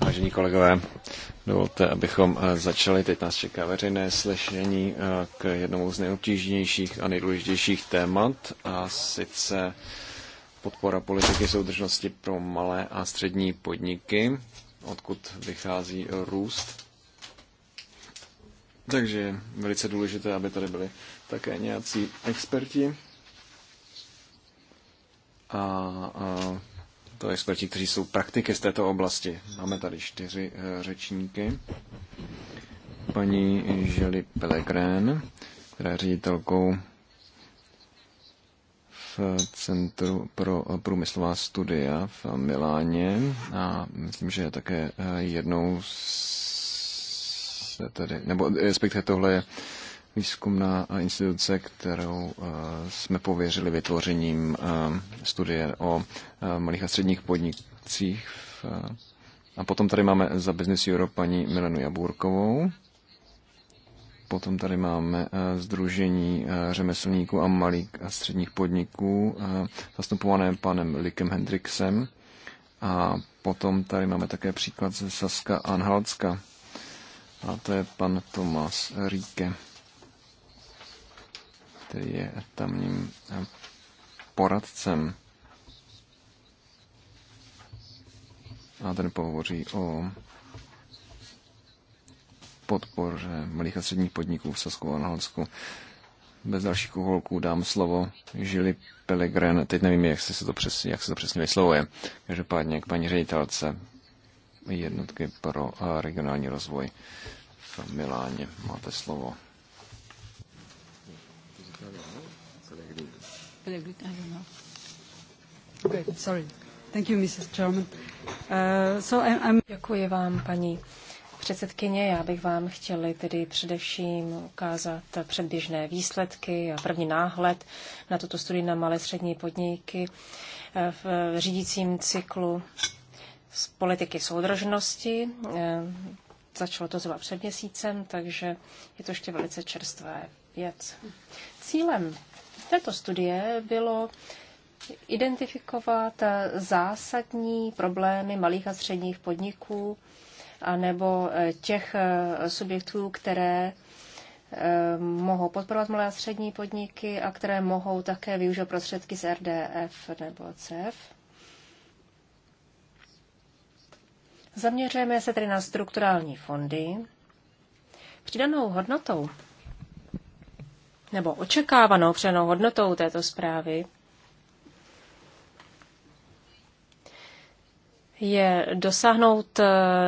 Vážení kolegové, dovolte, abychom eh, začali. Teď nás čeká veřejné slyšení eh, k jednomu z nejobtížnějších a nejdůležitějších témat, a sice podpora politiky soudržnosti pro malé a střední podniky, odkud vychází růst. Takže je velice důležité, aby tady byli také nějací experti. A, a to experti, kteří jsou praktiky z této oblasti. Máme tady čtyři eh, řečníky. Paní Želi Pelegrén, která je ředitelkou v Centru pro průmyslová studia v Miláně a myslím, že je také eh, jednou z tedy, nebo eh, respektive tohle je výzkumná instituce, kterou eh, jsme pověřili vytvořením eh, studie o eh, malých a středních podnicích. A potom tady máme za Business Europe paní Milenu Jabůrkovou. Potom tady máme Združení řemeslníků a malých a středních podniků, zastupované panem Likem Hendrixem. A potom tady máme také příklad ze Saska Anhaltska. A to je pan Tomas Ríke který je tamním eh, poradcem. A ten pohovoří o podpoře malých a středních podniků v Sasku a Noholsku. Bez dalších uholků dám slovo Žili Pelegren. Teď nevím, jak se to přesně, jak se to přesně vyslovuje. Každopádně k paní ředitelce jednotky pro eh, regionální rozvoj v Miláně. Máte slovo. Good, sorry. Thank you, Mrs. Chairman. Uh, so I'm... Děkuji vám, paní předsedkyně. Já bych vám chtěli tedy především ukázat předběžné výsledky a první náhled na tuto studii na malé střední podniky eh, v řídícím cyklu z politiky soudržnosti. Eh, začalo to zhruba před měsícem, takže je to ještě velice čerstvé věc. Cílem této studie bylo identifikovat zásadní problémy malých a středních podniků nebo těch subjektů, které eh, mohou podporovat malé a střední podniky a které mohou také využít prostředky z RDF nebo CF. Zaměřujeme se tedy na strukturální fondy. Přidanou hodnotou nebo očekávanou přenou hodnotou této zprávy je dosáhnout eh,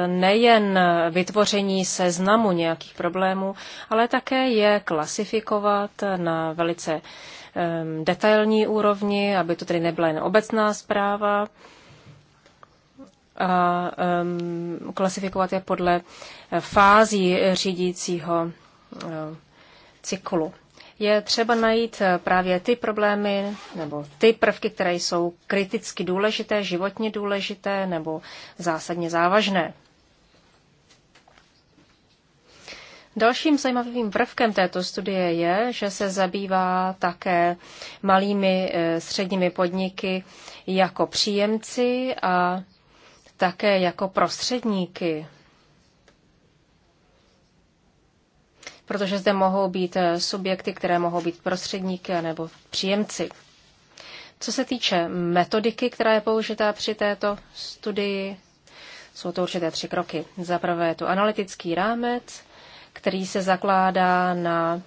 nejen vytvoření seznamu nějakých problémů, ale také je klasifikovat na velice ehm, detailní úrovni, aby to tedy nebyla jen obecná zpráva, a um, klasifikovat je podle fází řídícího eh, cyklu je třeba najít eh, právě ty problémy nebo ty prvky, které jsou kriticky důležité, životně důležité nebo zásadně závažné. Dalším zajímavým prvkem této studie je, že se zabývá také malými eh, středními podniky jako příjemci a také jako prostředníky protože zde mohou být eh, subjekty, které mohou být prostředníky nebo příjemci. Co se týče metodiky, která je použitá při této studii, jsou to určité tři kroky. Za prvé je to analytický rámec, který se zakládá na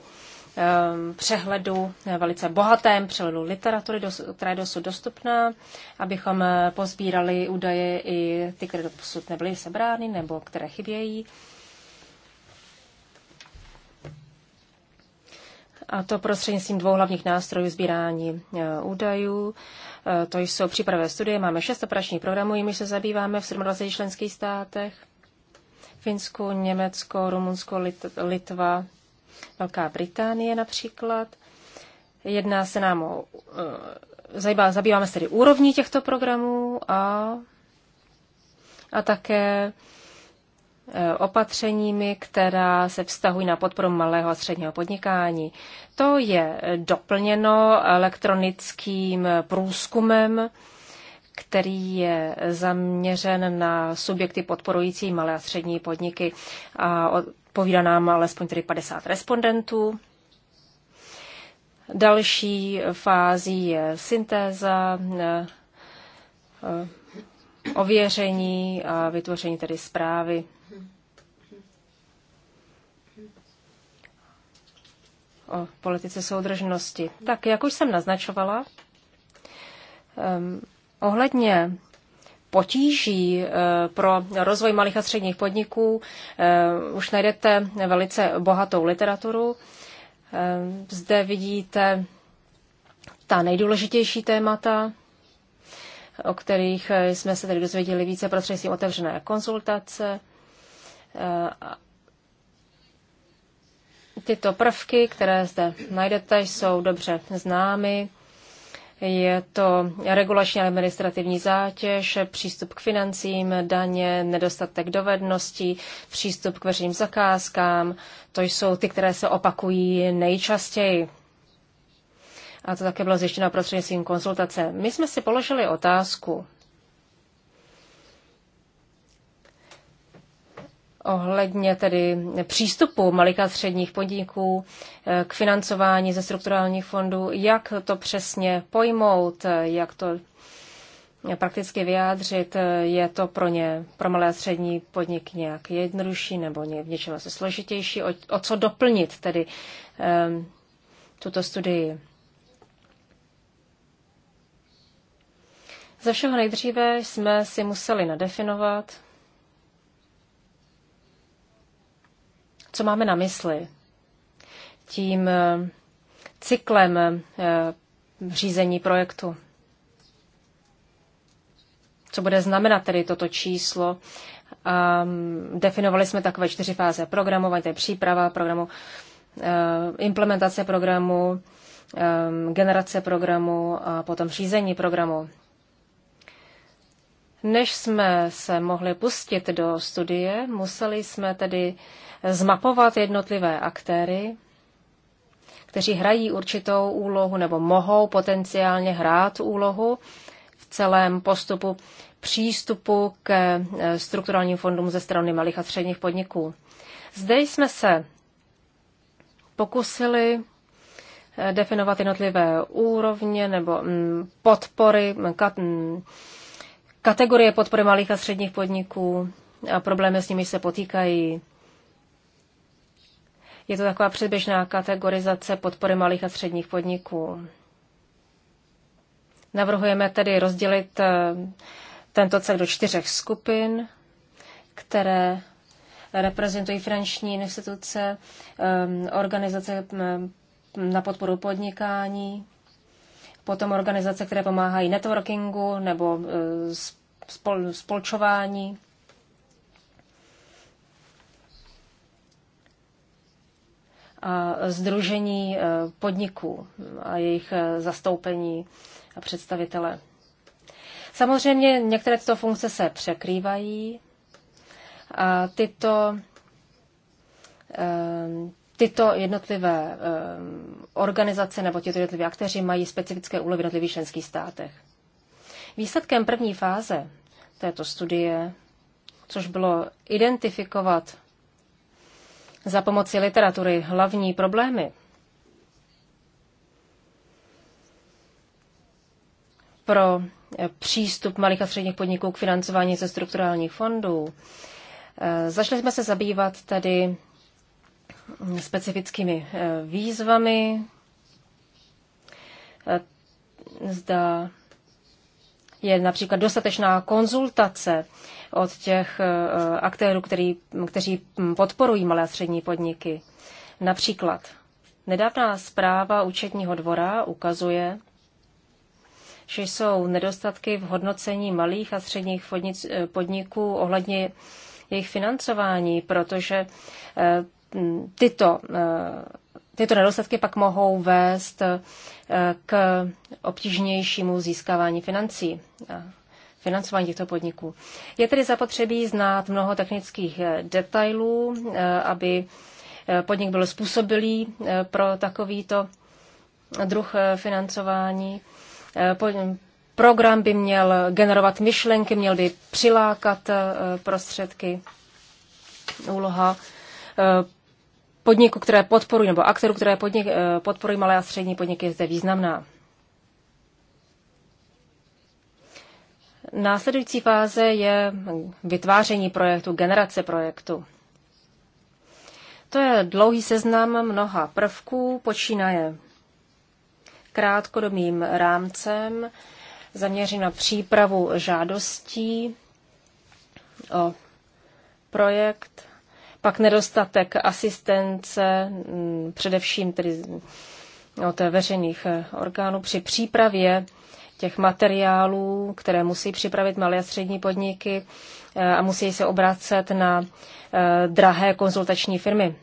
ehm, přehledu, eh, velice bohatém přehledu literatury, která je dosud dostupná, abychom eh, pozbírali údaje i ty, které dosud nebyly sebrány nebo které chybějí. a to prostřednictvím dvou hlavních nástrojů sbírání e, údajů. E, to jsou přípravé studie, máme šest operačních programů, jimi se zabýváme v 27 členských státech. Finsku, Německo, Rumunsko, Lit- Litva, Velká Británie například. Jedná se nám o, e, zabýváme se tedy úrovní těchto programů a, a také Eh, opatřeními, která se vztahují na podporu malého a středního podnikání. To je doplněno elektronickým průzkumem, který je zaměřen na subjekty podporující malé a střední podniky. A odpovídá nám alespoň tedy 50 respondentů. Další fází je syntéza, eh, eh, ověření a vytvoření tedy zprávy. o politice soudržnosti. Tak, jak už jsem naznačovala, um, ohledně potíží eh, pro rozvoj malých a středních podniků eh, už najdete velice bohatou literaturu. Eh, zde vidíte ta nejdůležitější témata, o kterých jsme se tady dozvěděli více prostřednictvím otevřené konzultace Tyto prvky, které zde najdete, jsou dobře známy. Je to regulační administrativní zátěž, přístup k financím, daně, nedostatek dovedností, přístup k veřejným zakázkám. To jsou ty, které se opakují nejčastěji. A to také bylo zjištěno prostřednictvím konzultace. My jsme si položili otázku, ohledně tedy přístupu malých a středních podniků eh, k financování ze strukturálních fondů, jak to přesně pojmout, eh, jak to prakticky vyjádřit, eh, je to pro ně, pro malé a střední podnik nějak jednodušší nebo v něčem asi složitější, o, o co doplnit tedy um, tuto studii. Ze všeho nejdříve jsme si museli nadefinovat, co máme na mysli tím eh, cyklem eh, řízení projektu. Co bude znamenat tedy toto číslo? Mm, definovali jsme takové čtyři fáze programování, to je příprava programu, eh, implementace programu, generace programu a potom řízení programu. Než jsme se mohli pustit do studie, museli jsme tedy zmapovat jednotlivé aktéry, kteří hrají určitou úlohu nebo mohou potenciálně hrát úlohu v celém postupu přístupu k eh, strukturálním fondům ze strany malých a středních podniků. Zde jsme se pokusili eh, definovat jednotlivé úrovně nebo mm, podpory mm, kategorie podpory malých a středních podniků a problémy, s nimi se potýkají. Je to taková předběžná kategorizace podpory malých a středních podniků. Navrhujeme tedy rozdělit eh, tento cel do čtyřech skupin, které reprezentují finanční instituce, eh, organizace eh, na podporu podnikání, potom organizace, které pomáhají networkingu nebo e, spol, spolčování. A združení e, podniků a jejich e, zastoupení a představitele. Samozřejmě některé tyto funkce se překrývají a tyto tyto jednotlivé eh, organizace nebo tyto jednotliví aktéři mají specifické úlohy v jednotlivých členských státech. Výsledkem první fáze této studie, což bylo identifikovat za pomoci literatury hlavní problémy pro eh, přístup malých a středních podniků k financování ze strukturálních fondů, eh, zašli jsme se zabývat tedy specifickými eh, výzvami. Eh, zda je například dostatečná konzultace od těch eh, aktérů, který, kteří podporují malé a střední podniky. Například nedávná zpráva účetního dvora ukazuje, že jsou nedostatky v hodnocení malých a středních podniků ohledně jejich financování, protože tyto, eh, tyto nedostatky pak mohou vést eh, k obtížnějšímu získávání financí financování těchto podniků. Je tedy zapotřebí znát mnoho technických eh, detailů, aby podnik byl způsobilý pro takovýto druh financování. Program by měl generovat myšlenky, měl by přilákat prostředky. Úloha Podniku, které podporují, nebo aktorů, které podnik, eh, podporují malé a střední podniky, je zde významná. Následující fáze je vytváření projektu, generace projektu. To je dlouhý seznam mnoha prvků, počínaje krátkodobým rámcem, zaměří na přípravu žádostí o projekt, pak nedostatek asistence, mm, především tedy od veřejných eh, orgánů při přípravě těch materiálů, které musí připravit malé a střední podniky eh, a musí se obracet na eh, drahé konzultační firmy.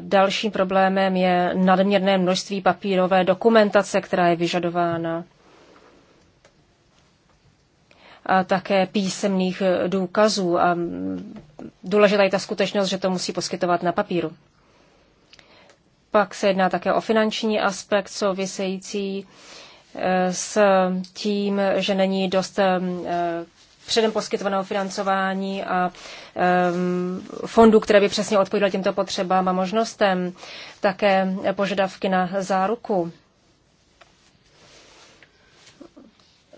Dalším problémem je nadměrné množství papírové dokumentace, která je vyžadována také písemných e, důkazů. A důležitá je ta skutečnost, že to musí poskytovat na papíru. Pak se jedná také o finanční aspekt související e, s tím, že není dost e, předem poskytovaného financování a fondů, které by přesně odpovídaly těmto potřebám a možnostem, také požadavky na záruku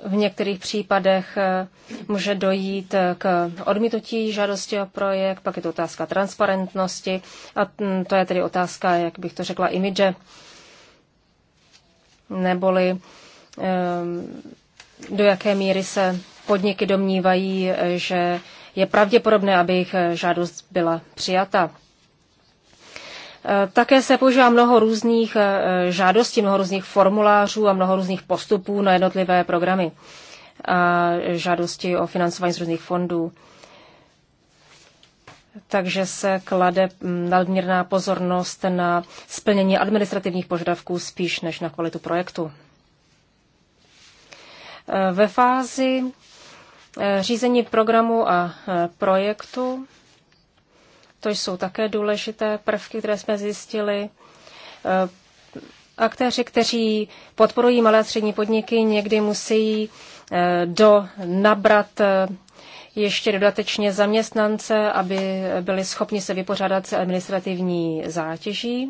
v některých případech eh, může dojít eh, k odmítnutí žádosti o projekt, pak je to otázka transparentnosti a mm, to je tedy otázka, jak bych to řekla, imidže, neboli ehm, do jaké míry se podniky domnívají, eh, že je pravděpodobné, aby jejich žádost byla přijata. Eh, také se používá mnoho různých eh, žádostí, mnoho různých formulářů a mnoho různých postupů na jednotlivé programy a žádosti o financování z různých fondů. Takže se klade nadměrná mm, pozornost na splnění administrativních požadavků spíš než na kvalitu projektu. Eh, ve fázi řízení programu a projektu to jsou také důležité prvky, které jsme zjistili. E, aktéři, kteří podporují malé a střední podniky, někdy musí e, do nabrat e, ještě dodatečně zaměstnance, aby byli schopni se vypořádat s administrativní zátěží.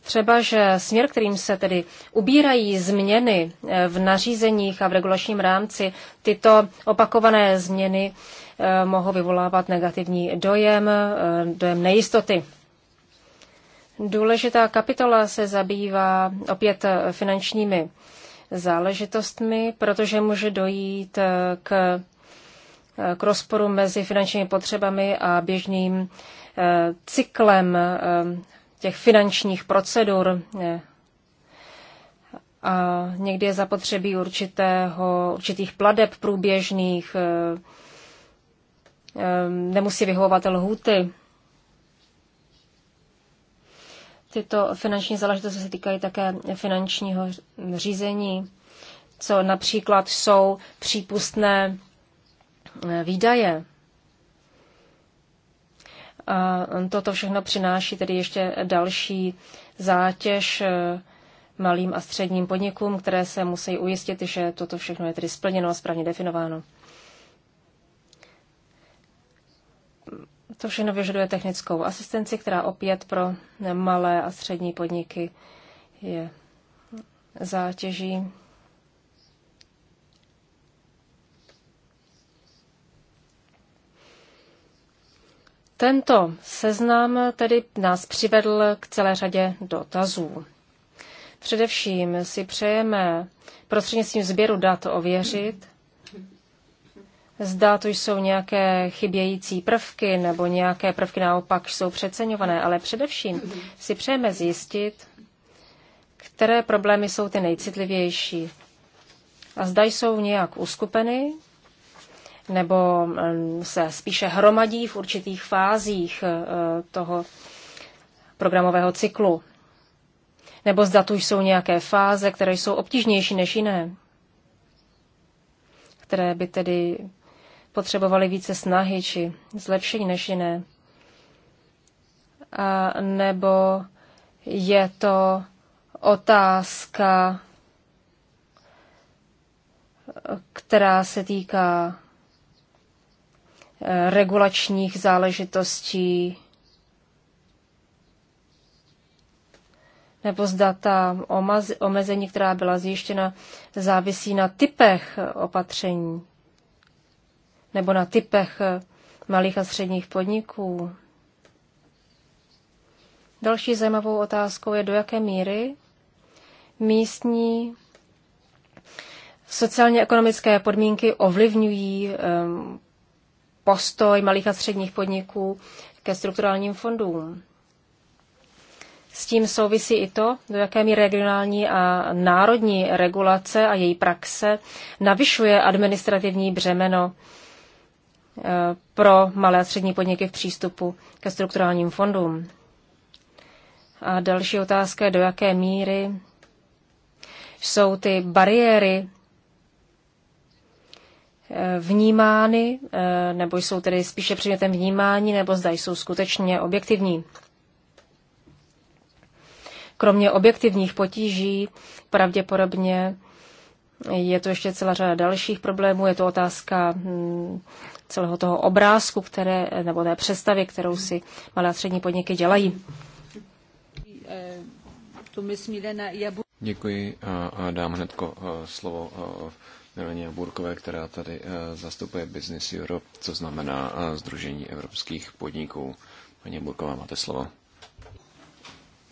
třeba, že směr, kterým se tedy ubírají změny eh, v nařízeních a v regulačním rámci, tyto opakované změny eh, mohou vyvolávat negativní dojem, eh, dojem nejistoty. Důležitá kapitola se zabývá opět finančními záležitostmi, protože může dojít k, k rozporu mezi finančními potřebami a běžným cyklem těch finančních procedur. A někdy je zapotřebí určitého, určitých pladeb průběžných, e, e, nemusí vyhovovat lhůty. Tyto finanční záležitosti se týkají také finančního řízení, co například jsou přípustné výdaje. A toto všechno přináší tedy ještě další zátěž eh, malým a středním podnikům, které se musí ujistit, že toto všechno je tedy splněno a správně definováno. To všechno vyžaduje technickou asistenci, která opět pro malé a střední podniky je zátěží. Tento seznam tedy nás přivedl k celé řadě dotazů. Především si přejeme prostřednictvím sběru dat ověřit, zda to jsou nějaké chybějící prvky nebo nějaké prvky naopak jsou přeceňované, ale především si přejeme zjistit, které problémy jsou ty nejcitlivější a zda jsou nějak uskupeny nebo mm, se spíše hromadí v určitých fázích e, toho programového cyklu. Nebo zda tu jsou nějaké fáze, které jsou obtížnější než jiné, které by tedy potřebovaly více snahy či zlepšení než jiné. A nebo je to otázka, která se týká Eh, regulačních záležitostí, nebo zda ta omezení, která byla zjištěna, závisí na typech opatření nebo na typech eh, malých a středních podniků. Další zajímavou otázkou je, do jaké míry místní sociálně-ekonomické podmínky ovlivňují um, postoj malých a středních podniků ke strukturálním fondům. S tím souvisí i to, do jaké míry regionální a národní regulace a její praxe navyšuje administrativní břemeno eh, pro malé a střední podniky v přístupu ke strukturálním fondům. A další otázka je, do jaké míry jsou ty bariéry vnímány, eh, nebo jsou tedy spíše předmětem vnímání, nebo zda jsou skutečně objektivní. Kromě objektivních potíží pravděpodobně je to ještě celá řada dalších problémů. Je to otázka hm, celého toho obrázku, které, nebo té představy, kterou si malé a střední podniky dělají. Děkuji a dám hnedko eh, slovo eh, Mileně Burkové, která tady eh, zastupuje Business Europe, co znamená Združení eh, evropských podniků. Paní Burková, máte slovo.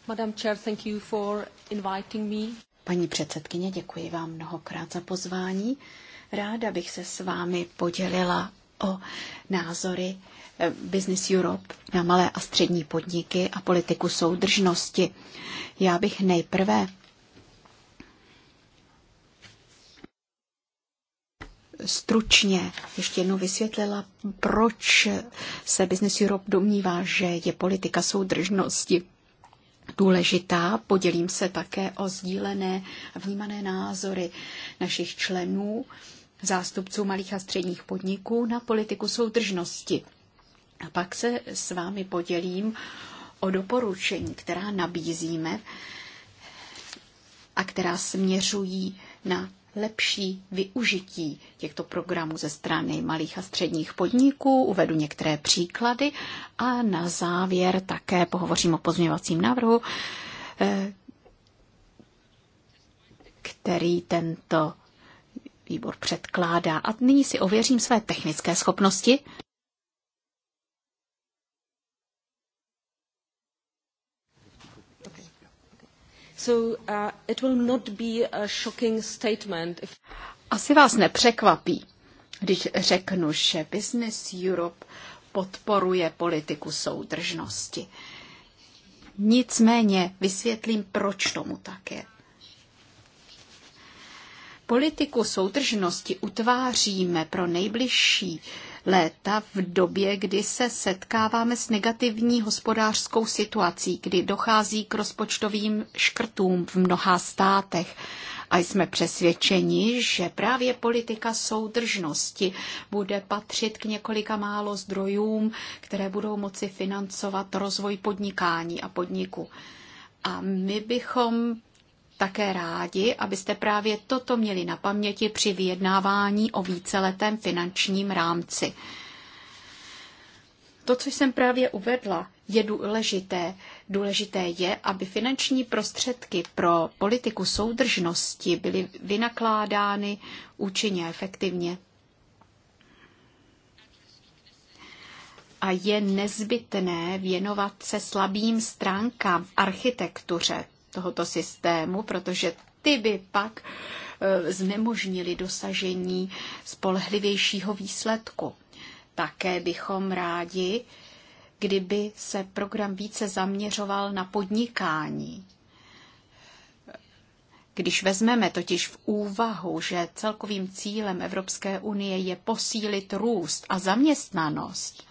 Madam Chair, thank you for inviting me. Paní předsedkyně, děkuji vám mnohokrát za pozvání. Ráda bych se s vámi podělila o názory eh, Business Europe na malé a střední podniky a politiku soudržnosti. Já bych nejprve stručně ještě jednou vysvětlila, proč se Business Europe domnívá, že je politika soudržnosti důležitá. Podělím se také o sdílené a vnímané názory našich členů, zástupců malých a středních podniků na politiku soudržnosti. A pak se s vámi podělím o doporučení, která nabízíme a která směřují na lepší využití těchto programů ze strany malých a středních podniků. Uvedu některé příklady a na závěr také pohovořím o pozměňovacím návrhu, eh, který tento výbor předkládá. A nyní si ověřím své technické schopnosti. So uh, it will not be a shocking statement. If... Asi vás nepřekvapí, když řeknu, že Business Europe podporuje politiku soudržnosti. Nicméně vysvětlím, proč tomu také. Politiku soudržnosti utváříme pro nejbližší léta v době, kdy se setkáváme s negativní hospodářskou situací, kdy dochází k rozpočtovým škrtům v mnoha státech. A jsme přesvědčeni, že právě politika soudržnosti bude patřit k několika málo zdrojům, které budou moci financovat rozvoj podnikání a podniku. A my bychom také rádi, abyste právě toto měli na paměti při vyjednávání o víceletém finančním rámci. To, co jsem právě uvedla, je důležité. Důležité je, aby finanční prostředky pro politiku soudržnosti byly vynakládány účinně a efektivně. A je nezbytné věnovat se slabým stránkám v architektuře tohoto systému, protože ty by pak e, znemožnili dosažení spolehlivějšího výsledku. Také bychom rádi, kdyby se program více zaměřoval na podnikání. Když vezmeme totiž v úvahu, že celkovým cílem Evropské unie je posílit růst a zaměstnanost,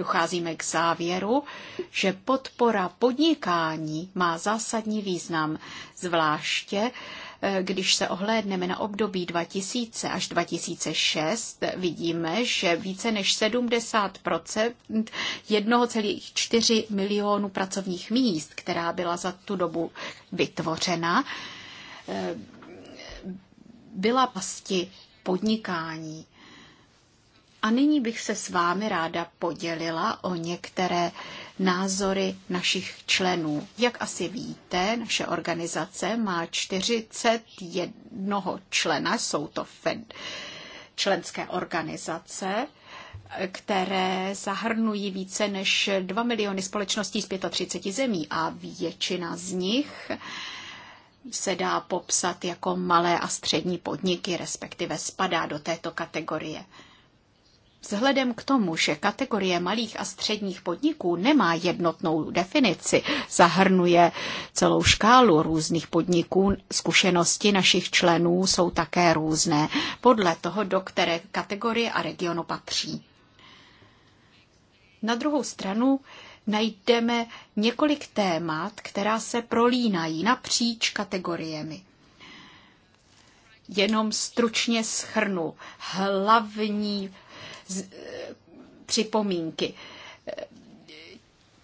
docházíme k závěru, že podpora podnikání má zásadní význam, zvláště eh, když se ohlédneme na období 2000 až 2006, vidíme, že více než 70 1,4 milionu pracovních míst, která byla za tu dobu vytvořena, eh, byla pasti podnikání. A nyní bych se s vámi ráda podělila o některé názory našich členů. Jak asi víte, naše organizace má 41 člena, jsou to fed, členské organizace, které zahrnují více než 2 miliony společností z 35 zemí a většina z nich se dá popsat jako malé a střední podniky, respektive spadá do této kategorie. Vzhledem k tomu, že kategorie malých a středních podniků nemá jednotnou definici, zahrnuje celou škálu různých podniků, zkušenosti našich členů jsou také různé podle toho, do které kategorie a regionu patří. Na druhou stranu najdeme několik témat, která se prolínají napříč kategoriemi jenom stručně schrnu hlavní Eh, připomínky. Eh,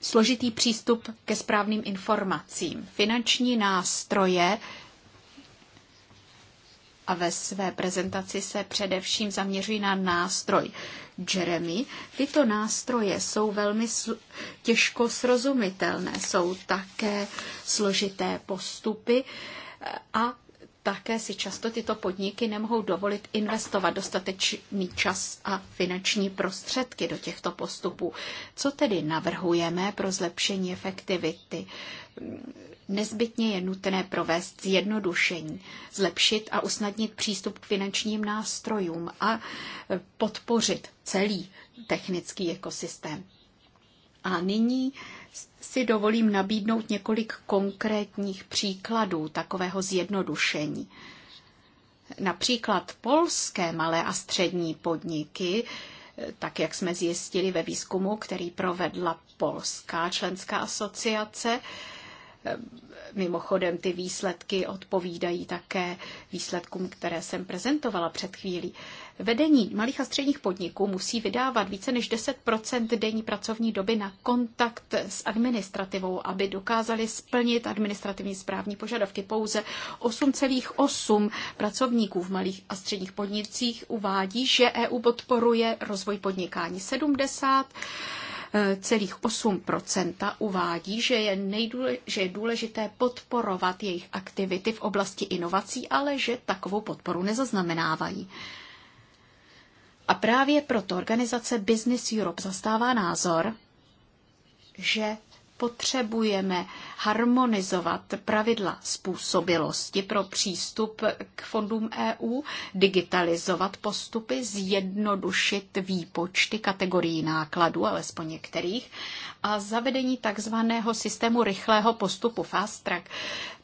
složitý přístup ke správným informacím, finanční nástroje, a ve své prezentaci se především zaměřují na nástroj Jeremy. Tyto nástroje jsou velmi těžko srozumitelné, jsou také složité postupy eh, a také si často tyto podniky nemohou dovolit investovat dostatečný čas a finanční prostředky do těchto postupů. Co tedy navrhujeme pro zlepšení efektivity? Nezbytně je nutné provést zjednodušení, zlepšit a usnadnit přístup k finančním nástrojům a podpořit celý technický ekosystém. A nyní si dovolím nabídnout několik konkrétních příkladů takového zjednodušení. Například polské malé a střední podniky, eh, tak jak jsme zjistili ve výzkumu, který provedla Polská členská asociace, eh, Mimochodem, ty výsledky odpovídají také výsledkům, které jsem prezentovala před chvílí. Vedení malých a středních podniků musí vydávat více než 10 denní pracovní doby na kontakt s administrativou, aby dokázali splnit administrativní správní požadavky. Pouze 8,8 pracovníků v malých a středních podnicích uvádí, že EU podporuje rozvoj podnikání. 70 celých 8% uvádí, že je, nejdůle, že je důležité podporovat jejich aktivity v oblasti inovací, ale že takovou podporu nezaznamenávají. A právě proto organizace Business Europe zastává názor, že potřebujeme harmonizovat pravidla způsobilosti pro přístup k fondům EU, digitalizovat postupy, zjednodušit výpočty kategorií nákladů, alespoň některých, a zavedení takzvaného systému rychlého postupu fast track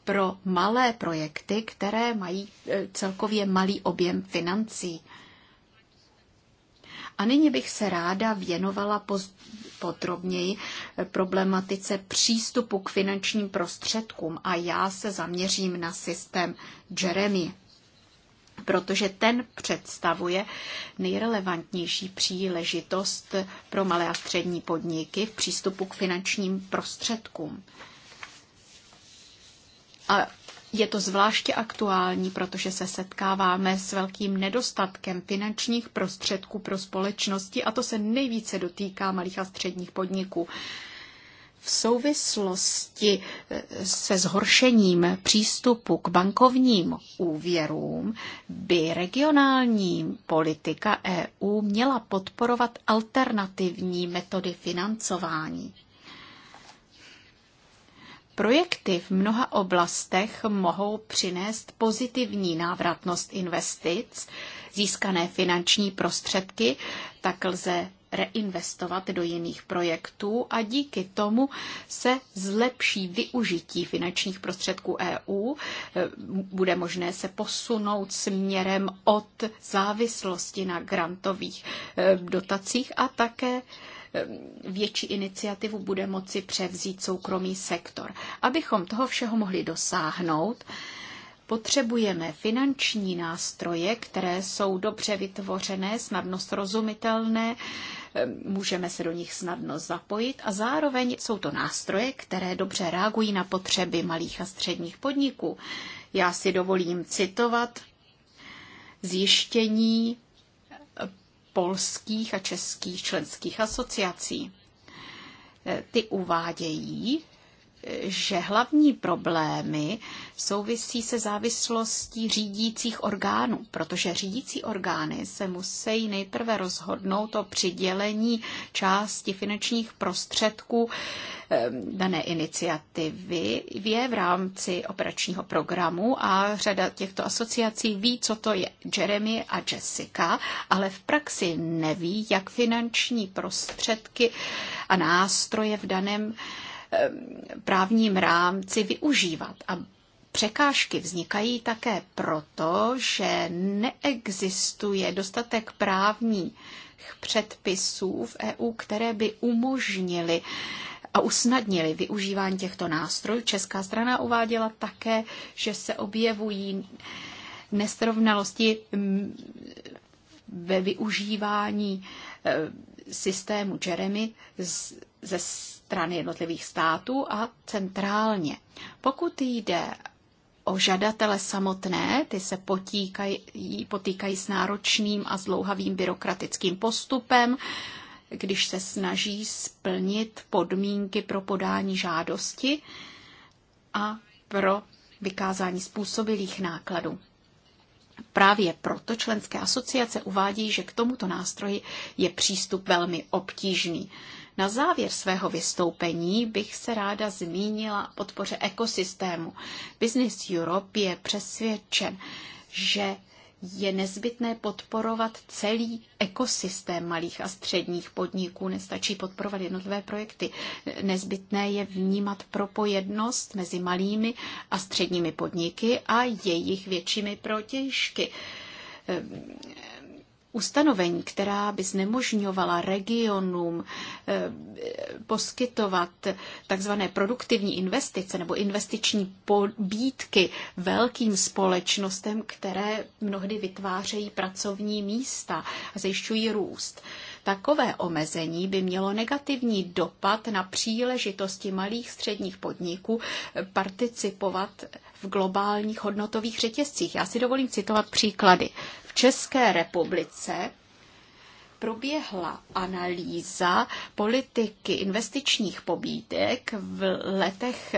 pro malé projekty, které mají e, celkově malý objem financí. A nyní bych se ráda věnovala podrobněji problematice přístupu k finančním prostředkům a já se zaměřím na systém Jeremy protože ten představuje nejrelevantnější příležitost pro malé a střední podniky v přístupu k finančním prostředkům. A je to zvláště aktuální, protože se setkáváme s velkým nedostatkem finančních prostředků pro společnosti a to se nejvíce dotýká malých a středních podniků. V souvislosti eh, se zhoršením přístupu k bankovním úvěrům by regionální politika EU měla podporovat alternativní metody financování. Projekty v mnoha oblastech mohou přinést pozitivní návratnost investic, získané finanční prostředky, tak lze reinvestovat do jiných projektů a díky tomu se zlepší využití finančních prostředků EU. Bude možné se posunout směrem od závislosti na grantových eh, dotacích a také větší iniciativu bude moci převzít soukromý sektor. Abychom toho všeho mohli dosáhnout, potřebujeme finanční nástroje, které jsou dobře vytvořené, snadno srozumitelné, můžeme se do nich snadno zapojit a zároveň jsou to nástroje, které dobře reagují na potřeby malých a středních podniků. Já si dovolím citovat zjištění polských a českých členských asociací. E, ty uvádějí, že hlavní problémy souvisí se závislostí řídících orgánů, protože řídící orgány se musí nejprve rozhodnout o přidělení části finančních prostředků eh, dané iniciativy je v rámci operačního programu a řada těchto asociací ví, co to je Jeremy a Jessica, ale v praxi neví, jak finanční prostředky a nástroje v daném Eh, právním rámci využívat. A Překážky vznikají také proto, že neexistuje dostatek právních předpisů v EU, které by umožnili a usnadnili využívání těchto nástrojů. Česká strana uváděla také, že se objevují nesrovnalosti mm, ve využívání eh, systému Jeremy ze strany jednotlivých států a centrálně. Pokud jde o žadatele samotné, ty se potíkají, potýkají s náročným a zdlouhavým byrokratickým postupem, když se snaží splnit podmínky pro podání žádosti a pro vykázání způsobilých nákladů. Právě proto členské asociace uvádí, že k tomuto nástroji je přístup velmi obtížný. Na závěr svého vystoupení bych se ráda zmínila o podpoře ekosystému. Business Europe je přesvědčen, že je nezbytné podporovat celý ekosystém malých a středních podniků. Nestačí podporovat jednotlivé projekty. Nezbytné je vnímat propojednost mezi malými a středními podniky a jejich většími protěžky ustanovení, která by znemožňovala regionům eh, poskytovat takzvané produktivní investice nebo investiční pobídky velkým společnostem, které mnohdy vytvářejí pracovní místa a zajišťují růst. Takové omezení by mělo negativní dopad na příležitosti malých středních podniků participovat v globálních hodnotových řetězcích. Já si dovolím citovat příklady. V České republice proběhla analýza politiky investičních pobídek v letech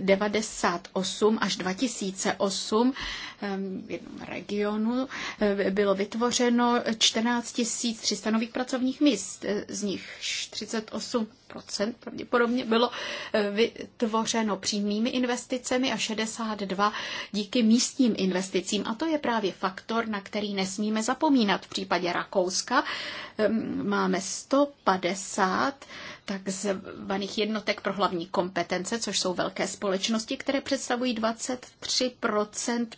98 eh, až 2008. Eh, v jednom regionu eh, bylo vytvořeno 14 300 nových pracovních míst, z nich 38 pravděpodobně bylo eh, vytvořeno přímými investicemi a 62 díky místním investicím. A to je právě faktor, na který nesmíme zapomínat. V případě Rakouska ehm, máme 150 takzvaných jednotek pro hlavní kompetence, což jsou velké společnosti, které představují 23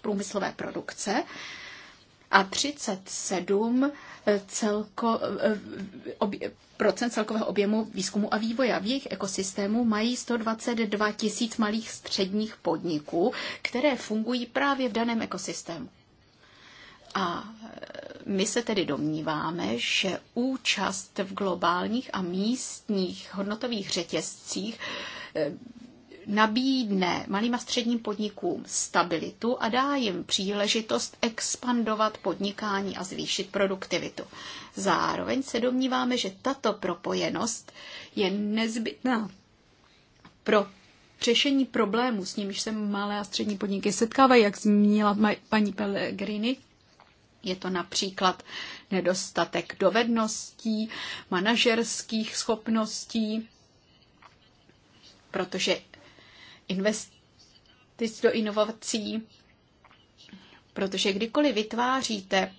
průmyslové produkce a 37 eh, celko, eh, obje, procent celkového objemu výzkumu a vývoje. V jejich ekosystému mají 122 tisíc malých středních podniků, které fungují právě v daném ekosystému. A eh, my se tedy domníváme, že účast v globálních a místních hodnotových řetězcích nabídne malým a středním podnikům stabilitu a dá jim příležitost expandovat podnikání a zvýšit produktivitu. Zároveň se domníváme, že tato propojenost je nezbytná pro řešení problémů, s nimiž se malé a střední podniky setkávají, jak zmínila paní Pellegrini. Je to například nedostatek dovedností, manažerských schopností, protože investic do inovací, protože kdykoliv vytváříte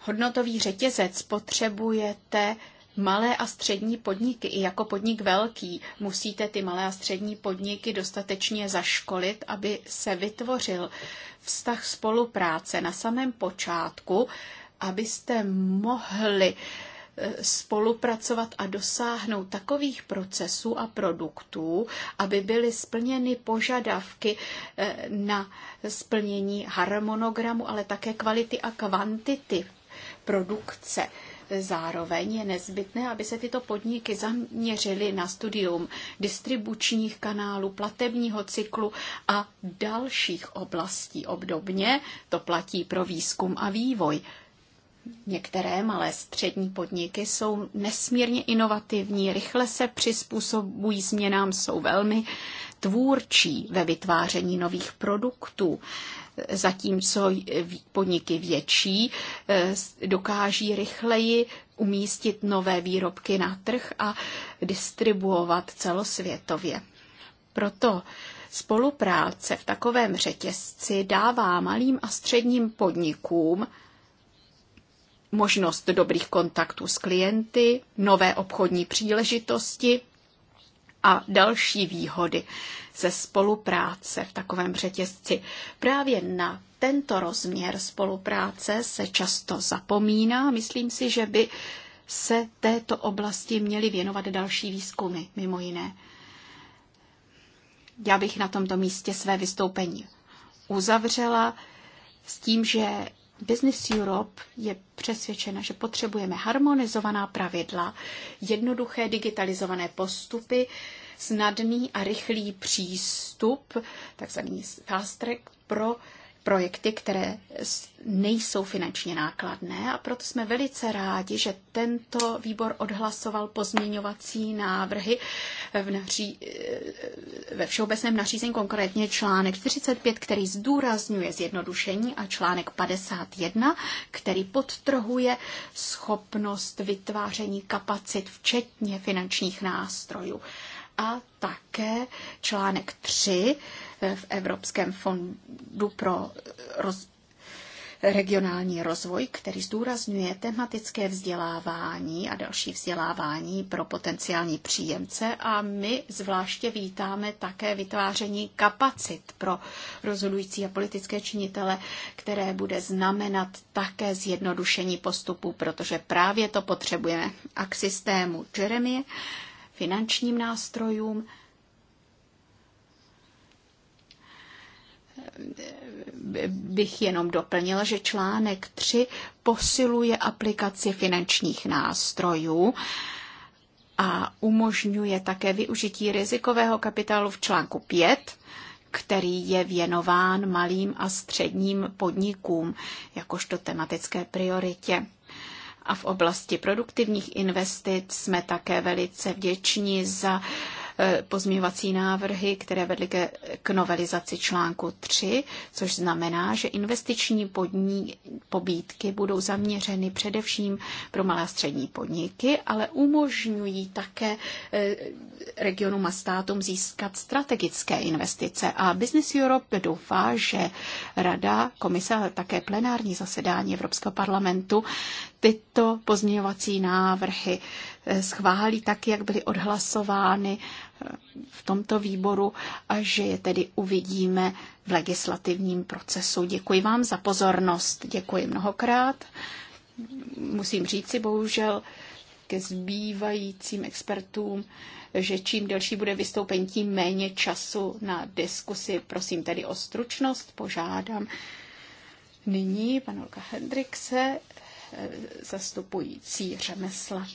hodnotový řetězec, potřebujete malé a střední podniky, i jako podnik velký, musíte ty malé a střední podniky dostatečně zaškolit, aby se vytvořil vztah spolupráce na samém počátku, abyste mohli uh, spolupracovat a dosáhnout takových procesů a produktů, aby byly splněny požadavky eh, na splnění harmonogramu, ale také kvality a kvantity produkce. Zároveň je nezbytné, aby se tyto podniky zaměřily na studium distribučních kanálů, platebního cyklu a dalších oblastí. Obdobně to platí pro výzkum a vývoj. Některé malé střední podniky jsou nesmírně inovativní, rychle se přizpůsobují změnám, jsou velmi tvůrčí ve vytváření nových produktů, zatímco podniky větší eh, dokáží rychleji umístit nové výrobky na trh a distribuovat celosvětově. Proto spolupráce v takovém řetězci dává malým a středním podnikům možnost dobrých kontaktů s klienty, nové obchodní příležitosti a další výhody ze spolupráce v takovém řetězci. Právě na tento rozměr spolupráce se často zapomíná. Myslím si, že by se této oblasti měly věnovat další výzkumy, mimo jiné. Já bych na tomto místě své vystoupení uzavřela s tím, že Business Europe je přesvědčena, že potřebujeme harmonizovaná pravidla, jednoduché digitalizované postupy, snadný a rychlý přístup, takzvaný fast track pro projekty, které nejsou finančně nákladné a proto jsme velice rádi, že tento výbor odhlasoval pozměňovací návrhy v naří, ve všeobecném nařízení, konkrétně článek 45, který zdůrazňuje zjednodušení a článek 51, který podtrhuje schopnost vytváření kapacit, včetně finančních nástrojů. A také článek 3, v Evropském fondu pro eh, roz, regionální rozvoj, který zdůrazňuje tematické vzdělávání a další vzdělávání pro potenciální příjemce a my zvláště vítáme také vytváření kapacit pro rozhodující a politické činitele, které bude znamenat také zjednodušení postupu, protože právě to potřebujeme a k systému Jeremy finančním nástrojům, bych jenom doplnil, že článek 3 posiluje aplikaci finančních nástrojů a umožňuje také využití rizikového kapitálu v článku 5, který je věnován malým a středním podnikům jakožto tematické prioritě. A v oblasti produktivních investic jsme také velice vděční za uh, Eh, pozměvací návrhy, které vedly k novelizaci článku 3, což znamená, že investiční podní, pobídky budou zaměřeny především pro malé a střední podniky, ale umožňují také eh, regionům a státům získat strategické investice. A Business Europe doufá, že Rada, komise, ale také plenární zasedání Evropského parlamentu tyto pozměňovací návrhy schválí tak, jak byly odhlasovány eh, v tomto výboru a že je tedy uvidíme v legislativním procesu. Děkuji vám za pozornost. Děkuji mnohokrát. Musím říci, bohužel, ke zbývajícím expertům, že čím delší bude vystoupení, tím méně času na diskusi. Prosím tedy o stručnost, požádám nyní panelka Hendrikse, eh, zastupující řemesla.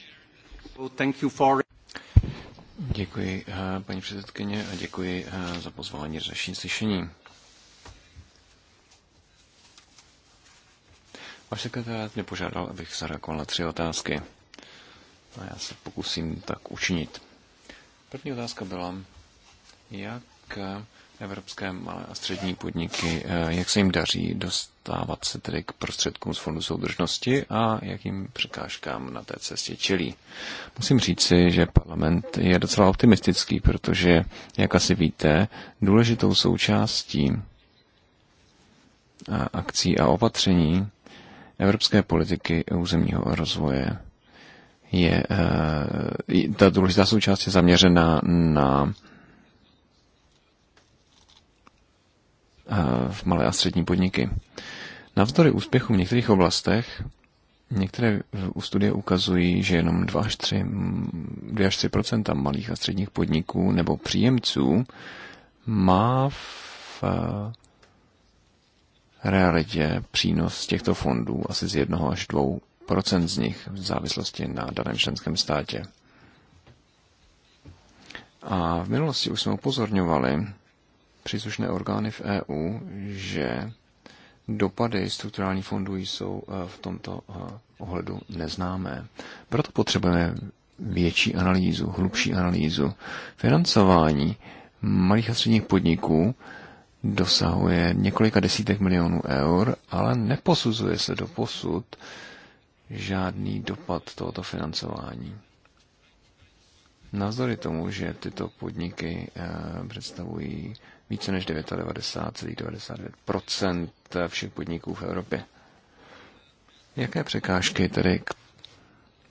Děkuji, eh, paní předsedkyně, a děkuji eh, za pozvání řešení slyšení. Váš sekretář mě požádal, abych zareagoval na tři otázky. A já se pokusím tak učinit. První otázka byla, jak eh, evropské malé a střední podniky, eh, jak se jim daří dostávat se tedy k prostředkům z Fondu soudržnosti a jakým překážkám na té cestě čelí. Musím říci, že parlament je docela optimistický, protože, jak asi víte, důležitou součástí a akcí a opatření evropské politiky územního rozvoje je eh, ta důležitá součást je zaměřená na v malé a střední podniky. Navzdory úspěchu v některých oblastech, některé u studie ukazují, že jenom 2 až 3, 2 až 3 malých a středních podniků nebo příjemců má v realitě přínos těchto fondů asi z 1 až 2 procent z nich v závislosti na daném členském státě. A v minulosti už jsme upozorňovali příslušné orgány v EU, že dopady strukturálních fondů jsou eh, v tomto eh, ohledu neznámé. Proto potřebujeme větší analýzu, hlubší analýzu. Financování malých a středních podniků dosahuje několika desítek milionů eur, ale neposuzuje se do posud žádný dopad tohoto financování. Navzdory tomu, že tyto podniky eh, představují více než 99,99% všech podniků v Evropě. Jaké překážky tedy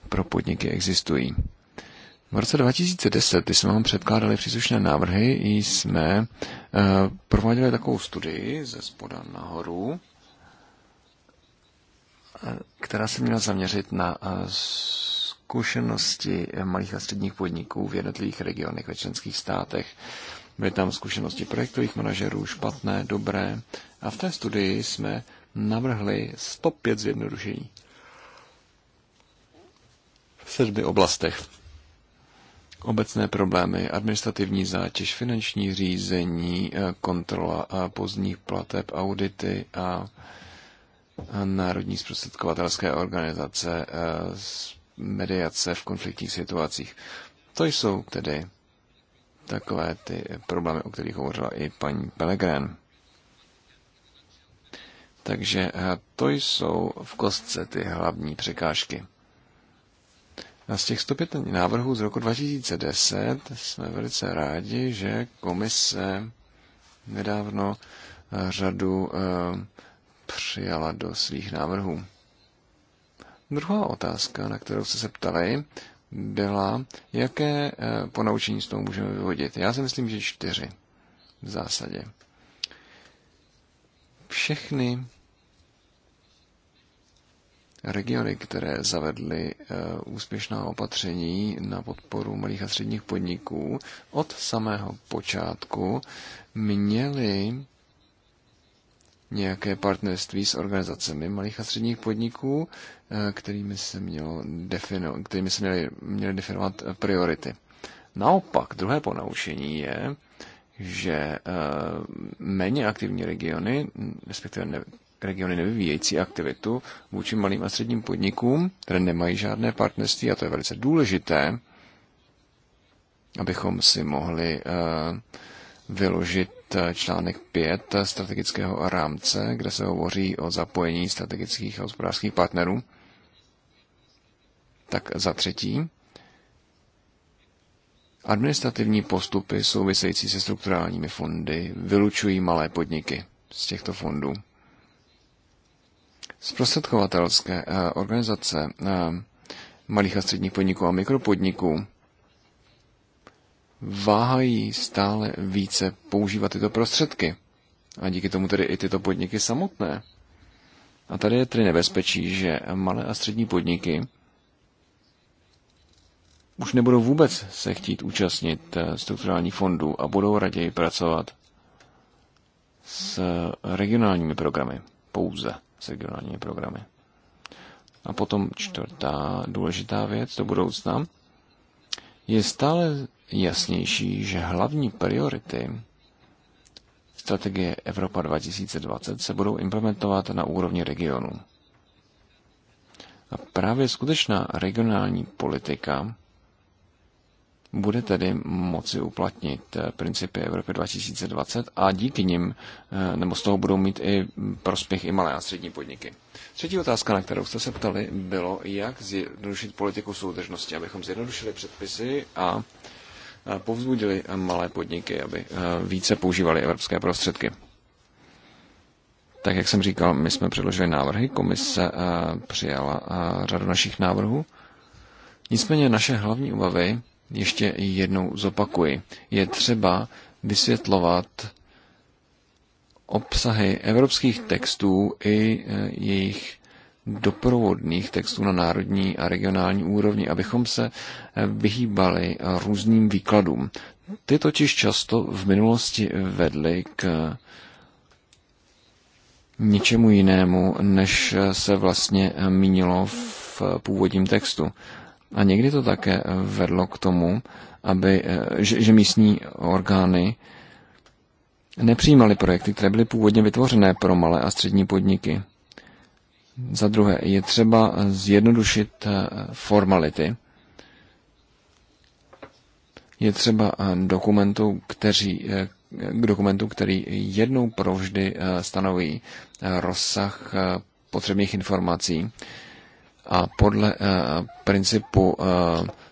pro podniky existují? V roce 2010, když jsme vám předkládali příslušné návrhy, jsme eh, prováděli takovou studii ze spoda nahoru, eh, která se měla zaměřit na eh, zkušenosti malých a středních podniků v jednotlivých regionech ve členských státech. Byly tam zkušenosti projektových manažerů, špatné, dobré. A v té studii jsme navrhli 105 zjednodušení v sedmi oblastech. Obecné problémy, administrativní zátěž, finanční řízení, eh, kontrola a pozdních plateb, audity a národní zprostředkovatelské organizace, eh, mediace v konfliktních situacích. To jsou tedy takové ty problémy, o kterých hovořila i paní Pellegrin. Takže eh, to jsou v kostce ty hlavní překážky. A z těch 105 návrhů z roku 2010 jsme velice rádi, že komise nedávno eh, řadu eh, přijala do svých návrhů. Druhá otázka, na kterou jste se ptali, byla, jaké eh, ponaučení z toho můžeme vyvodit. Já si myslím, že čtyři v zásadě. Všechny regiony, které zavedly eh, úspěšná opatření na podporu malých a středních podniků od samého počátku, měly nějaké partnerství s organizacemi malých a středních podniků, eh, kterými se, mělo defino, kterými se měly, měly definovat priority. Naopak, druhé ponaučení je, že eh, méně aktivní regiony, respektive ne, regiony nevyvíjející aktivitu vůči malým a středním podnikům, které nemají žádné partnerství, a to je velice důležité, abychom si mohli uh, vyložit eh, článek 5 eh, strategického rámce, kde se hovoří o zapojení strategických a hospodářských partnerů. Tak za třetí, administrativní postupy související se strukturálními fondy vylučují malé podniky z těchto fondů. Zprostředkovatelské eh, organizace malých a středních podniků a mikropodniků váhají stále více používat tyto prostředky. A díky tomu tedy i tyto podniky samotné. A tady je tedy nebezpečí, že malé a střední podniky už nebudou vůbec se chtít účastnit eh, strukturální fondů a budou raději pracovat s regionálními programy. Pouze s regionálními programy. A potom čtvrtá důležitá věc do budoucna je stále jasnější, že hlavní priority strategie Evropa 2020 se budou implementovat na úrovni regionu. A právě skutečná regionální politika bude tedy moci uplatnit eh, principy Evropy 2020 a díky nim, eh, nebo z toho budou mít i prospěch i malé a střední podniky. Třetí otázka, na kterou jste se ptali, bylo, jak zjednodušit politiku soudržnosti, abychom zjednodušili předpisy a povzbudili malé podniky, aby více používali evropské prostředky. Tak jak jsem říkal, my jsme předložili návrhy, komise přijala řadu našich návrhů. Nicméně naše hlavní obavy, ještě jednou zopakuji, je třeba vysvětlovat obsahy evropských textů i e, jejich doprovodných textů na národní a regionální úrovni, abychom se eh, vyhýbali eh, různým výkladům. Ty totiž často v minulosti vedly k eh, ničemu jinému, než se vlastně mínilo v původním textu. A někdy to také vedlo k tomu, aby, že, že místní orgány nepřijímaly projekty, které byly původně vytvořené pro malé a střední podniky. Za druhé, je třeba zjednodušit eh, formality. Je třeba eh, dokumentu, kteří, eh, k dokumentu, který jednou provždy stanoví rozsah potřebných informací a podle principu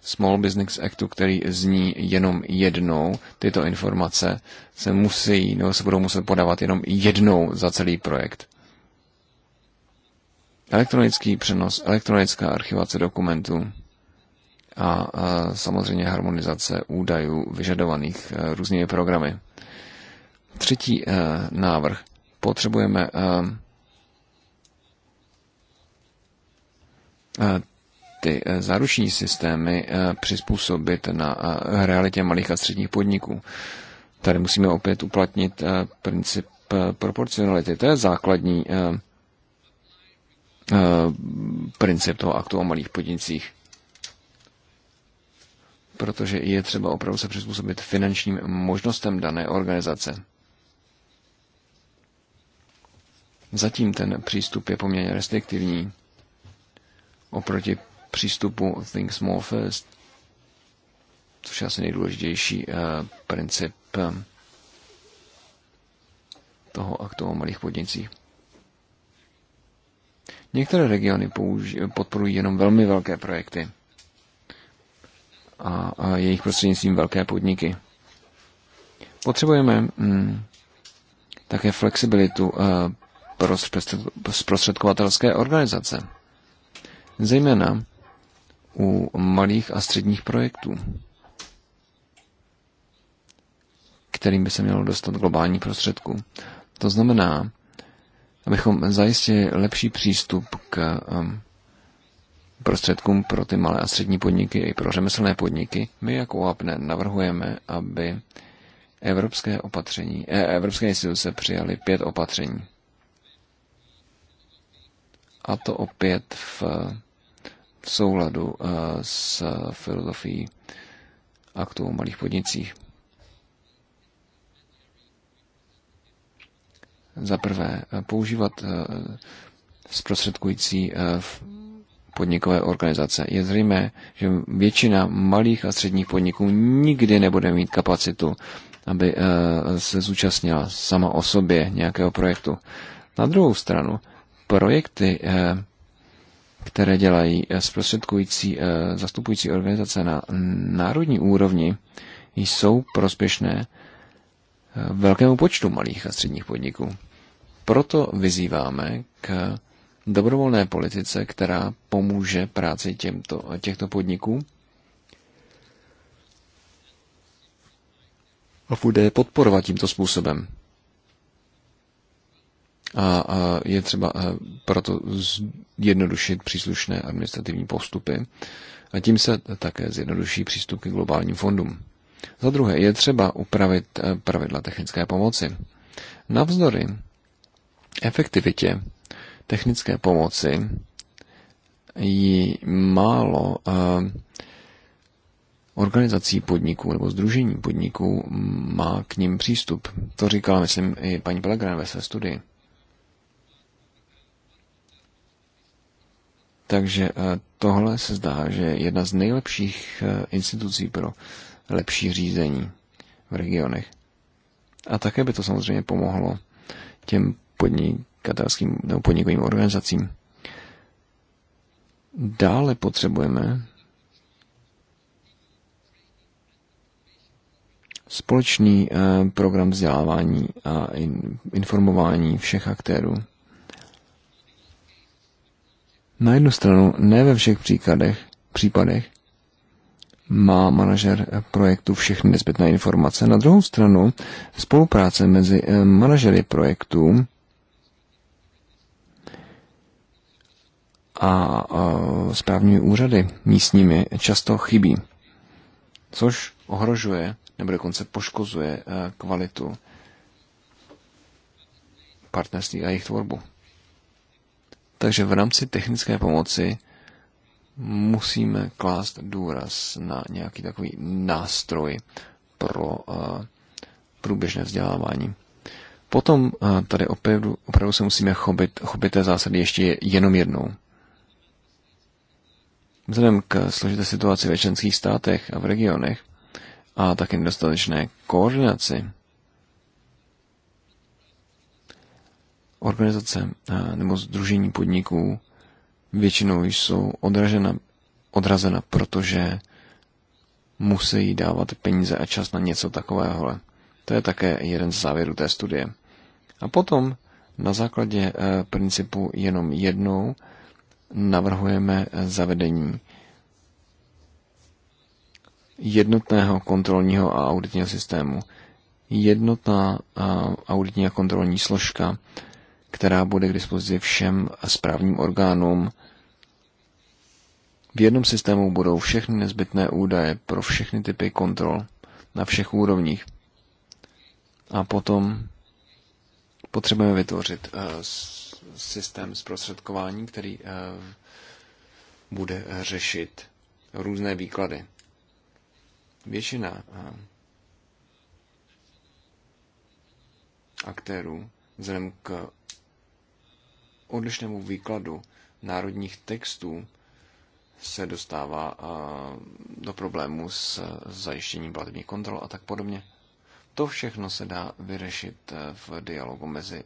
Small Business Actu, který zní jenom jednou, tyto informace se musí, nebo se budou muset podávat jenom jednou za celý projekt. Elektronický přenos, elektronická archivace dokumentů a samozřejmě harmonizace údajů vyžadovaných e, různými programy. Třetí e, návrh. Potřebujeme e, ty záruční systémy přizpůsobit na realitě malých a středních podniků. Tady musíme opět uplatnit princip proporcionality. To je základní Eh, princip toho aktu o malých podnicích. Protože je třeba opravdu se přizpůsobit finančním možnostem dané organizace. Zatím ten přístup je poměrně restriktivní oproti přístupu Think Small First, což je asi nejdůležitější eh, princip eh, toho aktu o malých podnicích. Některé regiony podporují jenom velmi velké projekty a, a jejich prostřednictvím velké podniky. Potřebujeme mm, také flexibilitu eh, pro zprostředkovatelské organizace, zejména u malých a středních projektů, kterým by se mělo dostat globální prostředku. To znamená, abychom zajistili lepší přístup k um, prostředkům pro ty malé a střední podniky i pro řemeslné podniky, my jako UAPNE navrhujeme, aby evropské opatření, eh, evropské instituce přijaly pět opatření. A to opět v, v souladu eh, s filozofií aktu o malých podnicích. Za prvé, eh, používat eh, zprostředkující eh, podnikové organizace. Je zřejmé, že většina malých a středních podniků nikdy nebude mít kapacitu, aby se zúčastnila sama o sobě nějakého projektu. Na druhou stranu, projekty, které dělají zprostředkující, zastupující organizace na národní úrovni, jsou prospěšné velkému počtu malých a středních podniků. Proto vyzýváme k dobrovolné politice, která pomůže práci těmto, těchto podniků a bude je podporovat tímto způsobem. A, a je třeba proto zjednodušit příslušné administrativní postupy a tím se také zjednoduší přístup k globálním fondům. Za druhé, je třeba upravit eh, pravidla technické pomoci. Navzdory efektivitě technické pomoci ji málo eh, organizací podniků nebo združení podniků má k ním přístup. To říkala, myslím, i paní Pellegrin ve své studii. Takže eh, tohle se zdá, že je jedna z nejlepších institucí pro lepší řízení v regionech. A také by to samozřejmě pomohlo těm podnikatelským nebo podnikovým organizacím. Dále potřebujeme společný eh, program vzdělávání a informování všech aktérů. Na jednu stranu, ne ve všech příkladech, případech, má manažer projektu všechny nezbytné informace. Na druhou stranu spolupráce mezi eh, manažery projektů a eh, správními úřady místními často chybí, což ohrožuje nebo dokonce poškozuje eh, kvalitu partnerství a jejich tvorbu. Takže v rámci technické pomoci musíme klást důraz na nějaký takový nástroj pro eh, průběžné vzdělávání. Potom eh, tady opravdu, opravdu se musíme chobit, chobit té zásady ještě jenom jednou. Vzhledem k složité situaci ve členských státech a v regionech a také nedostatečné koordinaci organizace eh, nebo združení podniků většinou jsou odražena, odrazena, protože musí dávat peníze a čas na něco takového. To je také jeden z závěrů té studie. A potom na základě eh, principu jenom jednou navrhujeme eh, zavedení jednotného kontrolního a auditního systému. Jednotná eh, auditní a kontrolní složka, která bude k dispozici všem správním orgánům v jednom systému budou všechny nezbytné údaje pro všechny typy kontrol na všech úrovních. A potom potřebujeme vytvořit eh, systém zprostředkování, který eh, bude řešit různé výklady. Většina eh, aktérů vzhledem k odlišnému výkladu národních textů se dostává eh, do problémů s zajištěním platebních kontrol a tak podobně. To všechno se dá vyřešit eh, v dialogu mezi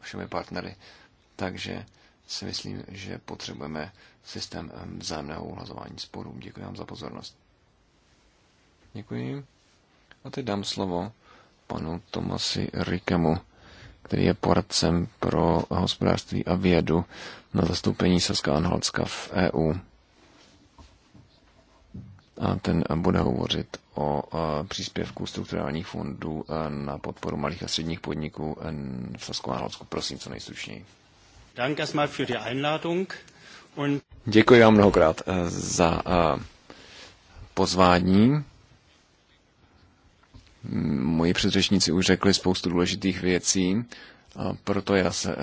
všemi partnery. Takže si myslím, že potřebujeme systém eh, vzájemného uhlazování sporů. Děkuji vám za pozornost. Děkuji. A teď dám slovo panu Tomasi Rikemu, který je poradcem pro hospodářství a vědu na zastoupení Saska Anhalska v EU a ten bude hovořit o příspěvku strukturálních fondů na podporu malých a středních podniků v Sasku a Hlavsku. Prosím, co nejstručněji. Děkuji vám mnohokrát e, za e, pozvání. Moji předřečníci už řekli spoustu důležitých věcí, proto já se e,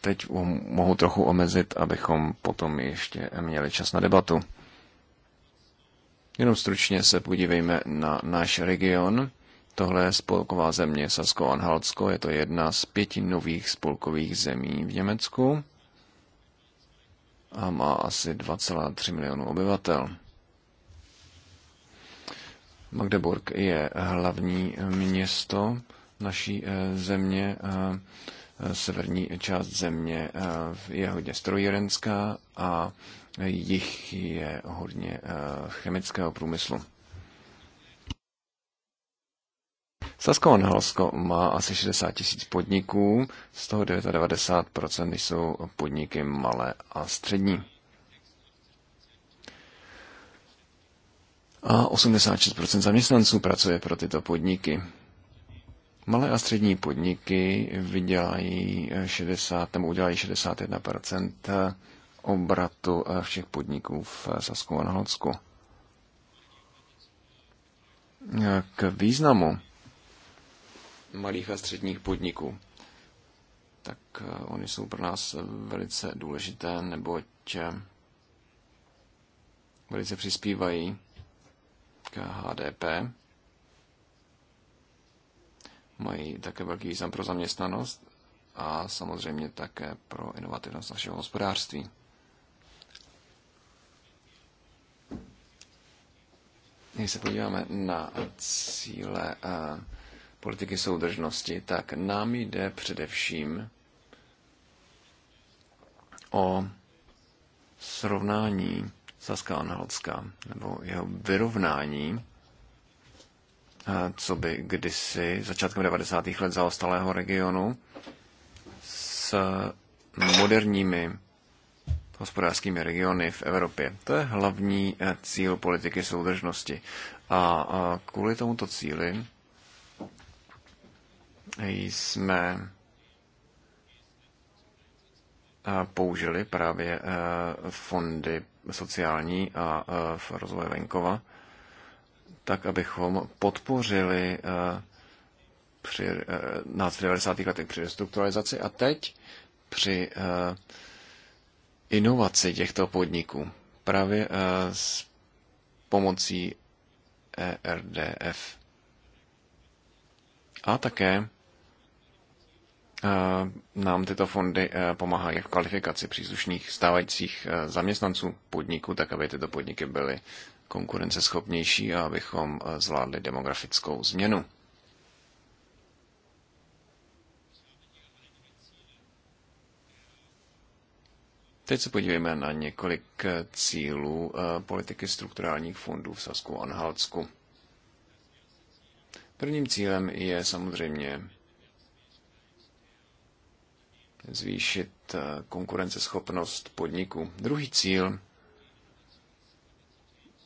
teď um, mohu trochu omezit, abychom potom ještě měli čas na debatu. Jenom stručně se podívejme na náš region. Tohle je spolková země Sasko-Anhaltsko, je to jedna z pěti nových spolkových zemí v Německu a má asi 2,3 milionu obyvatel. Magdeburg je hlavní město naší eh, země. Eh, severní část země eh, je hodně strojírenská a jich je hodně eh, chemického průmyslu. Sasko a Nahalsko má asi 60 tisíc podniků, z toho 99% jsou podniky malé a střední. A 86% zaměstnanců pracuje pro tyto podniky. Malé a střední podniky vydělají 60, eh, nebo udělají 61% obratu eh, všech podniků v eh, Sasku a na Hodsku. Eh, k významu malých a středních podniků, tak oni jsou pro nás velice důležité, neboť velice přispívají k HDP. Mají také velký význam pro zaměstnanost a samozřejmě také pro inovativnost našeho hospodářství. Když se podíváme na cíle eh, politiky soudržnosti, tak nám jde především o srovnání Saska Anhaltska, nebo jeho vyrovnání, eh, co by kdysi začátkem 90. let zaostalého regionu s moderními hospodářskými regiony v Evropě. To je hlavní eh, cíl politiky soudržnosti. A kvůli tomuto cíli jsme eh, použili právě eh, fondy sociální a v rozvoje venkova, tak abychom podpořili při, nás v 90. letech při restrukturalizaci a teď při inovaci těchto podniků právě eh, s pomocí ERDF. A také eh, nám tyto fondy eh, pomáhají v kvalifikaci příslušných stávajících zaměstnanců podniků, tak aby tyto podniky byly konkurenceschopnější a abychom zvládli demografickou změnu. Teď se podívejme na několik eh, cílů eh, politiky strukturálních fondů v Sasku a Anhaltsku. Prvním cílem je samozřejmě zvýšit eh, konkurenceschopnost podniku. Druhý cíl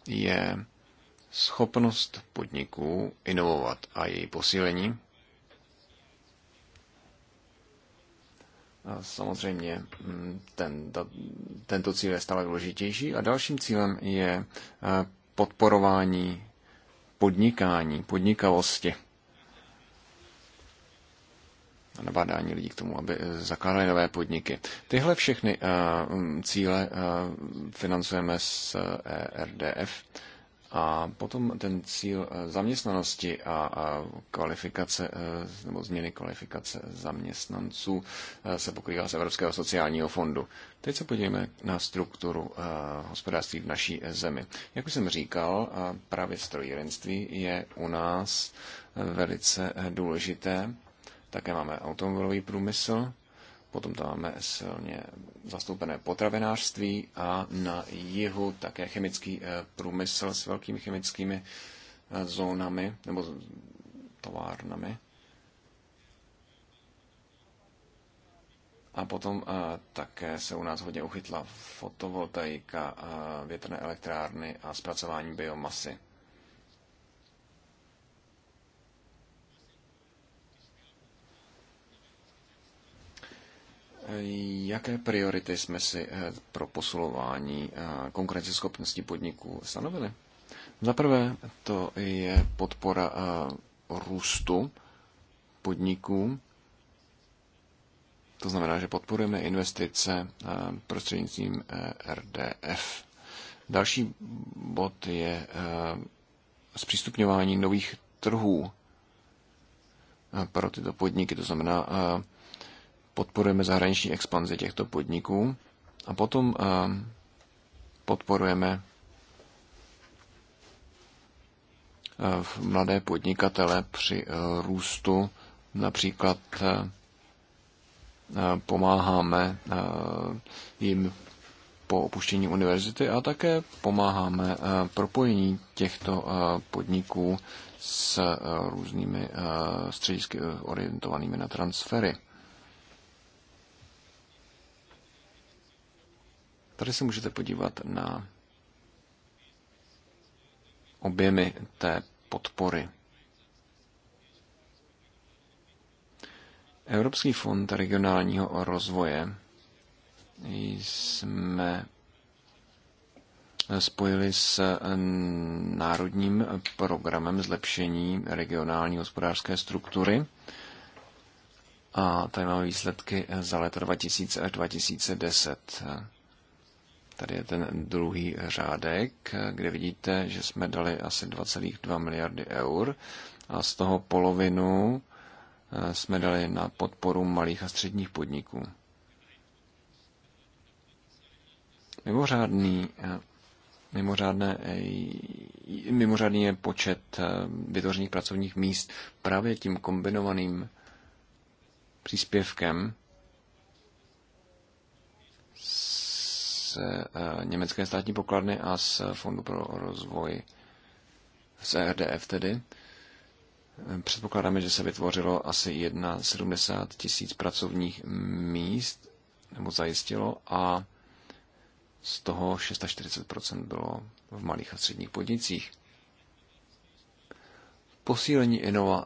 je schopnost podniků inovovat a její posílení. Samozřejmě mm, ten, tento cíl je stále důležitější a dalším cílem je eh, podporování podnikání, podnikavosti a nabádání lidí k tomu, aby eh, zakládali nové podniky. Tyhle všechny eh, mm, cíle financujeme z ERDF a potom ten cíl eh, zaměstnanosti a kvalifikace eh, nebo změny kvalifikace zaměstnanců eh, se pokrývá z Evropského sociálního fondu. Teď se podívejme na strukturu hospodářství v naší zemi. Jak už jsem říkal, právě strojírenství je u nás velice důležité. Také máme automobilový průmysl, Potom tam máme silně zastoupené potravinářství a na jihu také chemický eh, průmysl s velkými chemickými eh, zónami nebo továrnami. A potom eh, také se u nás hodně uchytla fotovoltaika, větrné elektrárny a zpracování biomasy. jaké priority jsme si eh, pro posilování eh, konkurenceschopnosti podniků stanovili? Za prvé, to je podpora eh, růstu podniků. To znamená, že podporujeme investice prostřednictvím RDF. Další bod je zpřístupňování nových trhů pro tyto podniky, to znamená podporujeme zahraniční expanzi těchto podniků a potom eh, podporujeme eh, mladé podnikatele při eh, růstu. Například pomáháme jim po opuštění univerzity a také pomáháme propojení těchto podniků s různými středisky orientovanými na transfery. Tady se můžete podívat na objemy té podpory. Evropský fond regionálního rozvoje jsme spojili s národním programem zlepšení regionální hospodářské struktury. A tady máme výsledky za let 2000 až 2010. Tady je ten druhý řádek, kde vidíte, že jsme dali asi 2,2 miliardy eur a z toho polovinu eh, jsme dali na podporu malých a středních podniků. Mimořádný, eh, mimořádné, eh, mimořádný je počet vytvořených pracovních míst právě tím kombinovaným příspěvkem Eh, německé státní pokladny a z Fondu pro rozvoj, z e RDF tedy. Eh, předpokládáme, že se vytvořilo asi 1,70 tisíc pracovních míst, nebo zajistilo, a z toho 640% bylo v malých a středních podnicích. Posílení inova,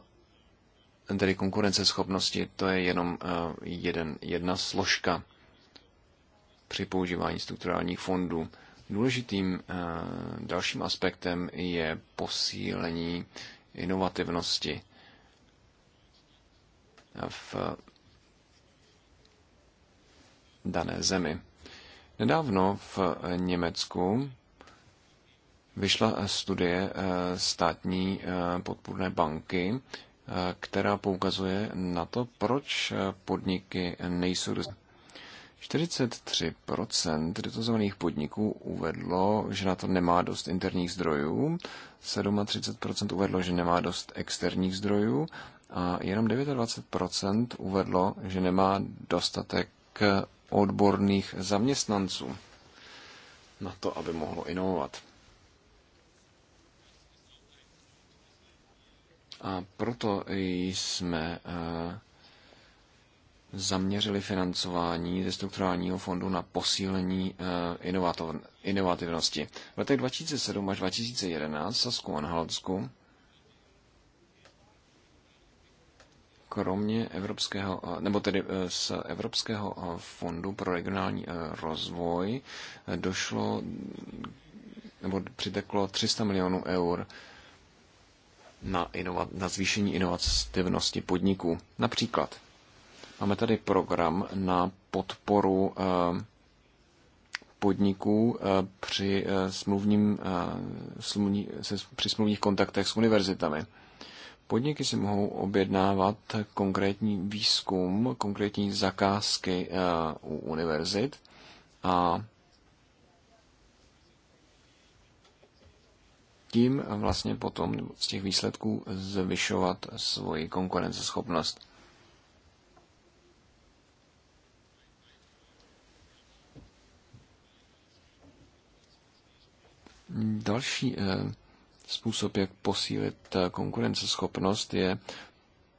tedy konkurenceschopnosti, to je jenom eh, jeden, jedna složka při používání strukturálních fondů. Důležitým eh, dalším aspektem je posílení inovativnosti v dané zemi. Nedávno v Německu vyšla studie eh, státní eh, podpůrné banky, která poukazuje na to, proč podniky nejsou dostatečné 43% dotazovaných podniků uvedlo, že na to nemá dost interních zdrojů, 37% uvedlo, že nemá dost externích zdrojů a jenom 29% uvedlo, že nemá dostatek odborných zaměstnanců na to, aby mohlo inovovat. A proto jsme eh, zaměřili financování ze strukturálního fondu na posílení eh, inovativnosti. V letech 2007 až 2011 v Sasku Anhaltsku kromě evropského, eh, nebo tedy eh, z Evropského fondu pro regionální rozvoj došlo nebo přiteklo 300 milionů eur na, inova, na zvýšení inovativnosti podniků. Například Máme tady program na podporu eh, podniků eh, při, eh, smluvním, smluvní, při smluvních kontaktech s univerzitami. Podniky si mohou objednávat konkrétní výzkum, konkrétní zakázky u univerzit a tím vlastně potom z těch výsledků zvyšovat svoji konkurenceschopnost. Další eh, způsob, jak posílit eh, konkurenceschopnost, je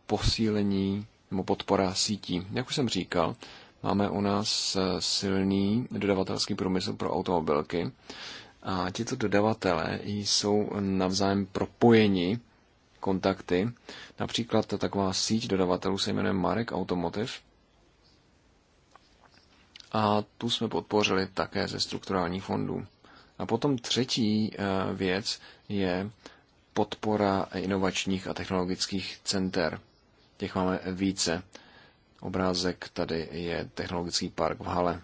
posílení nebo podpora sítí. Jak už jsem říkal, máme u nás eh, silný dodavatelský průmysl pro automobilky a tito dodavatele jsou navzájem propojeni kontakty. Například taková síť dodavatelů se jmenuje Marek Automotive a tu jsme podpořili také ze strukturálních fondů. A potom třetí eh, věc je podpora inovačních a technologických center. Těch máme více. Obrázek tady je technologický park v Hale,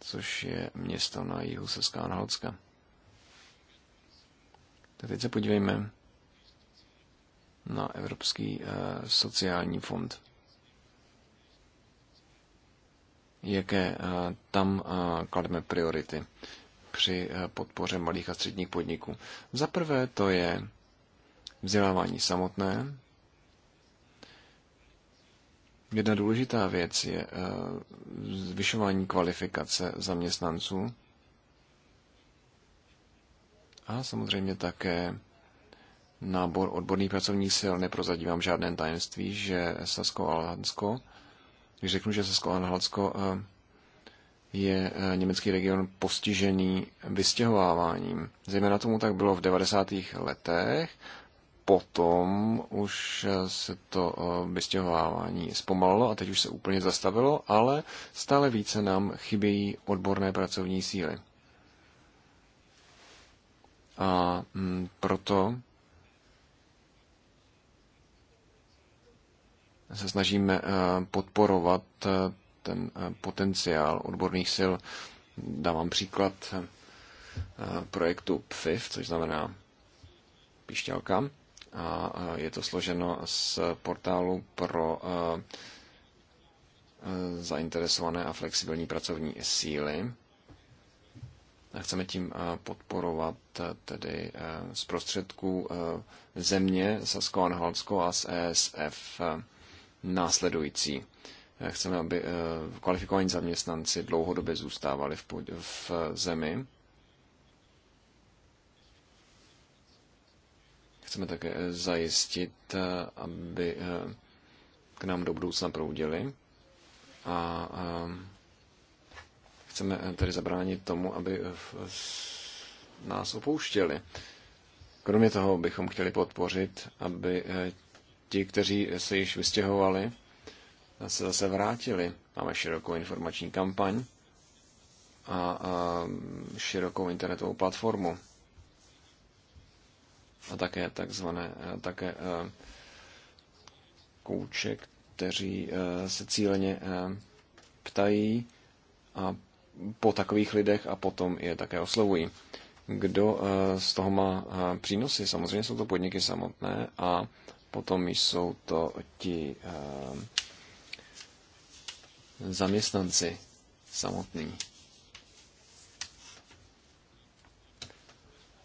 což je město na jihu Seská Anhalska. Tak teď se podívejme na Evropský eh, sociální fond. Jaké eh, tam klademe priority při eh, podpoře malých a středních podniků. Za prvé to je vzdělávání samotné. Jedna důležitá věc je eh, zvyšování kvalifikace zaměstnanců a samozřejmě také nábor odborných pracovních sil. Neprozadívám žádné tajemství, že Sasko a Lhansko, když řeknu, že Sasko a Lhansko eh, je eh, německý region postižený vystěhováváním. Zejména tomu tak bylo v 90. letech, potom už eh, se to eh, vystěhovávání zpomalilo a teď už se úplně zastavilo, ale stále více nám chybějí odborné pracovní síly. A mm, proto se snažíme podporovat ten eh, potenciál odborných sil. Dávám příklad eh, projektu PFIF, což znamená píšťalka. A eh, je to složeno z portálu pro zainteresované a flexibilní pracovní síly. A chceme tím podporovat tedy z prostředků země Sasko-Anhalsko a z ESF následující. Eh, chceme, aby eh, kvalifikovaní zaměstnanci dlouhodobě zůstávali v, v eh, zemi. Chceme také zajistit, aby k nám do budoucna proudili. A chceme tedy zabránit tomu, aby nás opouštěli. Kromě toho bychom chtěli podpořit, aby ti, kteří se již vystěhovali, se zase vrátili. Máme širokou informační kampaň a, a širokou internetovou platformu. A také takzvané eh, také eh, kouče, kteří eh, se cíleně ptají a po takových lidech a potom je také oslovují. Kdo z toho má přínosy? Samozřejmě jsou to podniky samotné a potom jsou to ti zaměstnanci samotný.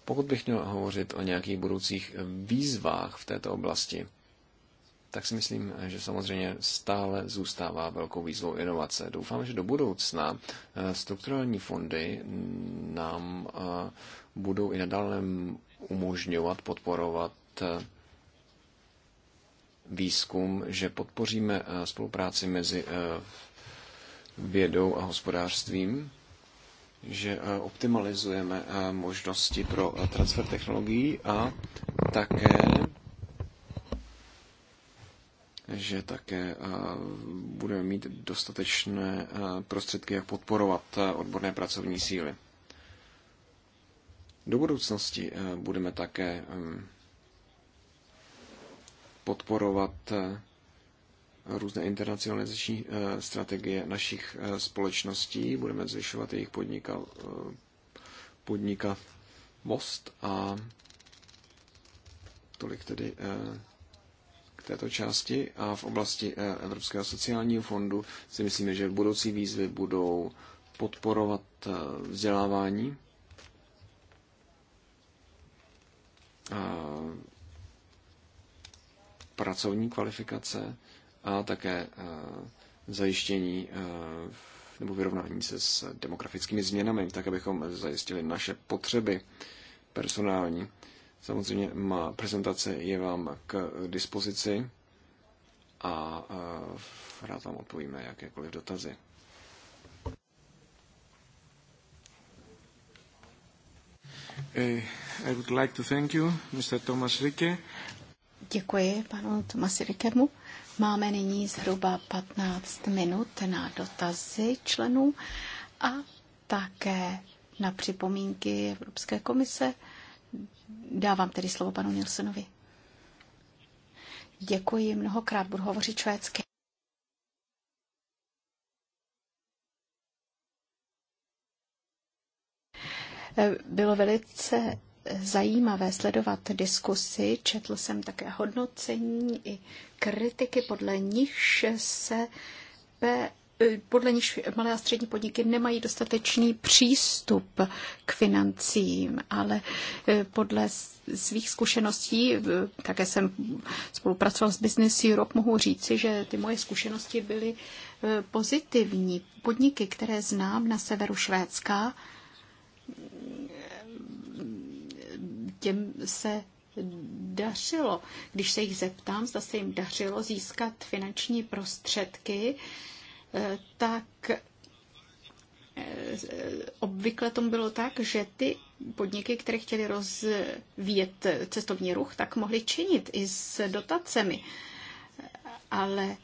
Pokud bych měl hovořit o nějakých budoucích výzvách v této oblasti, tak si myslím, že samozřejmě stále zůstává velkou výzvou inovace. Doufám, že do budoucna eh, strukturální fondy nám eh, budou i nadále umožňovat, podporovat eh, výzkum, že podpoříme spolupráci mezi vědou a hospodářstvím, že eh, optimalizujeme eh, možnosti pro eh, transfer technologií a také že také budeme mít dostatečné prostředky, jak podporovat odborné pracovní síly. Do budoucnosti budeme také mm, podporovat různé internacionalizační eh, strategie našich eh, společností, budeme zvyšovat jejich podnika, most eh, a tolik tedy k této části. A v oblasti Evropského sociálního fondu si myslíme, že budoucí výzvy budou podporovat vzdělávání, pracovní kvalifikace, a také eh, zajištění eh, nebo vyrovnání se s demografickými změnami, tak abychom zajistili naše potřeby personální. Samozřejmě má prezentace je vám k dispozici a eh, rád vám odpovíme jakékoliv dotazy. I would like to thank you, Mr. Thomas Rike. Děkuji panu Tomasi Rikemu Máme nyní zhruba 15 minut na dotazy členů a také na připomínky Evropské komise. Dávám tedy slovo panu Nilsenovi. Děkuji mnohokrát, budu hovořit švédsky. Bylo velice zajímavé sledovat diskusy. Četl jsem také hodnocení i kritiky, podle nichž se eh, podle níž malé a střední podniky nemají dostatečný přístup k financím, ale eh, podle svých zkušeností, také jsem spolupracoval s Business Europe, mohu říci, že ty moje zkušenosti byly eh, pozitivní. Podniky, které znám na severu Švédska, těm se dařilo. Když se jich zeptám, zda se jim dařilo získat finanční prostředky, tak eh, obvykle tomu bylo tak, že ty podniky, které chtěly rozvíjet cestovní ruch, tak mohly činit i s dotacemi. Ale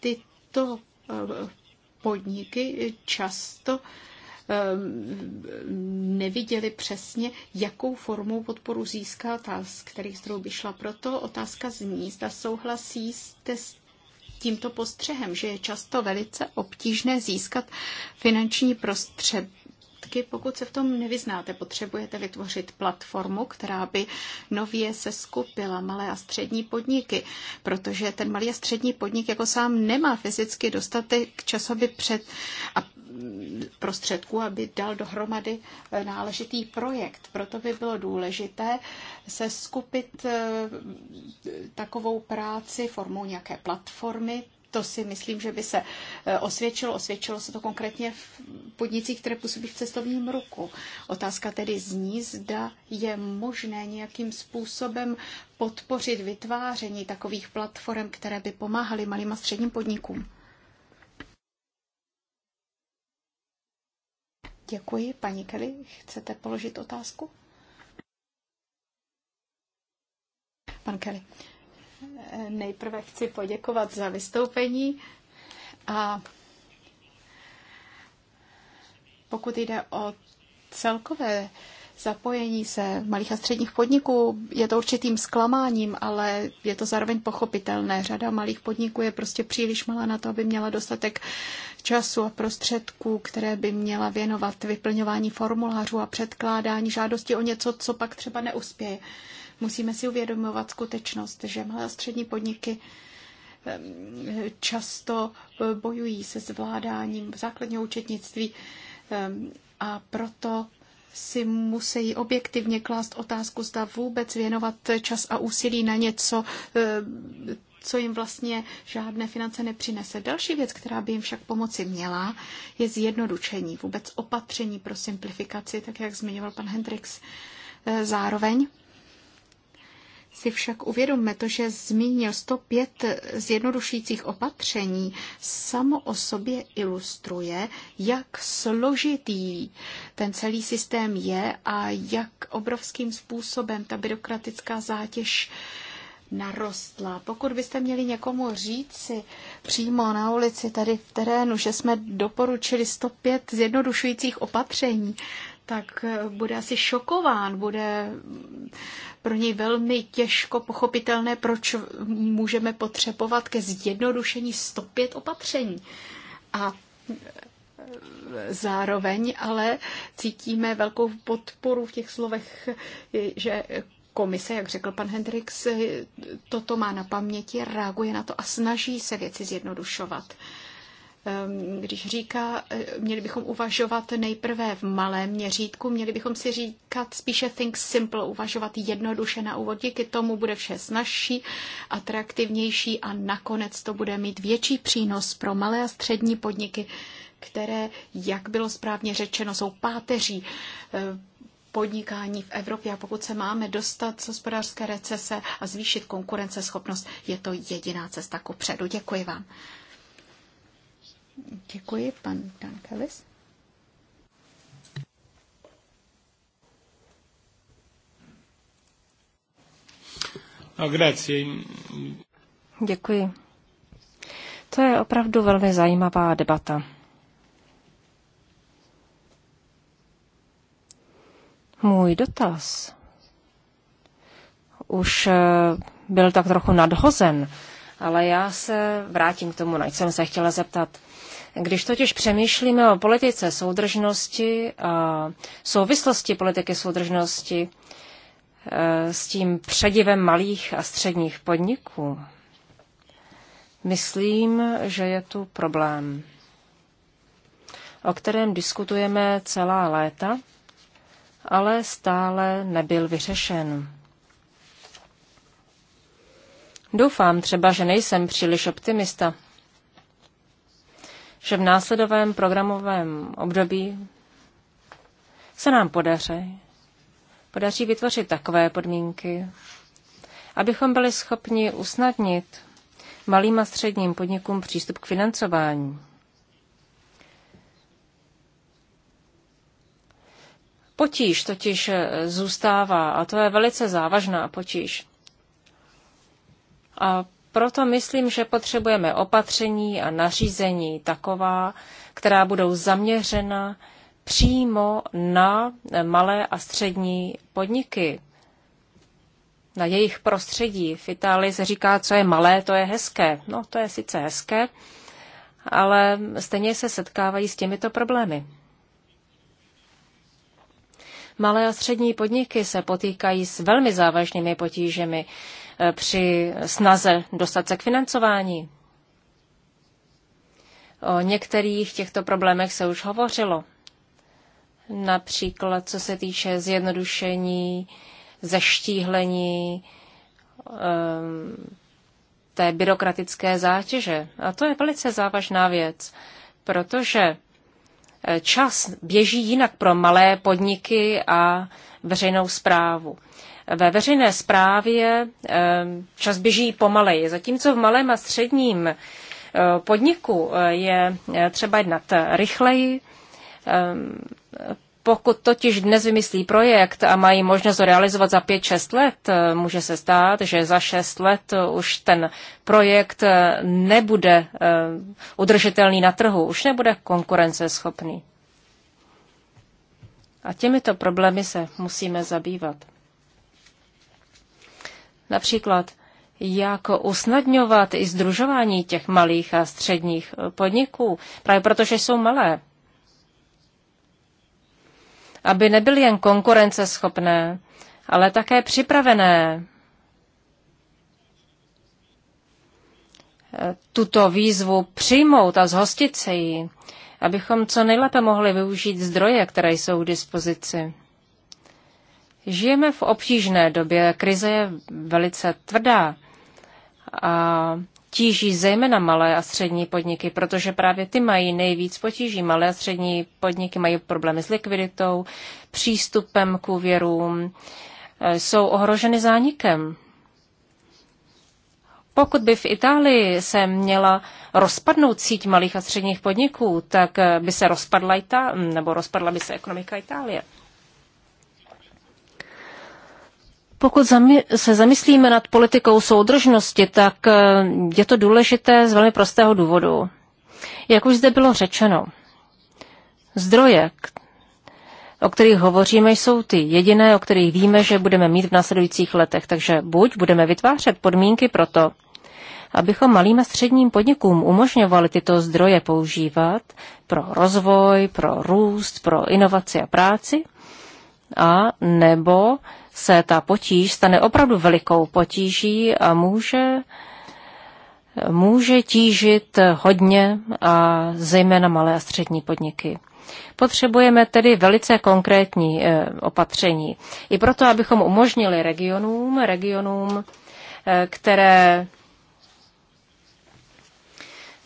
tyto eh, podniky často uh, Ehm, neviděli přesně, jakou formou podporu získá ta, z kterých zdrojů by šla. Proto otázka zní, zda souhlasí s tímto postřehem, že je často velice obtížné získat finanční prostředky pokud se v tom nevyznáte. Potřebujete vytvořit platformu, která by nově se skupila malé a střední podniky, protože ten malý a střední podnik jako sám nemá fyzicky dostatek času, aby před a prostředků, aby dal dohromady eh, náležitý projekt. Proto by bylo důležité se skupit eh, takovou práci formou nějaké platformy, to si myslím, že by se eh, osvědčilo. Osvědčilo se to konkrétně v podnicích, které působí v cestovním ruku. Otázka tedy zní, zda je možné nějakým způsobem podpořit vytváření takových platform, které by pomáhaly malým a středním podnikům. Děkuji. Paní Kelly, chcete položit otázku? Pan Kelly. Nejprve chci poděkovat za vystoupení a pokud jde o celkové zapojení se malých a středních podniků. Je to určitým zklamáním, ale je to zároveň pochopitelné. Řada malých podniků je prostě příliš malá na to, aby měla dostatek času a prostředků, které by měla věnovat vyplňování formulářů a předkládání žádosti o něco, co pak třeba neuspěje. Musíme si uvědomovat skutečnost, že malé a střední podniky ehm, často e, bojují se zvládáním základního účetnictví ehm, a proto si musí objektivně klást otázku, zda vůbec věnovat čas a úsilí na něco, eh, co jim vlastně žádné finance nepřinese. Další věc, která by jim však pomoci měla, je zjednodušení, vůbec opatření pro simplifikaci, tak jak zmiňoval pan Hendrix. Eh, zároveň si však uvědomme to, že zmínil 105 zjednodušujících opatření, samo o sobě ilustruje, jak složitý ten celý systém je a jak obrovským způsobem ta byrokratická zátěž narostla. Pokud byste měli někomu říci přímo na ulici tady v terénu, že jsme doporučili 105 zjednodušujících opatření, tak eh, bude asi šokován, bude pro něj velmi těžko pochopitelné, proč můžeme potřebovat ke zjednodušení 105 opatření. A eh, zároveň ale cítíme velkou podporu v těch slovech, eh, že komise, jak řekl pan Hendrix, toto má na paměti, reaguje na to a snaží se věci zjednodušovat. Ehm, když říká, eh, měli bychom uvažovat nejprve v malém měřítku, měli bychom si říkat spíše think simple, uvažovat jednoduše na úvod, díky tomu bude vše snažší, atraktivnější a nakonec to bude mít větší přínos pro malé a střední podniky, které, jak bylo správně řečeno, jsou páteří ehm, podnikání v Evropě a pokud se máme dostat z hospodářské recese a zvýšit konkurenceschopnost, je to jediná cesta ku předu. Děkuji vám. Děkuji, pan Dan Kellis. No, Děkuji. To je opravdu velmi zajímavá debata. Můj dotaz už eh, byl tak trochu nadhozen, ale já se vrátím k tomu, na jsem se chtěla zeptat. Když totiž přemýšlíme o politice soudržnosti a souvislosti politiky soudržnosti eh, s tím předivem malých a středních podniků, myslím, že je tu problém, o kterém diskutujeme celá léta, ale stále nebyl vyřešen. Doufám třeba, že nejsem příliš optimista, že v následovém programovém období se nám podaří, podaří vytvořit takové podmínky, abychom byli schopni usnadnit malým a středním podnikům přístup k financování. Potíž totiž zůstává, a to je velice závažná potíž. A proto myslím, že potřebujeme opatření a nařízení taková, která budou zaměřena přímo na malé a střední podniky, na jejich prostředí. V Itálii se říká, co je malé, to je hezké. No, to je sice hezké, ale stejně se setkávají s těmito problémy. Malé a střední podniky se potýkají s velmi závažnými potížemi. Eh, při snaze dostat se k financování. O některých těchto problémech se už hovořilo. Například co se týče zjednodušení, zeštíhlení eh, té byrokratické zátěže. A to je velice závažná věc, protože eh, čas běží jinak pro malé podniky a veřejnou zprávu. Ve veřejné správě eh, čas běží pomaleji, zatímco v malém a středním eh, podniku eh, je třeba jednat rychleji. Pokud totiž dnes vymyslí projekt a mají možnost ho realizovat za 5-6 let, může se stát, že za 6 let už ten projekt nebude udržitelný na trhu, už nebude konkurenceschopný. A těmito problémy se musíme zabývat. Například, jak usnadňovat i združování těch malých a středních podniků, právě protože jsou malé. Aby nebyly jen konkurenceschopné, ale také připravené tuto výzvu přijmout a zhostit se jí, abychom co nejlépe mohli využít zdroje, které jsou k dispozici. Žijeme v obtížné době, krize je velice tvrdá a tíží zejména malé a střední podniky, protože právě ty mají nejvíc potíží. Malé a střední podniky mají problémy s likviditou, přístupem k úvěrům, e, jsou ohroženy zánikem. Pokud by v Itálii se měla rozpadnout síť malých a středních podniků, tak by se rozpadla Itá- nebo rozpadla by se ekonomika Itálie. Pokud se zamyslíme nad politikou soudržnosti, tak eh, je to důležité z velmi prostého důvodu. Jak už zde bylo řečeno, zdroje, o kterých hovoříme, jsou ty jediné, o kterých víme, že budeme mít v následujících letech. Takže buď budeme vytvářet podmínky pro to, abychom malým a středním podnikům umožňovali tyto zdroje používat pro rozvoj, pro růst, pro inovaci a práci, a nebo se ta potíž stane opravdu velikou potíží a může, může tížit hodně a zejména malé a střední podniky. Potřebujeme tedy velice konkrétní eh, opatření. I proto, abychom umožnili regionům, regionům, eh, které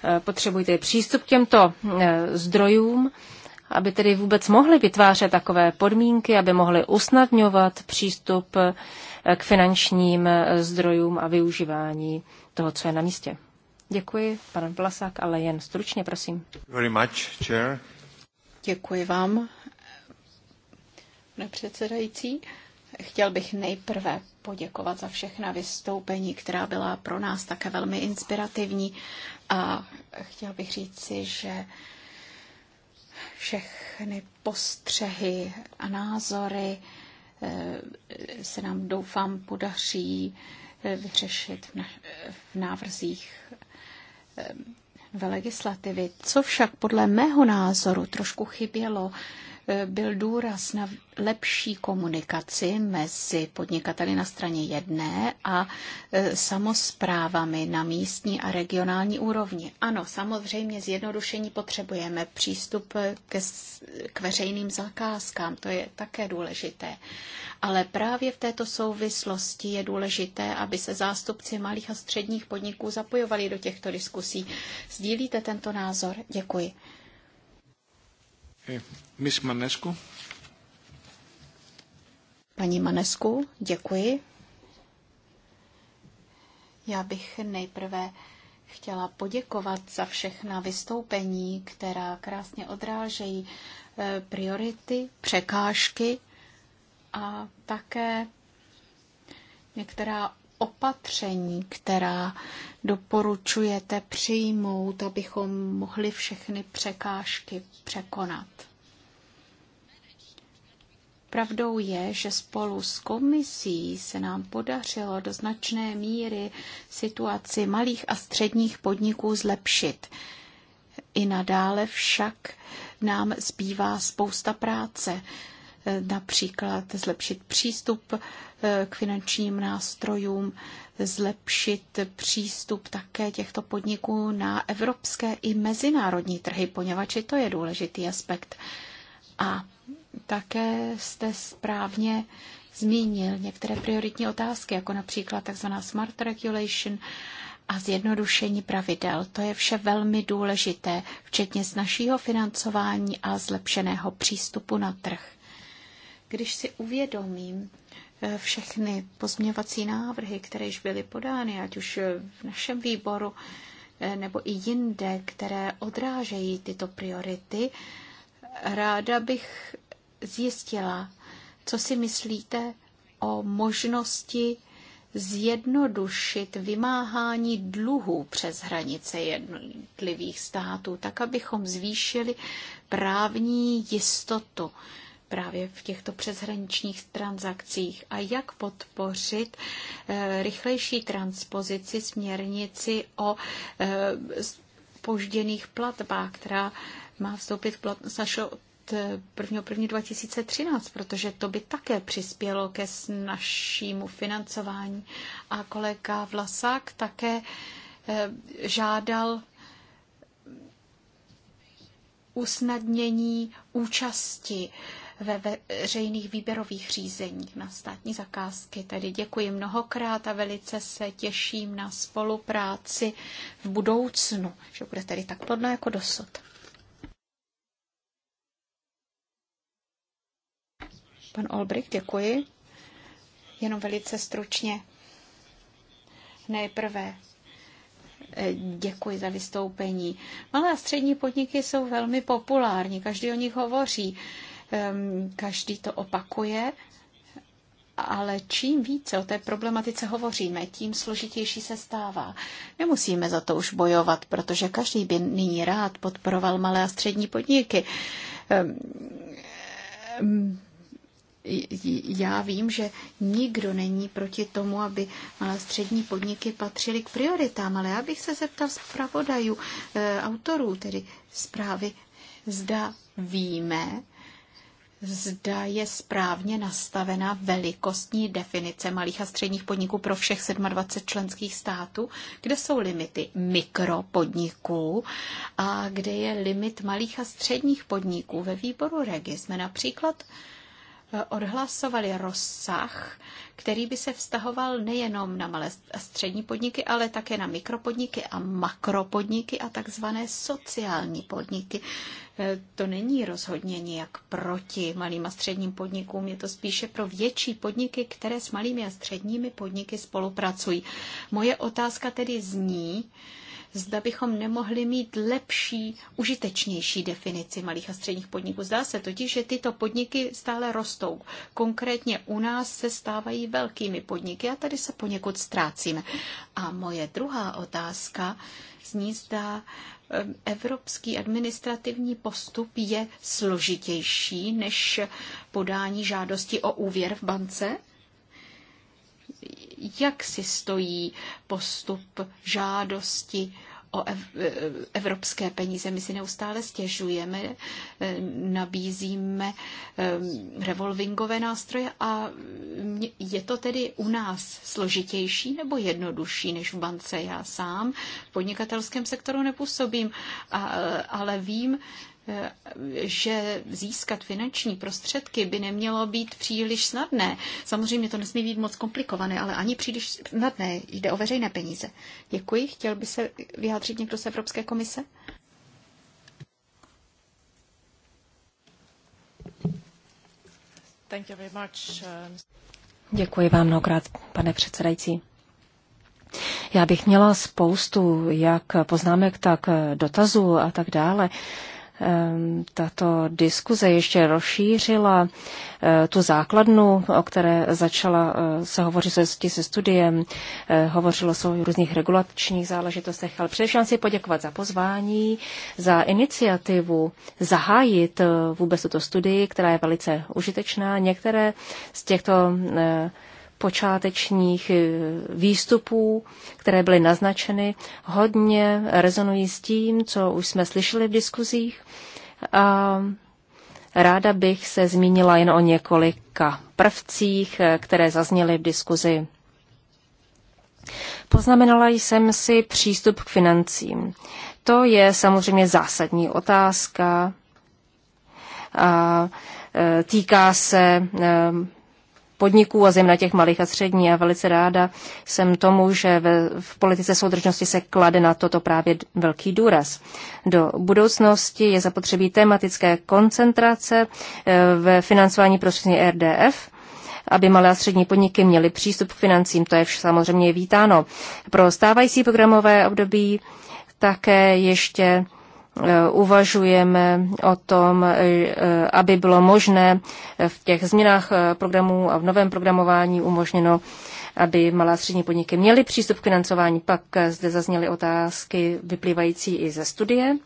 eh, potřebují tedy přístup k těmto zdrojům, aby tedy vůbec mohli vytvářet takové podmínky, aby mohli usnadňovat přístup eh, k finančním eh, zdrojům a využívání toho, co je na místě. Děkuji, pan Vlasák, ale jen stručně, prosím. Very much, chair. Děkuji vám, pane předsedající. Chtěl bych nejprve poděkovat za všechna vystoupení, která byla pro nás také velmi inspirativní. A chtěl bych říci, že všechny postřehy a názory eh, se nám doufám podaří eh, vyřešit v návrzích eh, ve legislativy. Co však podle mého názoru trošku chybělo byl důraz na lepší komunikaci mezi podnikateli na straně jedné a e, samozprávami na místní a regionální úrovni. Ano, samozřejmě zjednodušení potřebujeme přístup ke, k veřejným zakázkám, to je také důležité. Ale právě v této souvislosti je důležité, aby se zástupci malých a středních podniků zapojovali do těchto diskusí. Sdílíte tento názor? Děkuji. Eh, Miss Manesku. Paní Manesku, děkuji. Já bych nejprve chtěla poděkovat za všechna vystoupení, která krásně odrážejí eh, priority, překážky a také některá opatření, která doporučujete přijmout, abychom mohli všechny překážky překonat. Pravdou je, že spolu s komisí se nám podařilo do značné míry situaci malých a středních podniků zlepšit. I nadále však nám zbývá spousta práce například zlepšit přístup eh, k finančním nástrojům, zlepšit přístup také těchto podniků na evropské i mezinárodní trhy, poněvadž i to je důležitý aspekt. A také jste správně zmínil některé prioritní otázky, jako například tzv. smart regulation a zjednodušení pravidel. To je vše velmi důležité, včetně z našího financování a zlepšeného přístupu na trh. Když si uvědomím eh, všechny pozměvací návrhy, které již byly podány, ať už v našem výboru eh, nebo i jinde, které odrážejí tyto priority, ráda bych zjistila, co si myslíte o možnosti zjednodušit vymáhání dluhů přes hranice jednotlivých států, tak abychom zvýšili právní jistotu právě v těchto přeshraničních transakcích a jak podpořit eh, rychlejší transpozici směrnici o eh, spožděných platbách, která má vstoupit v platnost až od 1.1.2013, eh, protože to by také přispělo ke našímu financování. A kolega Vlasák také žádal usnadnění účasti ve veřejných výběrových řízeních na státní zakázky. Tedy děkuji mnohokrát a velice se těším na spolupráci v budoucnu, že bude tedy tak plodná jako dosud. Pan Olbrich, děkuji. Jenom velice stručně. Nejprve eh, Děkuji za vystoupení. Malé a střední podniky jsou velmi populární, každý o nich hovoří. Ehm, každý to opakuje, ale čím více o té problematice hovoříme, tím složitější se stává. Nemusíme za to už bojovat, protože každý by nyní rád podporoval malé a střední podniky. Ehm, ehm, já vím, že nikdo není proti tomu, aby malé střední podniky patřily k prioritám, ale já bych se zeptal zpravodajů, eh, autorů tedy zprávy, zda víme, zda je správně nastavena velikostní definice malých a středních podniků pro všech 27 členských států, kde jsou limity mikropodniků a kde je limit malých a středních podniků. Ve výboru Regi jsme například odhlasovali rozsah, který by se vztahoval nejenom na malé a střední podniky, ale také na mikropodniky a makropodniky a takzvané sociální podniky. E, to není rozhodně nějak proti malým a středním podnikům, je to spíše pro větší podniky, které s malými a středními podniky spolupracují. Moje otázka tedy zní, zda bychom nemohli mít lepší, užitečnější definici malých a středních podniků. Zdá se totiž, že tyto podniky stále rostou. Konkrétně u nás se stávají velkými podniky a tady se poněkud ztrácíme. A moje druhá otázka zní, zda evropský administrativní postup je složitější než podání žádosti o úvěr v bance? jak si stojí postup žádosti o e, evropské peníze. My si neustále stěžujeme, e, nabízíme e, revolvingové nástroje a je to tedy u nás složitější nebo jednodušší než v bance. Já sám v podnikatelském sektoru nepůsobím, ale vím, že získat finanční prostředky by nemělo být příliš snadné. Samozřejmě to nesmí být moc komplikované, ale ani příliš snadné. Jde o veřejné peníze. Děkuji. Chtěl by se vyjádřit někdo z Evropské komise? Uh, Děkuji vám mnohokrát, pane předsedající. Já bych měla spoustu jak poznámek, tak dotazů a tak dále. Ehm, tato diskuze ještě rozšířila eh, tu základnu, o které začala eh, se hovořit se, se studiem. Eh, hovořilo se o různých regulačních záležitostech, ale především si poděkovat za pozvání, za iniciativu zahájit vůbec tuto studii, která je velice užitečná. Některé z těchto počátečních eh, výstupů, které byly naznačeny, hodně rezonují s tím, co už jsme slyšeli v diskuzích. A ráda bych se zmínila jen o několika prvcích, eh, které zazněly v diskuzi. Poznamenala jsem si přístup k financím. To je samozřejmě zásadní otázka. A eh, týká se podniků a zejména těch malých a střední. A velice ráda jsem tomu, že ve, v politice soudržnosti se klade na toto právě velký důraz. Do budoucnosti je zapotřebí tematické koncentrace eh, ve financování prostřednictvím RDF aby malé a střední podniky měly přístup k financím. To je vš, samozřejmě vítáno. Pro stávající programové období také ještě Eh, uvažujeme o tom, eh, aby bylo možné eh, v těch změnách programů a v novém programování umožněno, aby malá a střední podniky měly přístup k financování. Pak zde zazněly otázky vyplývající i ze studie.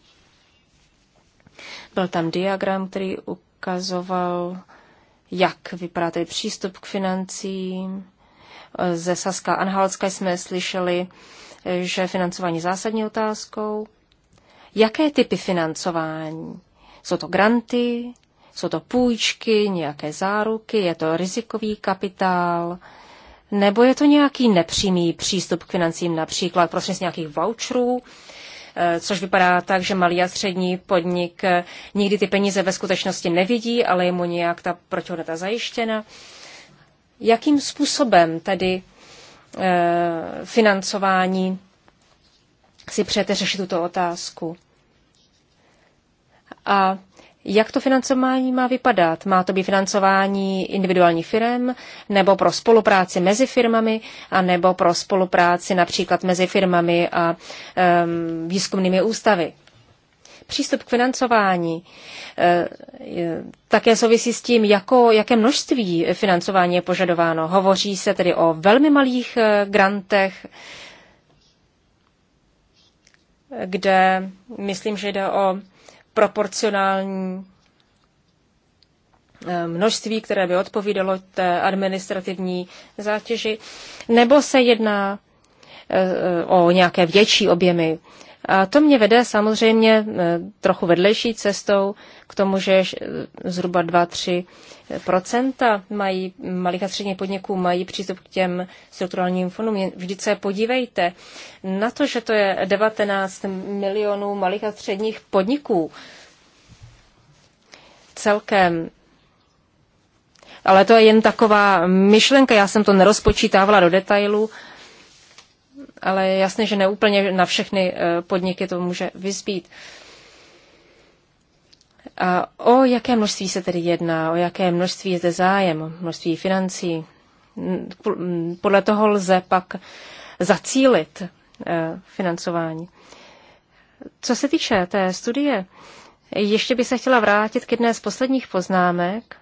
Byl tam diagram, který ukazoval, jak vypadá tedy přístup k financím. Ze Saska Anhalska jsme slyšeli, že financování zásadní otázkou jaké typy financování. Jsou to granty, jsou to půjčky, nějaké záruky, je to rizikový kapitál, nebo je to nějaký nepřímý přístup k financím, například prostřednictvím nějakých voucherů, eh, což vypadá tak, že malý a střední podnik eh, nikdy ty peníze ve skutečnosti nevidí, ale je mu nějak ta protihodnota zajištěna. Jakým způsobem tedy eh, financování si přejete řešit tuto otázku. A jak to financování má vypadat? Má to být financování individuálních firm, nebo pro spolupráci mezi firmami, a nebo pro spolupráci například mezi firmami a um, výzkumnými ústavy? Přístup k financování e, také souvisí s tím, jako, jaké množství financování je požadováno. Hovoří se tedy o velmi malých e, grantech, kde myslím, že jde o proporcionální eh, množství, které by odpovídalo té administrativní zátěži, nebo se jedná eh, o nějaké větší objemy. A to mě vede samozřejmě eh, trochu vedlejší cestou k tomu, že zhruba 2-3 procenta mají, malých a středních podniků mají přístup k těm strukturálním fondům. Vždyť se podívejte na to, že to je 19 milionů malých a středních podniků celkem. Ale to je jen taková myšlenka, já jsem to nerozpočítávala do detailu, ale jasně, že neúplně na všechny eh, podniky to může vyzbít. A o jaké množství se tedy jedná, o jaké množství je zde zájem, množství financí. Podle toho lze pak zacílit e, financování. Co se týče té studie, ještě bych se chtěla vrátit k jedné z posledních poznámek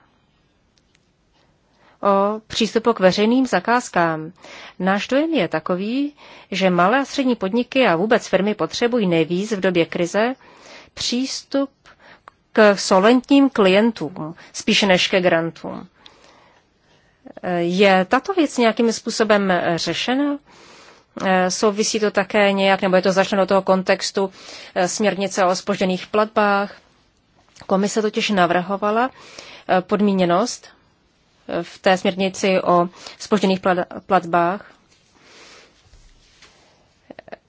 o přístupu k veřejným zakázkám. Náš dojem je takový, že malé a střední podniky a vůbec firmy potřebují nejvíc v době krize přístup k solventním klientům, spíše než ke grantům. Je tato věc nějakým způsobem řešena? Souvisí to také nějak, nebo je to začleno do toho kontextu eh, směrnice o spožděných platbách? Komise totiž navrhovala eh, podmíněnost eh, v té směrnici o spožděných platbách,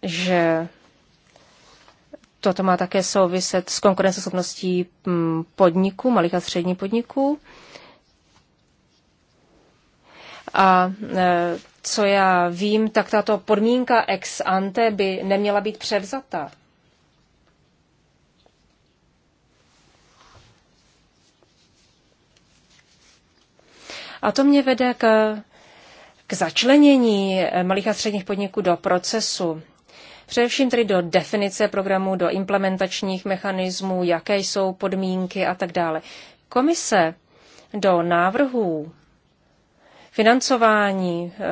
že Toto má také souviset s konkurenceschopností mm, podniků, malých a středních podniků. A e, co já vím, tak tato podmínka ex ante by neměla být převzata. A to mě vede k, k začlenění malých a středních podniků do procesu Především tedy do definice programu, do implementačních mechanismů, jaké jsou podmínky a tak dále. Komise do návrhů financování eh,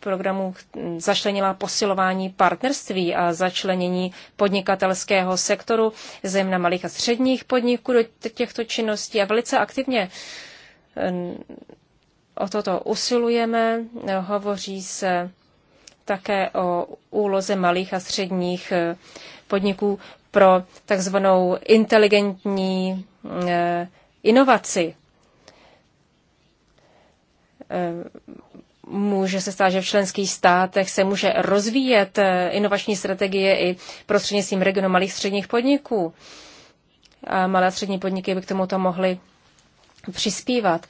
programu zašlenila posilování partnerství a začlenění podnikatelského sektoru, zejména malých a středních podniků do těchto činností a velice aktivně eh, o toto usilujeme. Hovoří se také o úloze malých a středních eh, podniků pro takzvanou inteligentní eh, inovaci. Eh, může se stát, že v členských státech se může rozvíjet inovační strategie i prostřednictvím regionu malých středních podniků. A malé a střední podniky by k tomuto mohly přispívat.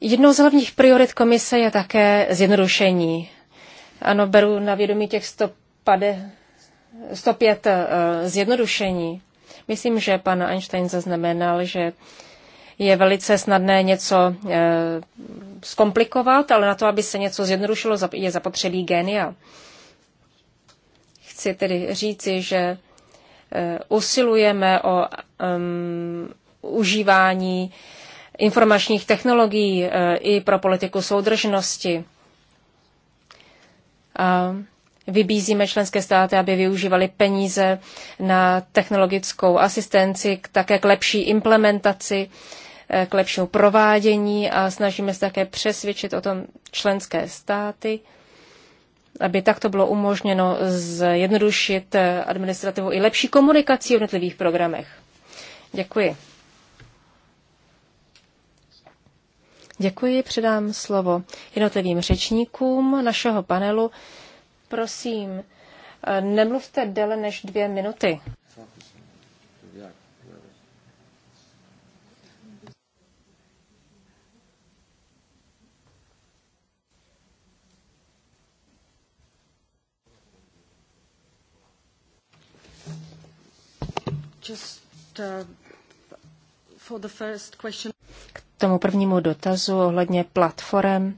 Jednou z hlavních priorit komise je také zjednodušení ano, beru na vědomí těch 105 eh, zjednodušení. Myslím, že pan Einstein zaznamenal, že je velice snadné něco eh, zkomplikovat, ale na to, aby se něco zjednodušilo, je zapotřebí génia. Chci tedy říci, že eh, usilujeme o um, užívání informačních technologií i pro politiku soudržnosti vybízíme členské státy, aby využívali peníze na technologickou asistenci, také k lepší implementaci, eh, k lepšímu provádění a snažíme se také přesvědčit o tom členské státy, aby takto bylo umožněno zjednodušit eh, administrativu i lepší komunikaci v jednotlivých programech. Děkuji. Děkuji, předám slovo jednotlivým řečníkům našeho panelu. Prosím, eh, nemluvte déle než dvě minuty. K tomu prvnímu dotazu ohledně platform,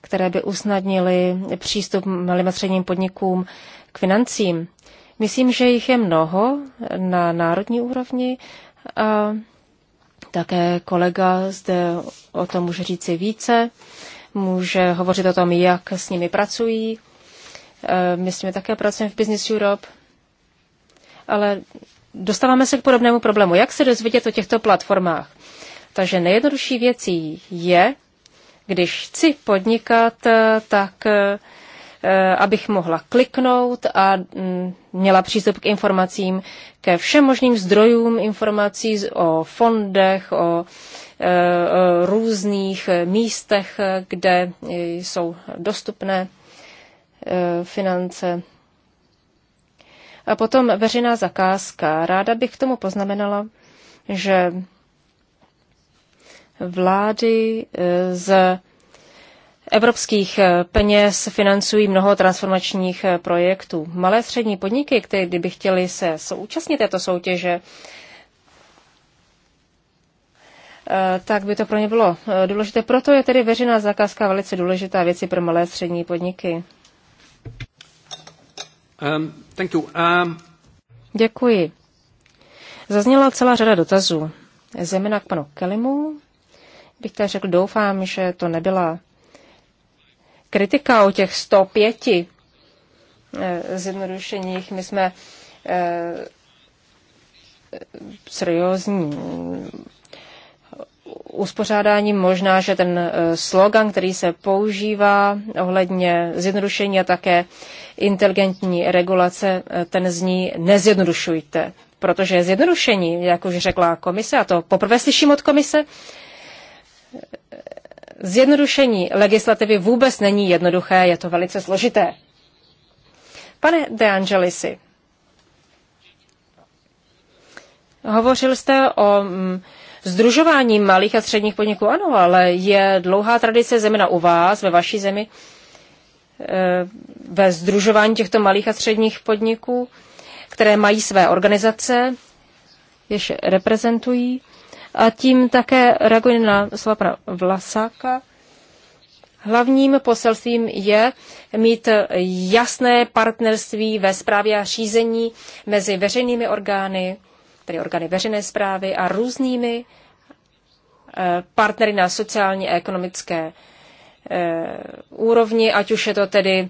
které by usnadnily přístup malým a středním podnikům k financím. Myslím, že jich je mnoho na národní úrovni a také kolega zde o tom může říci více, může hovořit o tom, jak s nimi pracují. E, my s nimi také pracujeme v Business Europe, ale dostáváme se k podobnému problému. Jak se dozvědět o těchto platformách? Takže nejjednodušší věcí je, když chci podnikat, eh, tak eh, eh, abych mohla kliknout a mm, měla přístup k informacím, ke všem možným zdrojům informací o fondech, o různých místech, kde jsou dostupné finance. A potom veřejná zakázka. Ráda bych k tomu poznamenala, že vlády eh, z evropských eh, peněz financují mnoho transformačních eh, projektů. Malé střední podniky, které kdyby chtěly se současnit této soutěže, tak by to pro ně bylo důležité. Proto je tedy veřejná zakázka velice důležitá věci pro malé střední podniky. Um, thank you. Um... Děkuji. Zazněla celá řada dotazů, zejména k panu Kelimu, bych tak řekl, doufám, že to nebyla kritika o těch 105 eh, zjednodušeních. My jsme eh, seriózní uspořádání. Možná, že ten eh, slogan, který se používá ohledně zjednodušení a také inteligentní regulace, ten zní nezjednodušujte. Protože zjednodušení, jak už řekla komise, a to poprvé slyším od komise, Zjednodušení legislativy vůbec není jednoduché, je to velice složité. Pane De Angelisi, hovořil jste o združování mm, malých a středních podniků. Ano, ale je dlouhá tradice zemina u vás, ve vaší zemi, e, ve združování těchto malých a středních podniků, které mají své organizace, jež reprezentují. A tím také reaguji na slova pana Vlasáka. Hlavním poselstvím je mít jasné partnerství ve správě a řízení mezi veřejnými orgány, tedy orgány veřejné zprávy a různými eh, partnery na sociálně a ekonomické eh, úrovni, ať už je to tedy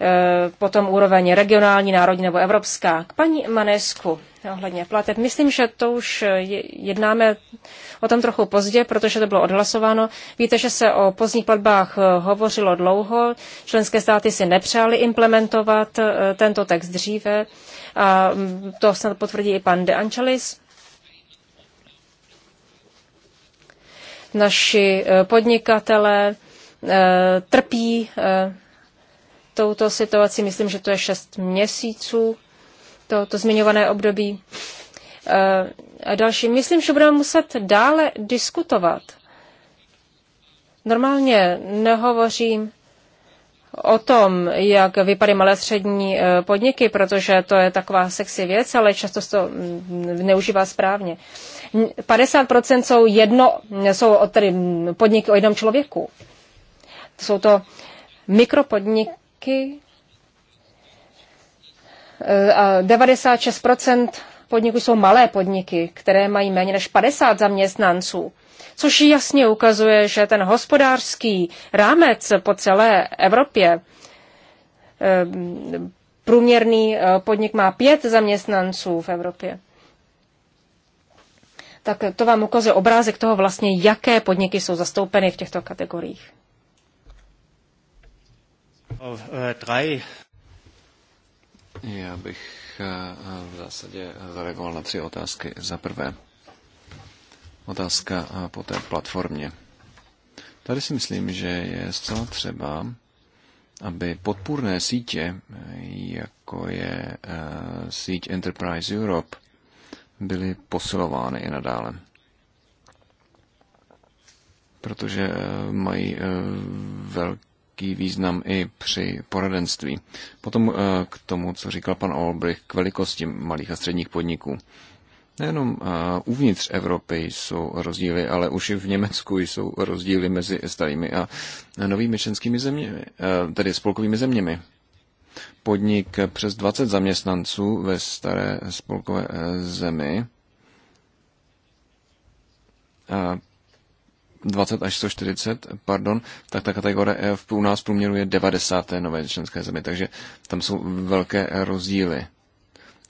Eh, potom úroveň regionální, národní nebo evropská. K paní Manesku eh, ohledně plateb. Myslím, že to už eh, jednáme o tom trochu pozdě, protože to bylo odhlasováno. Víte, že se o pozdních platbách hovořilo dlouho. Členské státy si nepřáli implementovat tento text dříve. A mm, to snad potvrdí i pan De Angelis. Naši podnikatele trpí touto situací. Myslím, že to je šest měsíců, to, to zmiňované období. Eh, a další, myslím, že budeme muset dále diskutovat. Normálně nehovořím o tom, jak vypadají malé střední eh, podniky, protože to je taková sexy věc, ale často se to mm, neužívá správně. 50% jsou jedno, jsou tedy mm, podniky o jednom člověku. Jsou to mikropodniky, podniky eh, a 96 podniků jsou malé podniky, které mají méně než 50 zaměstnanců, což jasně ukazuje, že ten hospodářský rámec po celé Evropě eh, průměrný eh, podnik má pět zaměstnanců v Evropě. Tak to vám ukazuje obrázek toho vlastně, jaké podniky jsou zastoupeny v těchto kategoriích. Já bych eh, v zásadě zareagoval na tři otázky. Za prvé, otázka eh, po té platformě. Tady si myslím, že je zcela třeba, aby podpůrné sítě, jako je eh, síť Enterprise Europe, byly posilovány i nadále. Protože mají velký velký význam i při poradenství. Potom eh, k tomu, co říkal pan Olbrich, k velikosti malých a středních podniků. Nejenom eh, uvnitř Evropy jsou rozdíly, ale už i v Německu jsou rozdíly mezi starými a novými členskými zeměmi, eh, tedy spolkovými zeměmi. Podnik přes 20 zaměstnanců ve staré spolkové zemi 20 až 140, pardon, tak ta kategorie e v, u nás je 90. nové členské zemi, takže tam jsou velké rozdíly.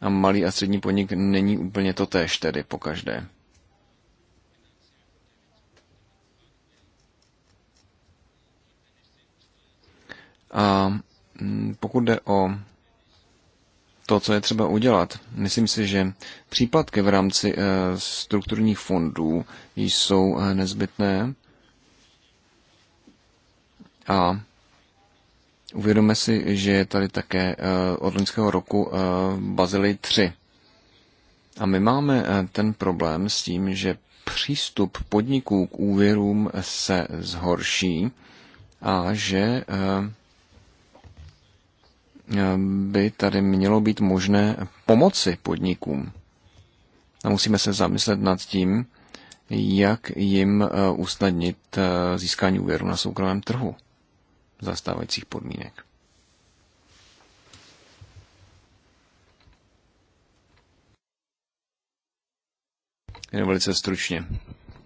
A malý a střední podnik není úplně to též tedy po každé. A mm, pokud jde o to, co je třeba udělat. Myslím si, že případky v rámci eh, strukturních fondů jsou eh, nezbytné a uvědomme si, že je tady také eh, od loňského roku Bazily 3. A my máme ten problém s tím, že přístup podniků k úvěrům se zhorší a že by tady mělo být možné pomoci podnikům. A musíme se zamyslet nad tím, jak jim eh, usnadnit eh, získání úvěru na soukromém trhu za stávajících podmínek. Jen velice stručně.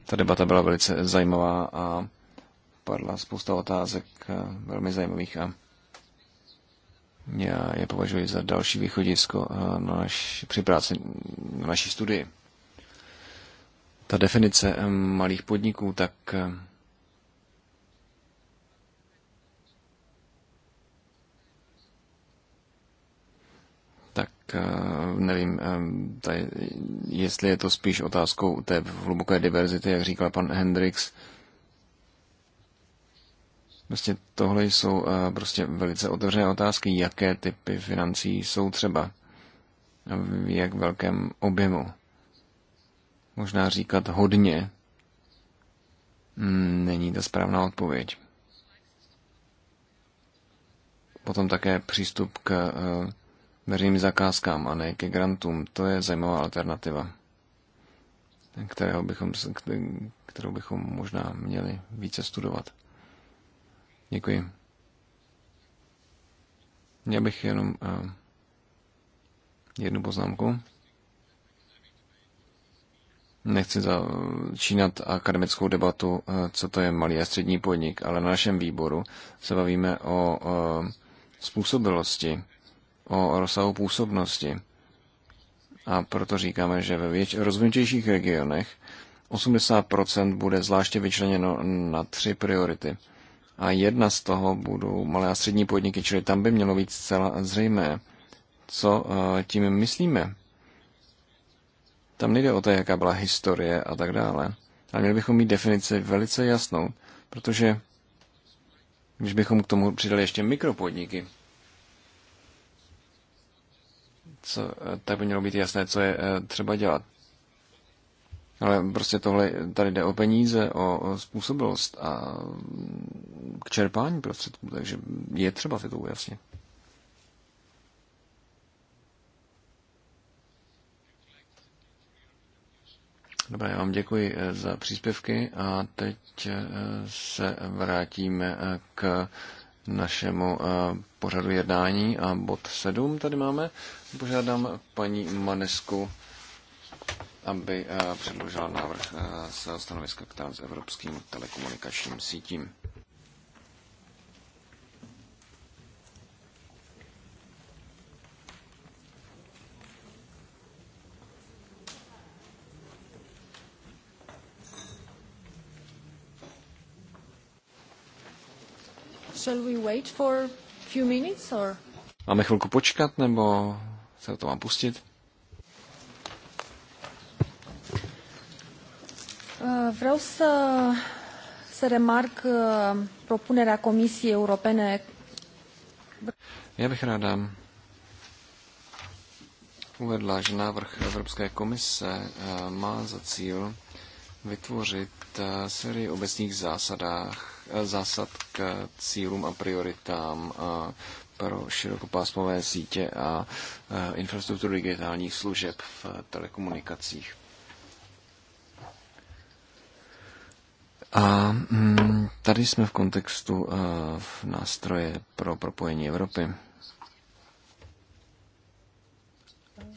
Ta debata byla velice zajímavá a padla spousta otázek eh, velmi zajímavých a já je považuji za další východisko eh, na naš, při práci na naší studii. Ta definice eh, malých podniků, tak eh, tak nevím, tady, jestli je to spíš otázkou té hluboké diverzity, jak říkal pan Hendrix, Prostě tohle jsou eh, prostě velice otevřené otázky, jaké typy financí jsou třeba, v jak velkém objemu. Možná říkat hodně hmm, není ta správná odpověď. Potom také přístup k eh, veřejným zakázkám a ne ke grantům. To je zajímavá alternativa, kterého bychom, kterou bychom možná měli více studovat. Děkuji. Já bych jenom uh, jednu poznámku. Nechci začínat akademickou debatu, eh, co to je malý a střední podnik, ale na našem výboru se bavíme o eh, způsobilosti, o rozsahu působnosti. A proto říkáme, že ve věč, rozvinutějších regionech 80% bude zvláště vyčleněno na tři priority – a jedna z toho budou malé a střední podniky, čili tam by mělo být zcela zřejmé, co eh, tím myslíme. Tam nejde o to, jaká byla historie a tak dále. A měli bychom mít definici velice jasnou, protože když bychom k tomu přidali ještě mikropodniky, co, eh, tak by mělo být jasné, co je eh, třeba dělat. Ale prostě tohle, tady jde o peníze, o způsobilost a k čerpání prostředků, takže je třeba si to ujasnit. Dobrá, já vám děkuji eh, za příspěvky a teď eh, se vrátíme eh, k našemu pořadu jednání a bod 7 tady máme. Požádám paní Manesku aby eh, předložila návrh eh, svého stanoviska k transevropským telekomunikačním sítím. Shall we wait for few minutes or? Máme chvilku počkat, nebo se to mám pustit? Eh, vreau să, să remarc eh, propunerea Comisiei Europene. Já bych ráda uvedla, že návrh Evropské komise eh, má za cíl vytvořit sérii obecných zásadách, zásad k cílům a prioritám pro širokopásmové sítě a infrastrukturu digitálních služeb v telekomunikacích. A mm, tady jsme v kontextu eh, v nástroje pro propojení Evropy.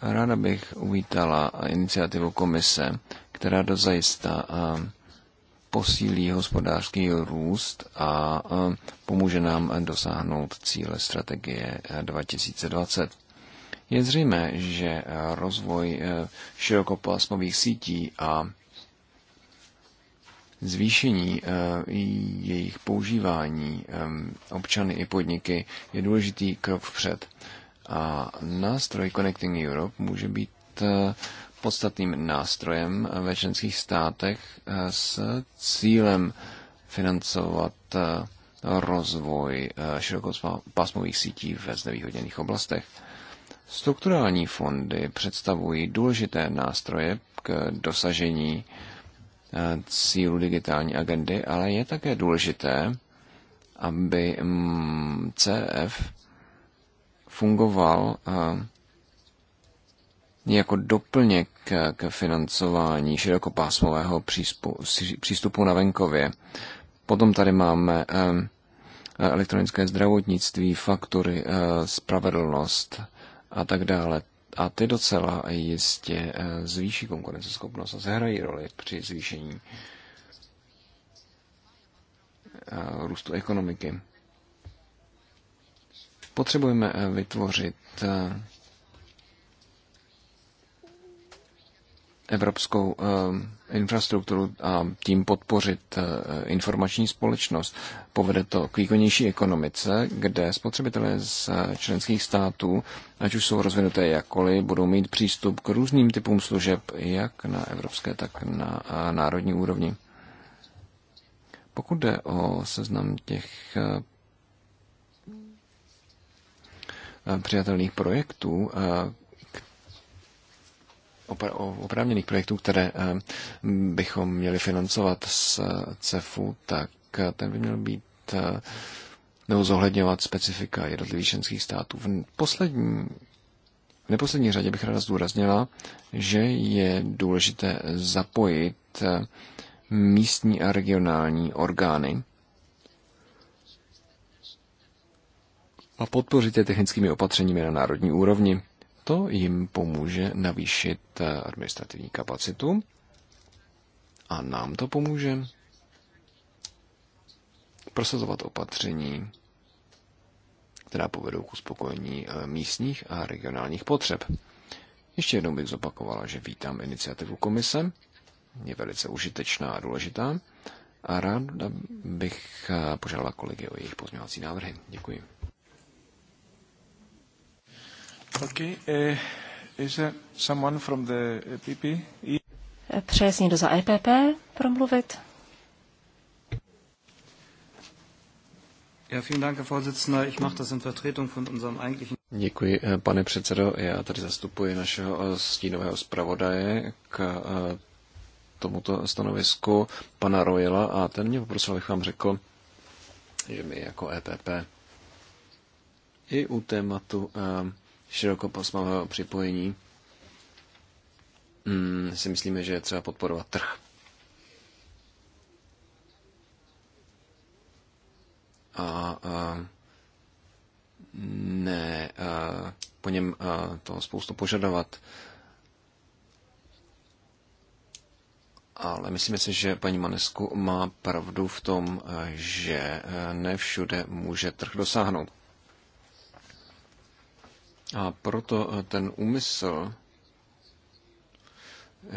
Ráda bych uvítala iniciativu komise, která dozajista eh, posílí hospodářský růst a eh, pomůže nám dosáhnout cíle strategie 2020. Je zřejmé, že rozvoj širokopásmových sítí a zvýšení eh, jejich používání eh, občany i podniky je důležitý krok vpřed. A nástroj Connecting Europe může být eh, podstatným nástrojem ve členských státech s cílem financovat rozvoj širokopásmových sítí ve znevýhodněných oblastech. Strukturální fondy představují důležité nástroje k dosažení Eh, cílu digitální agendy, ale je také důležité, aby mm, CF fungoval eh, jako doplněk k financování širokopásmového přístupu na venkově. Potom tady máme eh, elektronické zdravotnictví, faktury, spravedlnost a tak dále a ty docela jistě eh, zvýší konkurenceschopnost a zahrají roli při zvýšení eh, růstu ekonomiky. Potřebujeme eh, vytvořit evropskou eh, infrastrukturu a tím podpořit eh, informační společnost. Povede to k výkonnější ekonomice, kde spotřebitelé z eh, členských států, ať už jsou rozvinuté jakkoliv, budou mít přístup k různým typům služeb, jak na evropské, tak na národní úrovni. Pokud jde o seznam těch přijatelných projektů, oprávněných projektů, které eh, bychom měli financovat z CEFu, tak eh, ten by měl být eh, nebo zohledňovat specifika jednotlivých členských států. V poslední v neposlední řadě bych ráda zdůraznila, že je důležité zapojit místní a regionální orgány a podpořit je technickými opatřeními na národní úrovni to jim pomůže navýšit eh, administrativní kapacitu a nám to pomůže prosazovat opatření, která povedou k uspokojení eh, místních a regionálních potřeb. Ještě jednou bych zopakovala, že vítám iniciativu komise, je velice užitečná a důležitá a rád bych eh, požádala kolegy o jejich pozměňovací návrhy. Děkuji. Okay, uh, is there someone from the EPP? E- Přeje někdo za EPP promluvit? Děkuji, eh, pane předsedo. Já tady zastupuji našeho eh, stínového zpravodaje k tomuto stanovisku pana Royela a ten mě poprosil, abych vám řekl, že my jako EPP i u tématu širokopasmového připojení mm, si myslíme, že je třeba podporovat trh. A, a ne a, po něm a, to spoustu požadovat. Ale myslíme si, že paní Manesku má pravdu v tom, že e, ne všude může trh dosáhnout. A proto eh, ten úmysl, eh,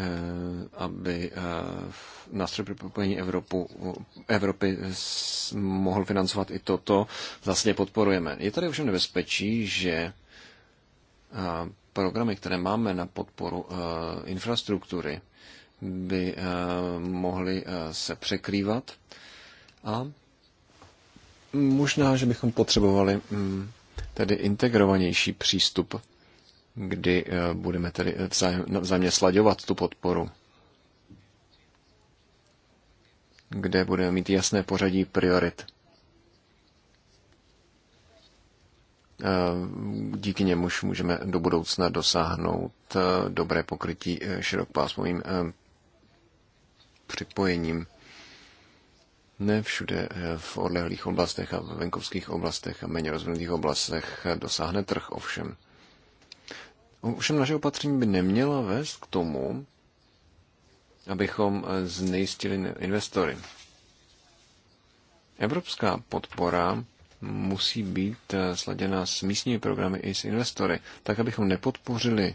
aby eh, nástroj pro propojení Evropu, Evropy mohl financovat i toto, vlastně podporujeme. Je tady ovšem nebezpečí, že programy, které máme na podporu infrastruktury, by mohly se překrývat a možná, že bychom potřebovali mm, tedy integrovanější přístup, kdy eh, budeme tedy no, vzájemně slaďovat tu podporu, kde budeme mít jasné pořadí priorit. Eh, díky němuž můžeme do budoucna dosáhnout eh, dobré pokrytí širokopásmovým připojením. Ne všude eh, v odlehlých oblastech a v venkovských oblastech a méně rozvinutých oblastech dosáhne trh ovšem. Ovšem naše opatření by neměla vést k tomu, abychom eh, znejistili investory. Evropská podpora musí být eh, sladěna s místními programy i s investory, tak abychom nepodpořili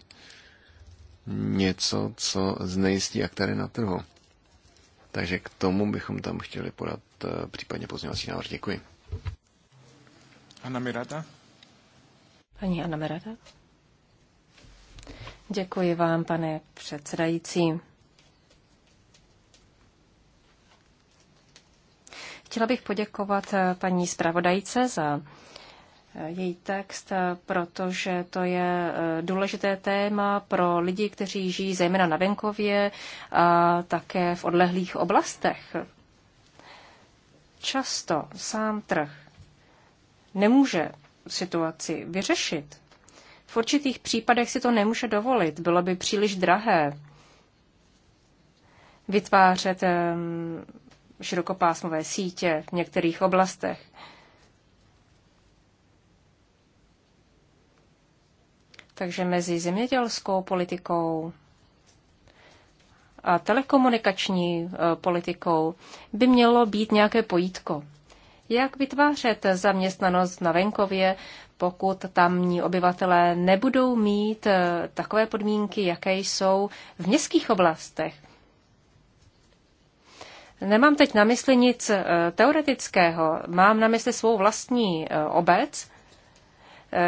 něco, co znejistí aktéry na trhu. Takže k tomu bychom tam chtěli podat eh, případně pozměňovací návrh. Děkuji. Anna Mirata. Paní Anna Mirata. Děkuji vám, pane předsedající. Chtěla bych poděkovat eh, paní zpravodajce za její text, protože to je eh, důležité téma pro lidi, kteří žijí zejména na venkově a také v odlehlých oblastech. Často sám trh nemůže situaci vyřešit. V určitých případech si to nemůže dovolit, bylo by příliš drahé vytvářet ehm, širokopásmové sítě v některých oblastech Takže mezi zemědělskou politikou a telekomunikační e, politikou by mělo být nějaké pojítko. Jak vytvářet zaměstnanost na venkově, pokud tamní obyvatelé nebudou mít e, takové podmínky, jaké jsou v městských oblastech? Nemám teď na mysli nic e, teoretického, mám na mysli svou vlastní obec,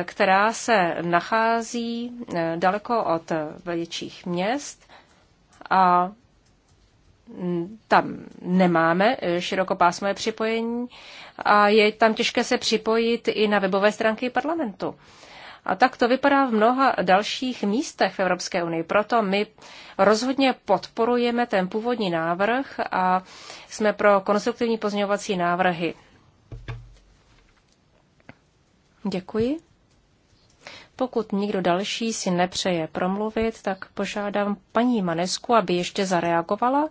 která se nachází eh, daleko od eh, větších měst a mm, tam nemáme eh, širokopásmové připojení a je tam těžké se připojit i na webové stránky parlamentu. A tak to vypadá v mnoha dalších místech v Evropské unii. Proto my rozhodně podporujeme ten původní návrh a jsme pro konstruktivní pozměňovací návrhy. Děkuji. Pokud nikdo další si nepřeje promluvit, tak požádám paní Manesku, aby ještě zareagovala,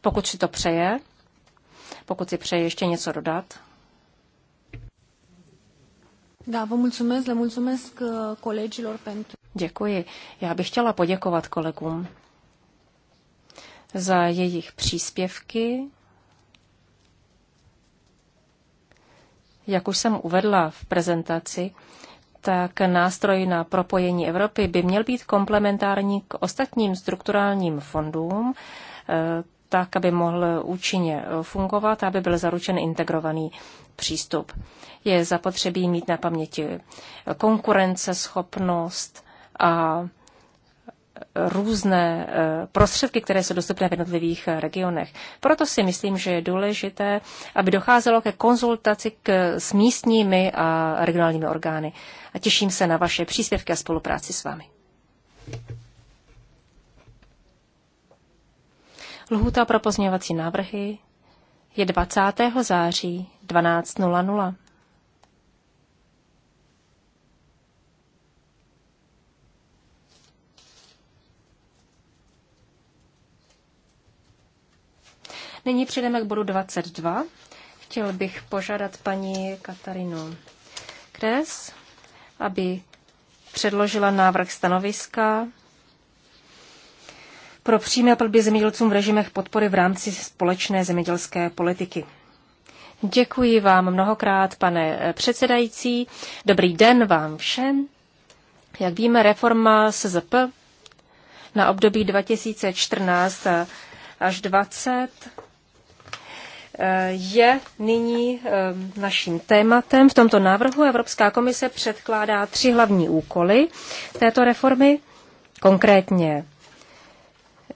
pokud si to přeje, pokud si přeje ještě něco dodat. Uh, Děkuji. Já bych chtěla poděkovat kolegům za jejich příspěvky. Jak už jsem uvedla v prezentaci, tak nástroj na propojení Evropy by měl být komplementární k ostatním strukturálním fondům, eh, tak, aby mohl účinně fungovat, aby byl zaručen integrovaný přístup. Je zapotřebí mít na paměti konkurenceschopnost a různé eh, prostředky, které jsou dostupné v jednotlivých eh, regionech. Proto si myslím, že je důležité, aby docházelo ke konzultaci k, s místními a regionálními orgány. A těším se na vaše příspěvky a spolupráci s vámi. Lhůta pro pozměňovací návrhy je 20. září 12.00. Nyní přejdeme k bodu 22. Chtěl bych požádat paní Katarinu Kres, aby předložila návrh stanoviska pro přímé platby zemědělcům v režimech podpory v rámci společné zemědělské politiky. Děkuji vám mnohokrát, pane předsedající. Dobrý den vám všem. Jak víme, reforma SZP na období 2014 až 20 je nyní ehm, naším tématem. V tomto návrhu Evropská komise předkládá tři hlavní úkoly této reformy, konkrétně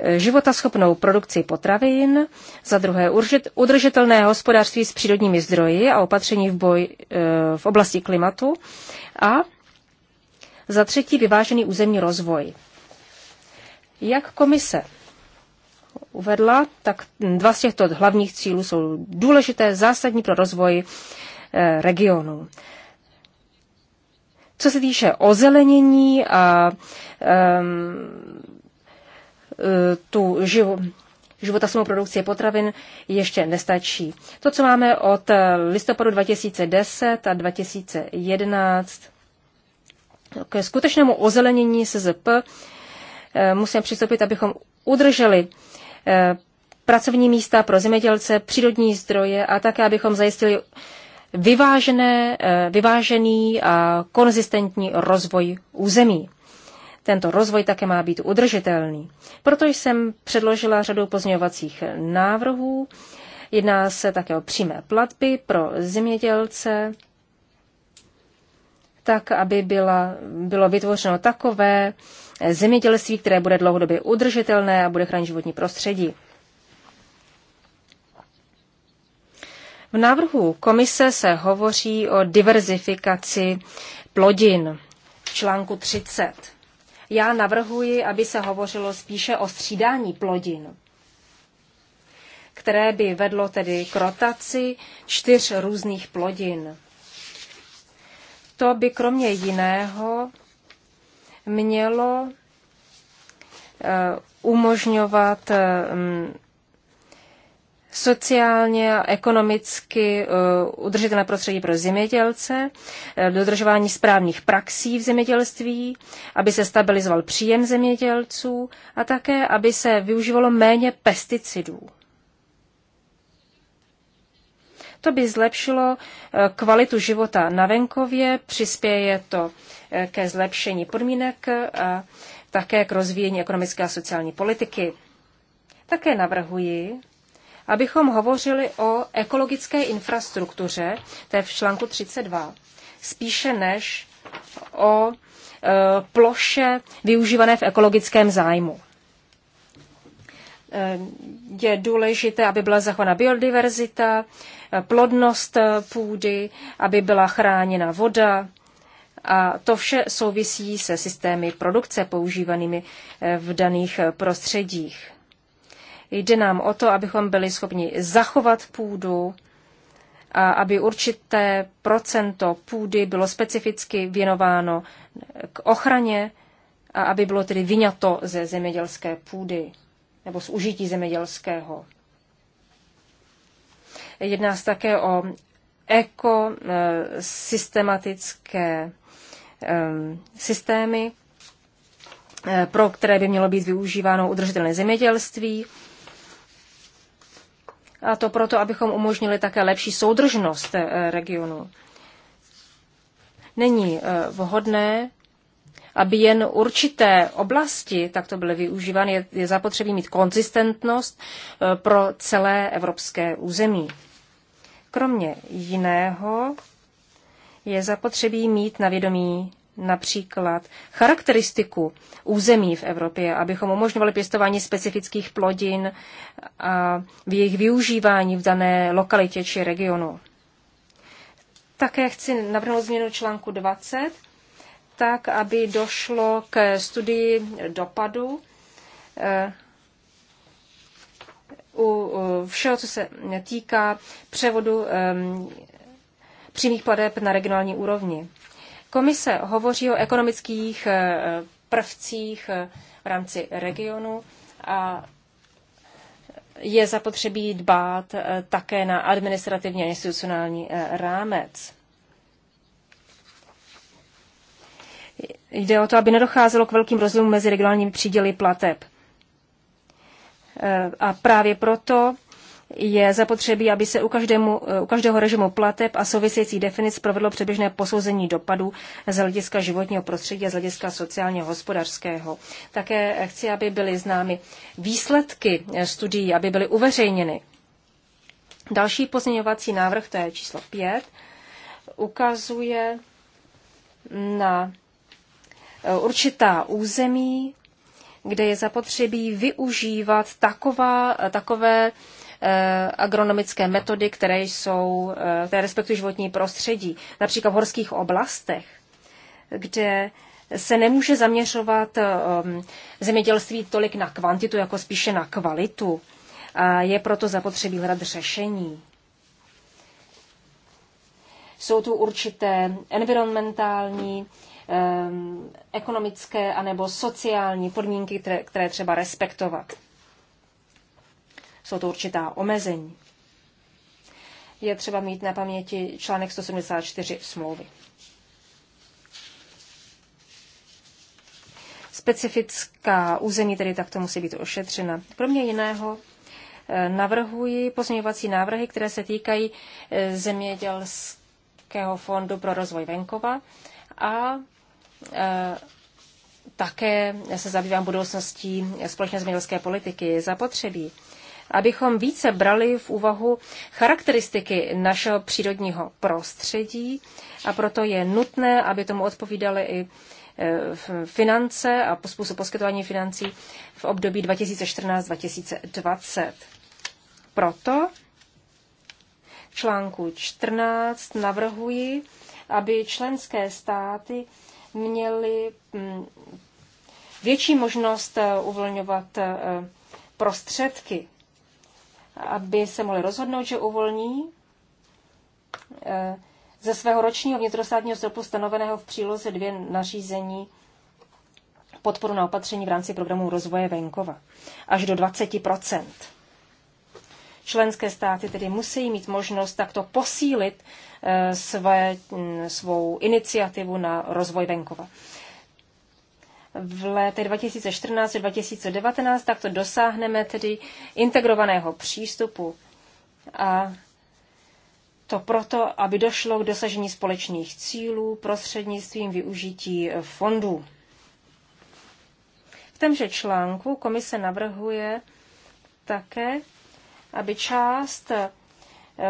eh, životaschopnou produkci potravin, za druhé udržitelné hospodářství s přírodními zdroji a opatření v, boj, eh, v oblasti klimatu a za třetí vyvážený územní rozvoj. Jak komise uvedla, tak dva z těchto hlavních cílů jsou důležité, zásadní pro rozvoj eh, regionu. Co se týče ozelenění a um, tu živo, života samoprodukce produkci potravin ještě nestačí. To, co máme od eh, listopadu 2010 a 2011 ke skutečnému ozelenění SZP, musíme přistoupit, abychom udrželi Eh, pracovní místa pro zemědělce, přírodní zdroje a také, abychom zajistili vyvážené, eh, vyvážený a konzistentní rozvoj území. Tento rozvoj také má být udržitelný. Proto jsem předložila řadu pozměňovacích návrhů. Jedná se také o přímé platby pro zemědělce, tak, aby byla, bylo vytvořeno takové zemědělství, které bude dlouhodobě udržitelné a bude chránit životní prostředí. V návrhu komise se hovoří o diverzifikaci plodin v článku 30. Já navrhuji, aby se hovořilo spíše o střídání plodin, které by vedlo tedy k rotaci čtyř různých plodin. To by kromě jiného mělo eh, umožňovat eh, sociálně a ekonomicky eh, udržitelné prostředí pro zemědělce, dodržování správných praxí v zemědělství, aby se stabilizoval příjem zemědělců a také, aby se využívalo méně pesticidů. To by zlepšilo eh, kvalitu života na venkově, přispěje to eh, ke zlepšení podmínek eh, a také k rozvíjení ekonomické a sociální politiky. Také navrhuji, abychom hovořili o ekologické infrastruktuře, to je v článku 32, spíše než o ploše využívané v ekologickém zájmu. Je důležité, aby byla zachována biodiverzita, plodnost půdy, aby byla chráněna voda. A to vše souvisí se systémy produkce používanými eh, v daných prostředích. Jde nám o to, abychom byli schopni zachovat půdu, a aby určité procento půdy bylo specificky věnováno k ochraně a aby bylo tedy vyňato ze zemědělské půdy nebo z užití zemědělského. Jedná se také o ekosystematické systémy, eh, pro které by mělo být využíváno udržitelné zemědělství. A to proto, abychom umožnili také lepší soudržnost eh, regionu. Není eh, vhodné, aby jen určité oblasti takto byly využívány. Je zapotřebí mít konzistentnost pro celé evropské území. Kromě jiného je zapotřebí mít na vědomí například charakteristiku území v Evropě, abychom umožňovali pěstování specifických plodin a v jejich využívání v dané lokalitě či regionu. Také chci navrhnout změnu článku 20, tak aby došlo k studii dopadu eh, u všeho, co se týká převodu přímých pladeb na regionální úrovni. Komise hovoří o ekonomických eh, prvcích eh, v rámci regionu a je zapotřebí dbát eh, také na administrativní a institucionální rámec. Jde o to, aby nedocházelo k velkým rozdílům mezi regionálními příděly plateb. Eh, a právě proto je zapotřebí, aby se u, každému, eh, u každého režimu plateb a související definic provedlo předběžné posouzení dopadů z hlediska životního prostředí a z hlediska sociálně hospodářského. Také chci, aby byly známy výsledky eh, studií, aby byly uveřejněny. Další pozměňovací návrh, to je číslo 5, ukazuje na určitá území, kde je zapotřebí využívat taková, takové eh, agronomické metody, které, jsou, eh, které respektují životní prostředí, například v horských oblastech, kde se nemůže zaměřovat eh, mm, zemědělství tolik na kvantitu, jako spíše na kvalitu. A je proto zapotřebí hledat řešení. Jsou tu určité environmentální Ehm, ekonomické anebo sociální podmínky, které, které třeba respektovat. Jsou to určitá omezení. Je třeba mít na paměti článek 174 smlouvy. Specifická území tedy takto musí být ošetřena. Kromě jiného eh, navrhuji pozměňovací návrhy, které se týkají eh, zemědělského fondu pro rozvoj venkova a Eh, také se zabývám budoucností společné zemědělské politiky. Zapotřebí, abychom více brali v úvahu charakteristiky našeho přírodního prostředí a proto je nutné, aby tomu odpovídaly i eh, finance a způsob poskytování financí v období 2014-2020. Proto článku 14 navrhuji, aby členské státy měli mm, větší možnost eh, uvolňovat eh, prostředky, aby se mohli rozhodnout, že uvolní eh, ze svého ročního vnitrostátního stropu stanoveného v příloze dvě nařízení podporu na opatření v rámci programu rozvoje venkova až do 20 Členské státy tedy musí mít možnost takto posílit eh, své, mm, svou iniciativu na rozvoj venkova. V letech 2014-2019 takto dosáhneme tedy integrovaného přístupu a to proto, aby došlo k dosažení společných cílů prostřednictvím využití fondů. V témže článku komise navrhuje také aby část eh,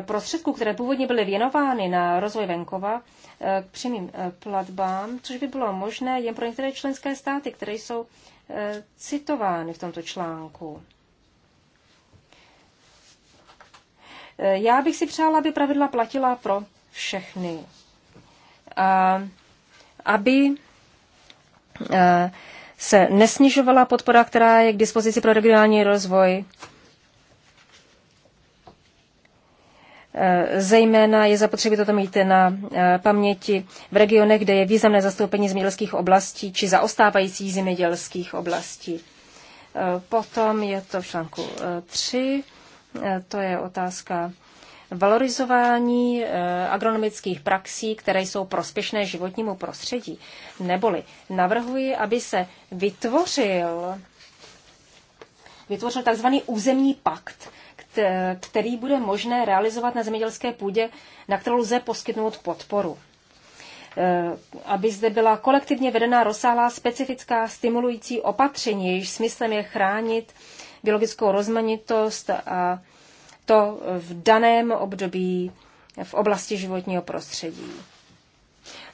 prostředků, které původně byly věnovány na rozvoj venkova, eh, k přímým eh, platbám, což by bylo možné jen pro některé členské státy, které jsou citovány v tomto článku. Já bych si přála, aby pravidla platila pro všechny. A aby se nesnižovala podpora, která je k dispozici pro regionální rozvoj, Eh, zejména je zapotřebí toto mít na eh, paměti v regionech, kde je významné zastoupení zemědělských oblastí či zaostávajících zemědělských oblastí. Eh, potom je to v článku 3, to je otázka valorizování agronomických praxí, které jsou prospěšné životnímu prostředí. Neboli navrhuji, aby se vytvořil, vytvořil takzvaný územní pakt Eh, který bude možné realizovat na zemědělské půdě, na kterou lze poskytnout podporu. Eh, aby zde byla kolektivně vedená rozsáhlá specifická stimulující opatření, jejíž smyslem je chránit biologickou rozmanitost a to v daném období v oblasti životního prostředí.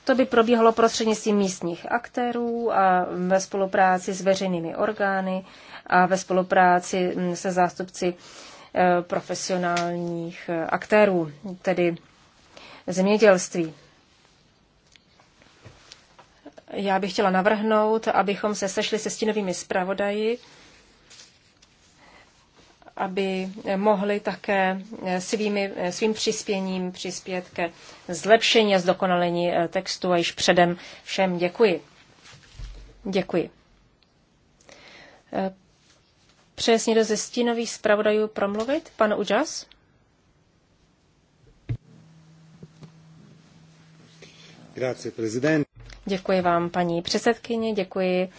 To by probíhalo prostřednictvím místních aktérů a ve spolupráci s veřejnými orgány a ve spolupráci mm, se zástupci Eh, profesionálních eh, aktérů, tedy zemědělství. Já bych chtěla navrhnout, abychom se sešli se stínovými zpravodaji, aby mohli také eh, svými, svým přispěním přispět ke zlepšení a zdokonalení textu a již předem všem děkuji. Děkuji. Přeje do někdo ze stínových zpravodajů promluvit? Pan Ujas? Grazie, prezident. Děkuji vám, paní předsedkyně, děkuji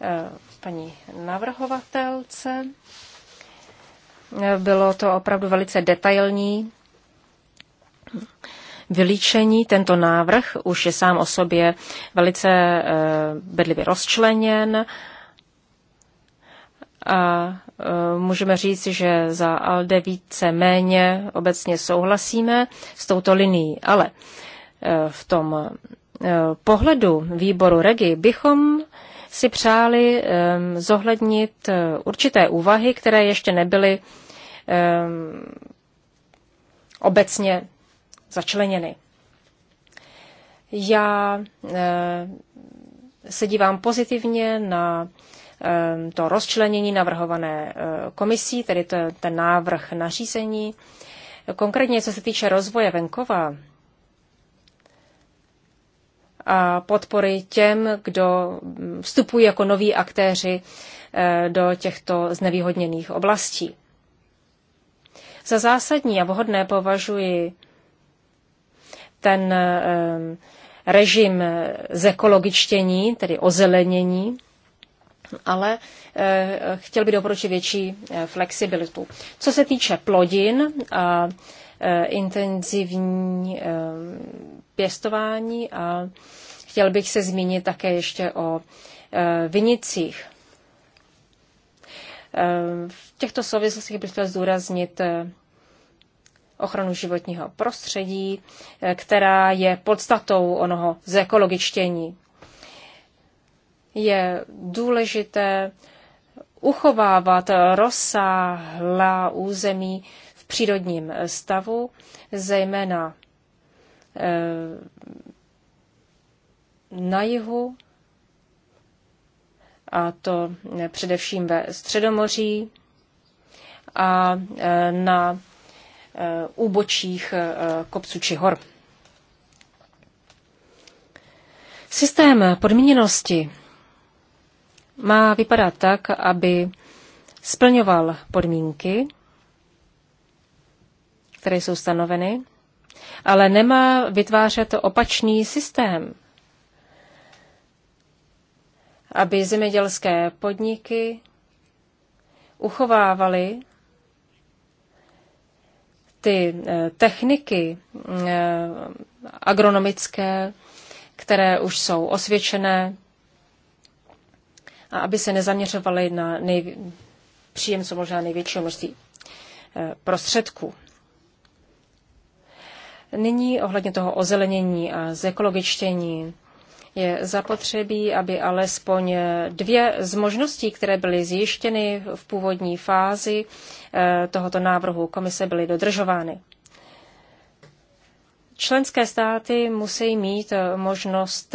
eh, paní navrhovatelce. Bylo to opravdu velice detailní vylíčení. Tento návrh už je sám o sobě velice eh, bedlivě rozčleněn a e, můžeme říct, že za ALDE více méně obecně souhlasíme s touto linií, ale e, v tom e, pohledu výboru REGI bychom si přáli zohlednit určité úvahy, které ještě nebyly obecně začleněny. Já se dívám pozitivně na Ehm, to rozčlenění navrhované eh, komisí, tedy to, ten návrh nařízení. Konkrétně co se týče rozvoje venkova a podpory těm, kdo mm, vstupují jako noví aktéři eh, do těchto znevýhodněných oblastí. Za zásadní a vhodné považuji ten ehm, režim zekologičtění, tedy ozelenění, ale eh, chtěl by doporučit větší eh, flexibilitu. Co se týče plodin a eh, intenzivní pěstování a chtěl bych se zmínit také ještě o vinicích. V těchto souvislostech bych chtěl zdůraznit ochranu životního prostředí, která je podstatou onoho zekologičtění je důležité uchovávat rozsáhlá území v přírodním stavu, zejména eh, na jihu, a to především ve Středomoří a eh, na eh, úbočích kopců či hor. Systém podmíněnosti má vypadat tak, aby splňoval podmínky, které jsou stanoveny, ale nemá vytvářet opačný systém, aby zemědělské podniky uchovávaly ty eh, techniky eh, agronomické, které už jsou osvědčené, a aby se nezaměřovali na nej, příjem co možná největšího množství eh, prostředků. Nyní ohledně toho ozelenění a zekologičtění je zapotřebí, aby alespoň dvě z možností, které byly zjištěny v původní fázi eh, tohoto návrhu komise, byly dodržovány. Členské státy musí mít možnost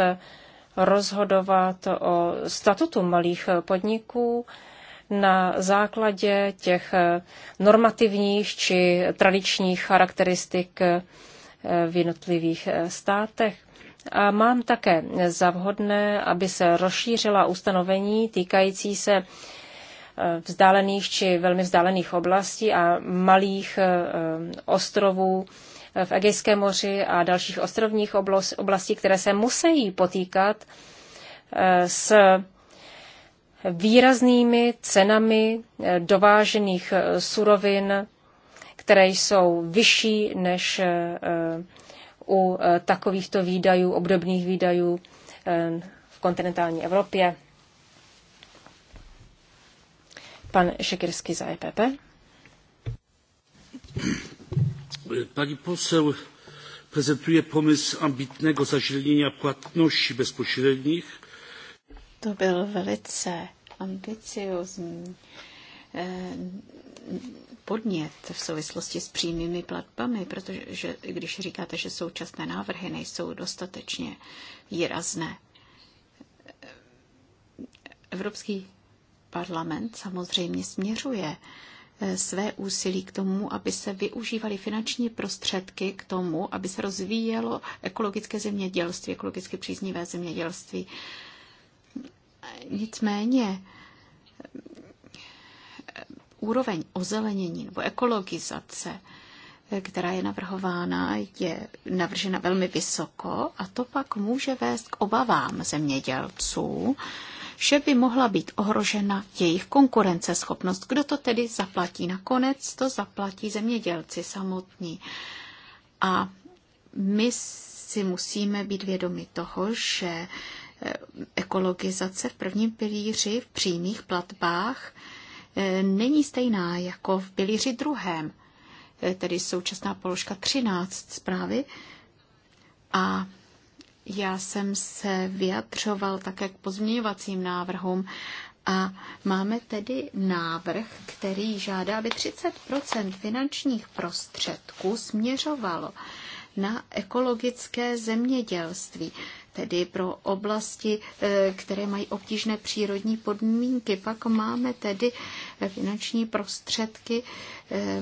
rozhodovat o statutu malých podniků na základě těch normativních či tradičních charakteristik v jednotlivých státech. A mám také za vhodné, aby se rozšířila ustanovení týkající se vzdálených či velmi vzdálených oblastí a malých ostrovů v Egejském moři a dalších ostrovních oblastí, které se musí potýkat eh, s výraznými cenami eh, dovážených eh, surovin, které jsou vyšší než u takovýchto výdajů, obdobných výdajů v kontinentální Evropě. Pan Šekirsky za EPP. E, pani poseł prezentuje pomysł ambitnego zazielenienia płatności bezpośrednich. To byl velice ambiciozní e, podnět v souvislosti s přímými platbami, protože když říkáte, že současné návrhy nejsou dostatečně výrazné, e, Evropský parlament samozřejmě směřuje Eh, své úsilí k tomu, aby se využívaly finanční prostředky k tomu, aby se rozvíjelo ekologické zemědělství, ekologicky příznivé zemědělství. Nicméně eh, úroveň ozelenění nebo ekologizace, eh, která je navrhována, je navržena velmi vysoko a to pak může vést k obavám zemědělců, že by mohla být ohrožena jejich konkurenceschopnost. Kdo to tedy zaplatí? Nakonec to zaplatí zemědělci samotní. A my si musíme být vědomi toho, že eh, ekologizace v prvním pilíři v přímých platbách eh, není stejná jako v pilíři druhém, eh, tedy současná položka 13 zprávy. A já jsem se vyjadřoval také k pozměňovacím návrhům a máme tedy návrh, který žádá, aby 30 finančních prostředků směřovalo na ekologické zemědělství, tedy pro oblasti, eh, které mají obtížné přírodní podmínky. Pak máme tedy finanční prostředky eh,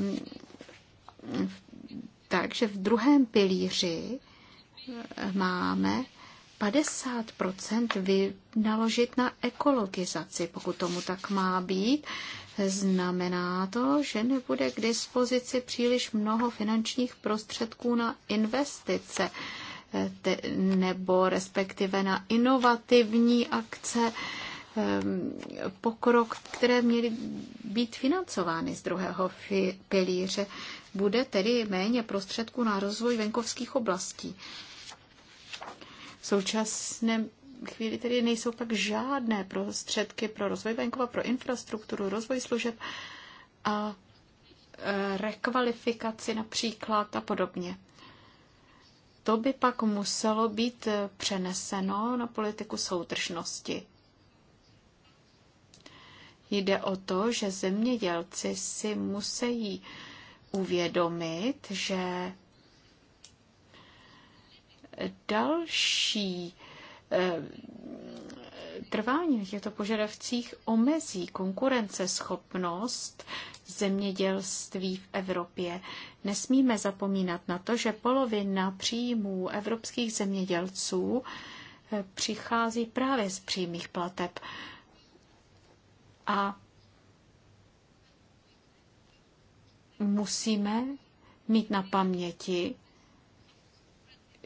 takže v druhém pilíři máme 50 vynaložit na ekologizaci. Pokud tomu tak má být, znamená to, že nebude k dispozici příliš mnoho finančních prostředků na investice nebo respektive na inovativní akce, ehm, pokrok, které měly být financovány z druhého pilíře. Bude tedy méně prostředků na rozvoj venkovských oblastí. V současném chvíli tedy nejsou pak žádné prostředky pro rozvoj venkova, pro infrastrukturu, rozvoj služeb a e, rekvalifikaci například a podobně. To by pak muselo být přeneseno na politiku soudržnosti. Jde o to, že zemědělci si musí uvědomit, že Další eh, trvání na těchto požadavcích omezí konkurenceschopnost zemědělství v Evropě. Nesmíme zapomínat na to, že polovina příjmů evropských zemědělců eh, přichází právě z přímých plateb. A musíme mít na paměti,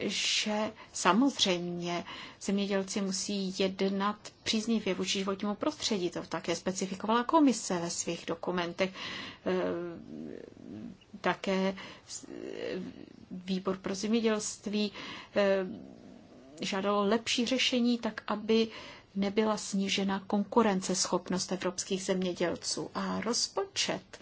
že samozřejmě zemědělci musí jednat příznivě vůči životnímu prostředí. To také specifikovala komise ve svých dokumentech. Eh, také eh, výbor pro zemědělství eh, žádalo lepší řešení, tak aby nebyla snížena konkurenceschopnost evropských zemědělců. A rozpočet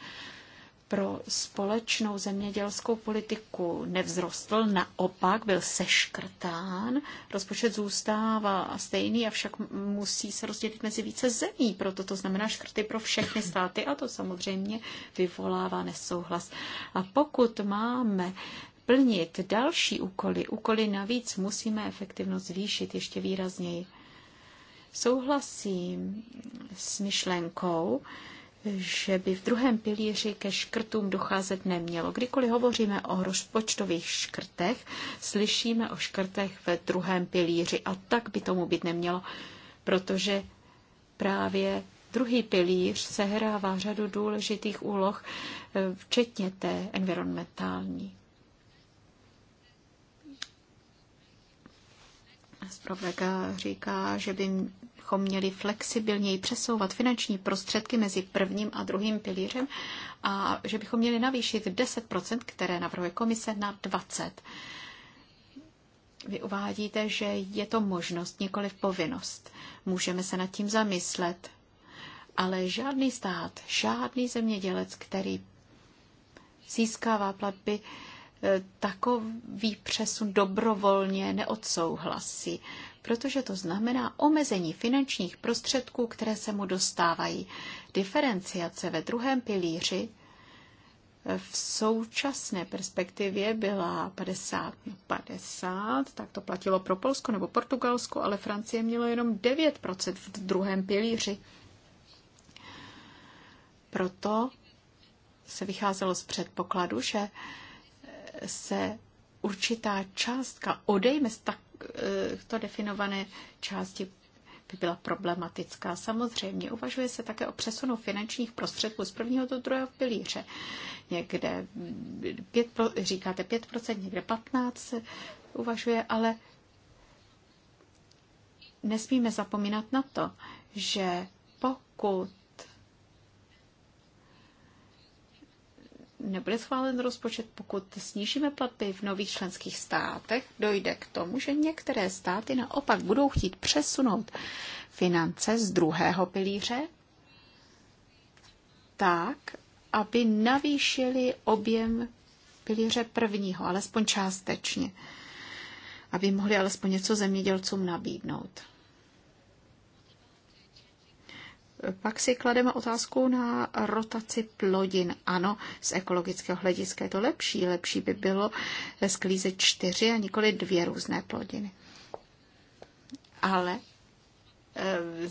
pro společnou zemědělskou politiku nevzrostl, naopak byl seškrtán. Rozpočet zůstává stejný, avšak musí se rozdělit mezi více zemí, proto to znamená škrty pro všechny státy a to samozřejmě vyvolává nesouhlas. A pokud máme plnit další úkoly, úkoly navíc, musíme efektivnost zvýšit ještě výrazněji. Souhlasím s myšlenkou, že by v druhém pilíři ke škrtům docházet nemělo. Kdykoliv hovoříme o rozpočtových škrtech, slyšíme o škrtech ve druhém pilíři a tak by tomu být nemělo, protože právě druhý pilíř sehrává řadu důležitých úloh, eh, včetně té environmentální. Zpravodajka říká, že by bychom měli flexibilněji přesouvat finanční prostředky mezi prvním a druhým pilířem a že bychom měli navýšit 10%, které navrhuje komise, na 20%. Vy uvádíte, že je to možnost, nikoli povinnost. Můžeme se nad tím zamyslet. Ale žádný stát, žádný zemědělec, který získává platby, eh, takový přesun dobrovolně neodsouhlasí protože to znamená omezení finančních prostředků, které se mu dostávají. Diferenciace ve druhém pilíři v současné perspektivě byla 50 na 50, tak to platilo pro Polsko nebo Portugalsko, ale Francie měla jenom 9% v druhém pilíři. Proto se vycházelo z předpokladu, že se určitá částka odejme z tak Eh, to definované části by byla problematická. Samozřejmě uvažuje se také o přesunu finančních prostředků z prvního do druhého pilíře. Někde 5, říkáte 5%, někde 15% uvažuje, ale nesmíme zapomínat na to, že pokud nebude schválen rozpočet, pokud snížíme platby v nových členských státech, dojde k tomu, že některé státy naopak budou chtít přesunout finance z druhého pilíře tak, aby navýšili objem pilíře prvního, alespoň částečně, aby mohli alespoň něco zemědělcům nabídnout. Pak si klademe otázku na rotaci plodin. Ano, z ekologického hlediska je to lepší. Lepší by bylo sklízet čtyři a nikoli dvě různé plodiny. Ale eh,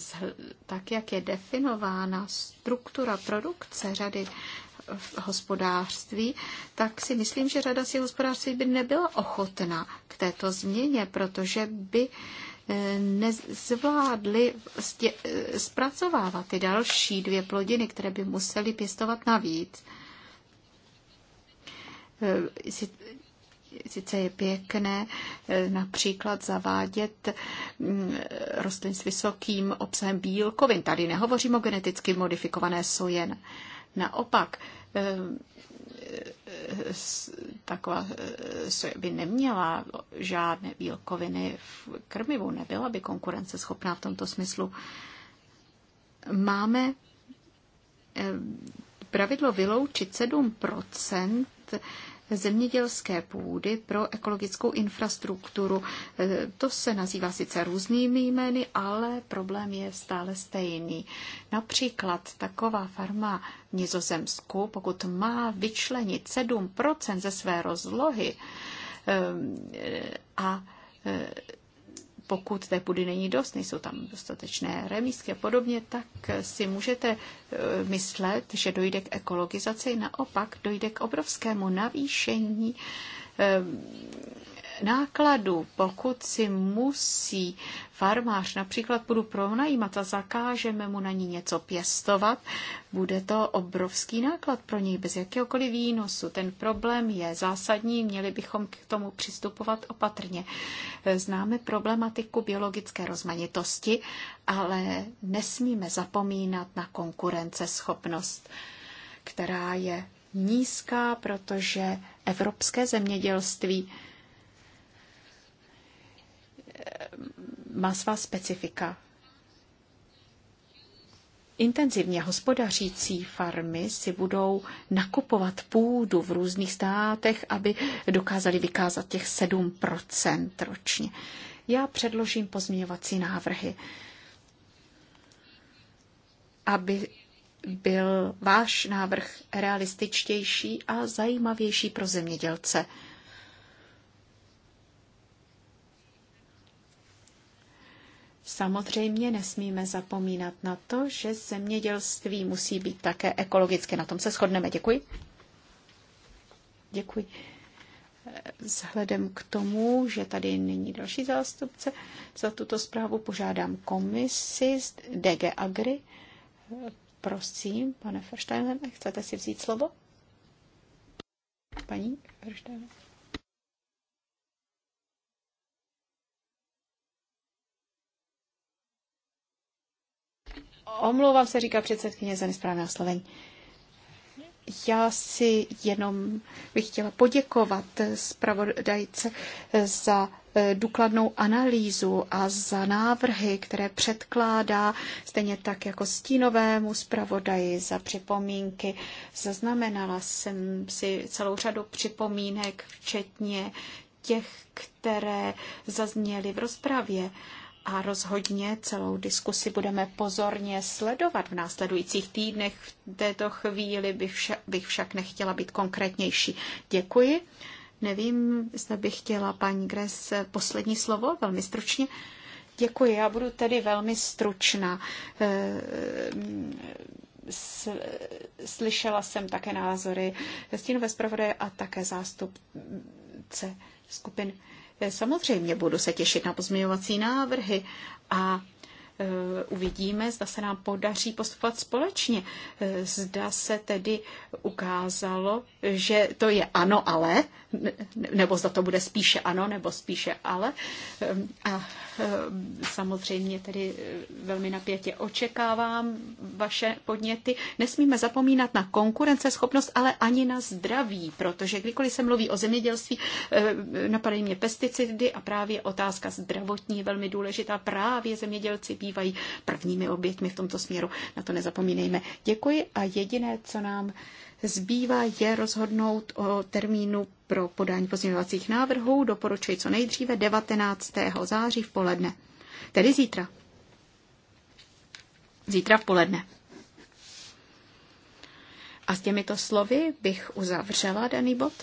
tak, jak je definována struktura produkce řady v hospodářství, tak si myslím, že řada si hospodářství by nebyla ochotná k této změně, protože by uh, nezvládli zpracovávat ty další dvě plodiny, které by museli pěstovat navíc. E, sice je pěkné e, například zavádět mm, rostlin s vysokým obsahem bílkovin. Tady nehovořím o geneticky modifikované sojen. Naopak, e, taková soja by neměla žádné bílkoviny v krmivu, nebyla by konkurenceschopná v tomto smyslu. Máme eh, pravidlo vyloučit 7 zemědělské půdy pro ekologickou infrastrukturu. E, to se nazývá sice různými jmény, ale problém je stále stejný. Například taková farma v Nizozemsku, pokud má vyčlenit 7% ze své rozlohy e, a e, pokud té půdy není dost, nejsou tam dostatečné remísky a podobně, tak si můžete eh, myslet, že dojde k ekologizaci. Naopak dojde k obrovskému navýšení eh, nákladů, pokud si musí farmář například budu pronajímat a zakážeme mu na ní něco pěstovat, bude to obrovský náklad pro něj bez jakéhokoliv výnosu. Ten problém je zásadní, měli bychom k tomu přistupovat opatrně. Známe problematiku biologické rozmanitosti, ale nesmíme zapomínat na konkurenceschopnost která je nízká, protože evropské zemědělství má svá specifika. Intenzivně hospodařící farmy si budou nakupovat půdu v různých státech, aby dokázali vykázat těch 7 ročně. Já předložím pozměňovací návrhy, aby byl váš návrh realističtější a zajímavější pro zemědělce. Samozřejmě nesmíme zapomínat na to, že zemědělství musí být také ekologické. Na tom se shodneme. Děkuji. Děkuji. Vzhledem k tomu, že tady není další zástupce, za tuto zprávu požádám komisi z DG Agri. Prosím, pane Fersteinem, chcete si vzít slovo? Paní Fersteinem. Omlouvám se, říká předsedkyně za nesprávné oslovení. Já si jenom bych chtěla poděkovat zpravodajce za e, důkladnou analýzu a za návrhy, které předkládá, stejně tak jako stínovému zpravodaji za připomínky. Zaznamenala jsem si celou řadu připomínek, včetně těch, které zazněly v rozpravě a rozhodně celou diskusi budeme pozorně sledovat v následujících týdnech. V této chvíli bych, vša- bych však nechtěla být konkrétnější. Děkuji. Nevím, zda bych chtěla paní Gres poslední slovo, velmi stručně. Děkuji, já budu tedy velmi stručná. Eh, slyšela jsem také názory stínové zpravodaje a také zástupce skupin Samozřejmě budu se těšit na pozměňovací návrhy a Eh, uvidíme, zda se nám podaří postupovat společně. Eh, zda se tedy ukázalo, že to je ano, ale, nebo zda to bude spíše ano, nebo spíše ale. Eh, a samozřejmě tedy velmi napětě očekávám vaše podněty. Nesmíme zapomínat na konkurenceschopnost, ale ani na zdraví, protože kdykoliv se mluví o zemědělství, napadají mě pesticidy a právě otázka zdravotní je velmi důležitá. Právě zemědělci bývají prvními oběťmi v tomto směru. Na to nezapomínejme. Děkuji a jediné, co nám zbývá, je rozhodnout o termínu pro podání pozměňovacích návrhů. Doporučuji co nejdříve 19. září v poledne. Tedy zítra. Zítra v poledne. A s těmito slovy bych uzavřela daný bod.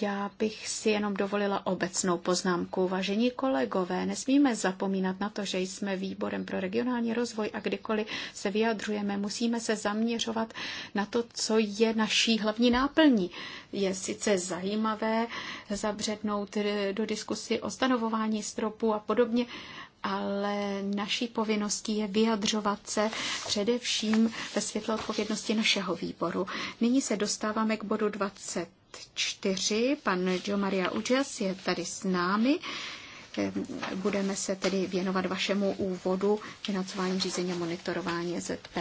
Já bych si jenom dovolila obecnou poznámku. Vážení kolegové, nesmíme zapomínat na to, že jsme výborem pro regionální rozvoj a kdykoliv se vyjadřujeme, musíme se zaměřovat na to, co je naší hlavní náplní. Je sice zajímavé zabřednout do diskusy o stanovování stropu a podobně, ale naší povinností je vyjadřovat se především ve světle odpovědnosti našeho výboru. Nyní se dostáváme k bodu 20 24. Pan Gio Maria Ujas je tady s námi. Ehm, budeme se tedy věnovat vašemu úvodu financování řízení a monitorování ZP.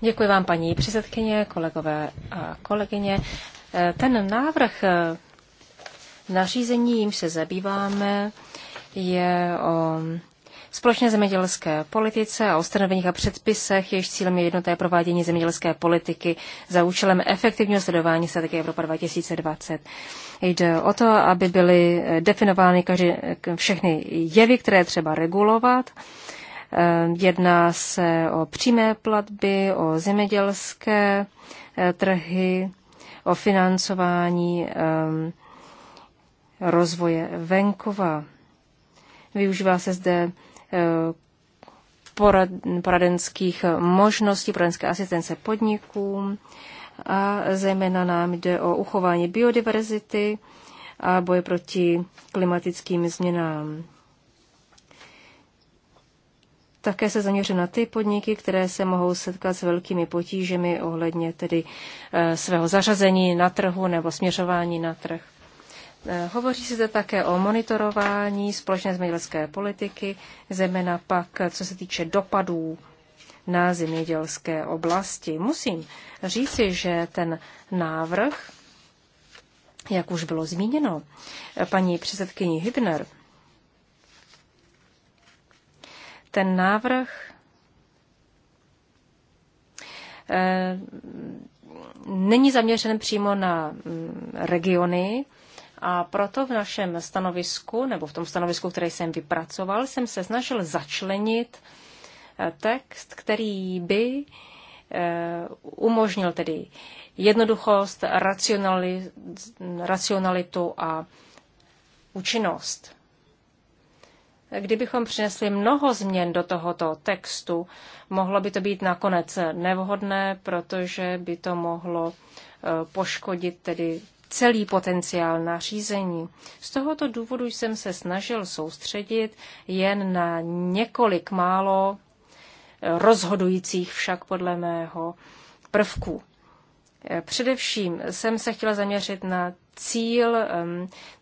Děkuji vám, paní předsedkyně, kolegové a kolegyně. Ehm, ten návrh ehm, nařízení, jim se zabýváme, je o společné zemědělské politice a ustanoveních a předpisech, jejichž cílem je jednotné provádění zemědělské politiky za účelem efektivního sledování strategie Evropa 2020. Jde o to, aby byly eh, definovány každý, eh, všechny jevy, které třeba regulovat. Eh, jedná se o přímé platby, o zemědělské trhy, o financování rozvoje venkova. Využívá se zde Eh, poradenských možností, poradenské asistence podnikům a zejména nám jde o uchování biodiverzity a boj proti klimatickým změnám. Také se zaměřím na ty podniky, které se mohou setkat s velkými potížemi ohledně tedy eh, svého zařazení na trhu nebo směřování na trh. Eh, hovoří se zde také o monitorování společné zemědělské politiky, zejména pak co se týče dopadů na zemědělské oblasti. Musím říci, že ten návrh, jak už bylo zmíněno, eh, paní předsedkyni Hybner, ten návrh eh, není zaměřen přímo na mm, regiony, a proto v našem stanovisku, nebo v tom stanovisku, který jsem vypracoval, jsem se snažil začlenit eh, text, který by eh, umožnil tedy jednoduchost, racionalitu a účinnost. Kdybychom přinesli mnoho změn do tohoto textu, mohlo by to být nakonec nevhodné, protože by to mohlo eh, poškodit tedy celý potenciál nařízení. Z tohoto důvodu jsem se snažil soustředit jen na několik málo rozhodujících však podle mého prvků. Především jsem se chtěla zaměřit na cíl,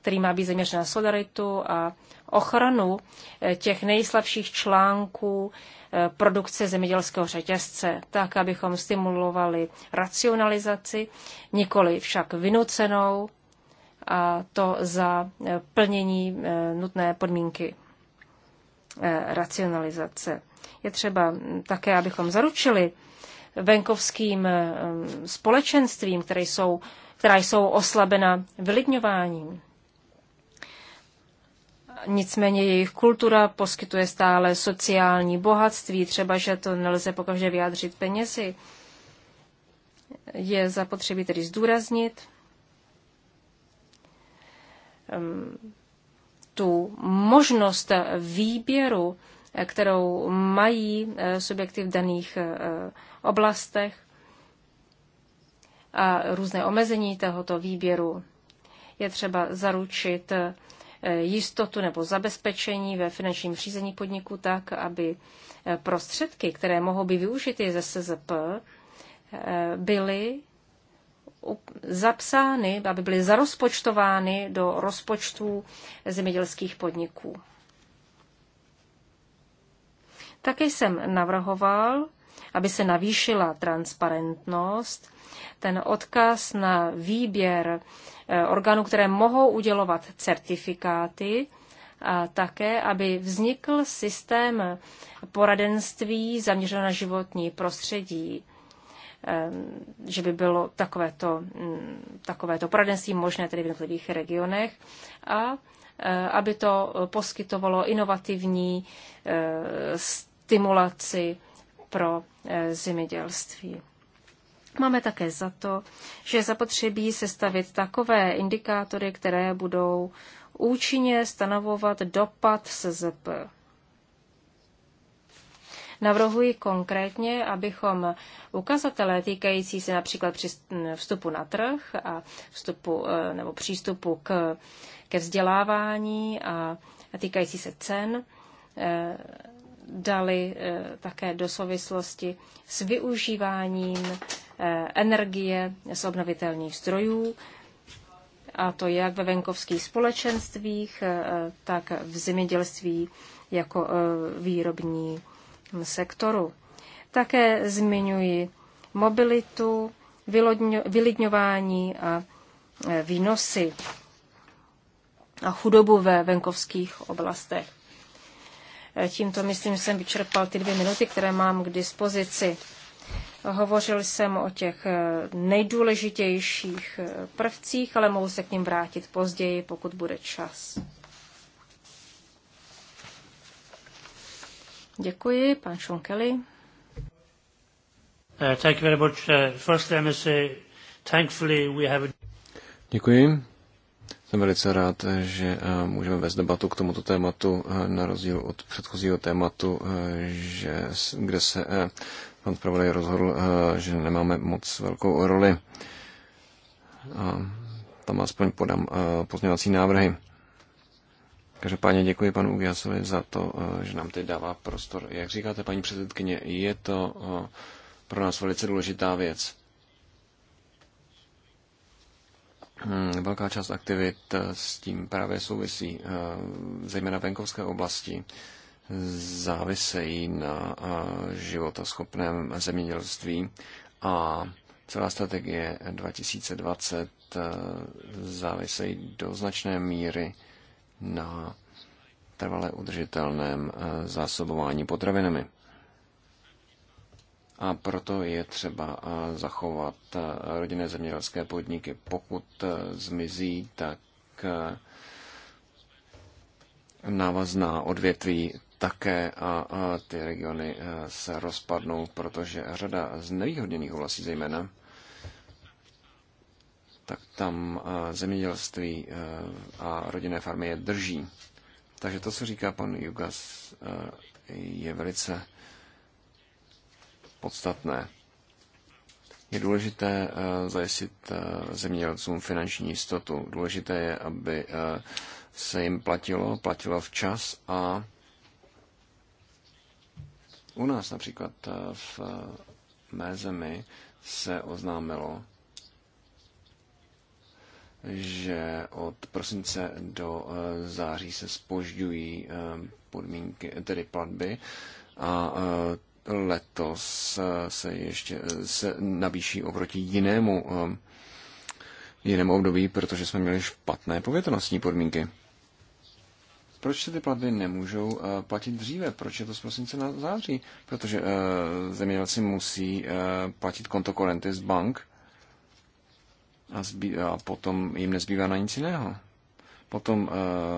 který má být zaměřen na solidaritu a ochranu eh, těch nejslabších článků eh, produkce zemědělského řetězce, tak, abychom stimulovali racionalizaci, nikoli však vynucenou, a to za eh, plnění nutné podmínky racionalizace. Je třeba mm, také, abychom zaručili venkovským společenstvím, které jsou která jsou oslabena vylidňováním. Nicméně jejich kultura poskytuje stále sociální bohatství, třeba že to nelze pokaždé vyjádřit penězi. Je zapotřebí tedy zdůraznit ehm, tu možnost výběru, eh, kterou mají eh, subjekty v daných eh, oblastech a různé omezení tohoto výběru. Je třeba zaručit eh, jistotu nebo zabezpečení ve finančním řízení podniku tak, aby eh, prostředky, které mohou být využity ze SZP, eh, byly zapsány, aby byly zarozpočtovány do rozpočtů zemědělských podniků. Také jsem navrhoval, aby se navýšila transparentnost ten odkaz na výběr eh, orgánů, které mohou udělovat certifikáty, a také, aby vznikl systém poradenství zaměřené na životní prostředí, eh, že by bylo takovéto, mm, takovéto poradenství možné tedy v jednotlivých regionech a eh, aby to poskytovalo inovativní stimulaci pro zemědělství. Máme také za to, že zapotřebí sestavit takové indikátory, které budou účinně stanovovat dopad SZP. Navrhuji konkrétně, abychom ukazatele týkající se například vstupu na trh a vstupu eh, nebo přístupu k, ke vzdělávání a týkající se cen eh, dali eh, také do souvislosti s využíváním Eh, energie z obnovitelných zdrojů, a to jak ve venkovských společenstvích, eh, tak v zemědělství jako eh, výrobní sektoru. Také zmiňuji mobilitu, vylidňování a výnosy a chudobu ve venkovských oblastech. Tímto, myslím, jsem vyčerpal ty dvě minuty, které mám k dispozici. Hovořil jsem o těch eh, nejdůležitějších eh, prvcích, ale mohu se k ním vrátit později, pokud bude čas. Děkuji, pan Šunkeli. Uh, thank you very much. Uh, first, let me say, thankfully we have Děkuji. Jsem velice rád, že eh, můžeme vést debatu k tomuto tématu, na rozdíl od předchozího tématu, že, kde se pan zpravodaj rozhodl, eh, že nemáme moc velkou roli. A tam aspoň podám eh, pozměňovací návrhy. Každopádně děkuji panu Ugiasovi za to, eh, že nám teď dává prostor. Jak říkáte, paní předsedkyně, je to pro nás velice důležitá věc. Hmm, velká část aktivit s tím právě souvisí, zejména venkovské oblasti závisejí na životoschopném zemědělství a celá strategie 2020 e, závisejí do značné míry na trvale udržitelném e, zásobování potravinami. A proto je třeba e, zachovat rodinné zemědělské podniky. Pokud zmizí, tak návazná odvětví také a, ty regiony e, se rozpadnou, protože řada z nevýhodněných oblastí zejména, tak tam e, zemědělství e, a rodinné farmy je drží. Takže to, co říká pan Jugas, je velice podstatné. Je důležité zajistit zemědělcům finanční jistotu. Důležité je, aby se jim platilo, platilo včas a u nás například eh, v eh, mé zemi se oznámilo, že od prosince do eh, září se spožďují podmínky, tedy platby a letos se ještě se navýší oproti jinému jinému období, protože jsme měli špatné povětrnostní podmínky. Proč se ty platby nemůžou eh, platit dříve? Proč je to z prosince na září? Protože eh, zemědělci musí eh, platit kontokorenty z bank a, zbý, a potom jim nezbývá na nic jiného. Potom uh,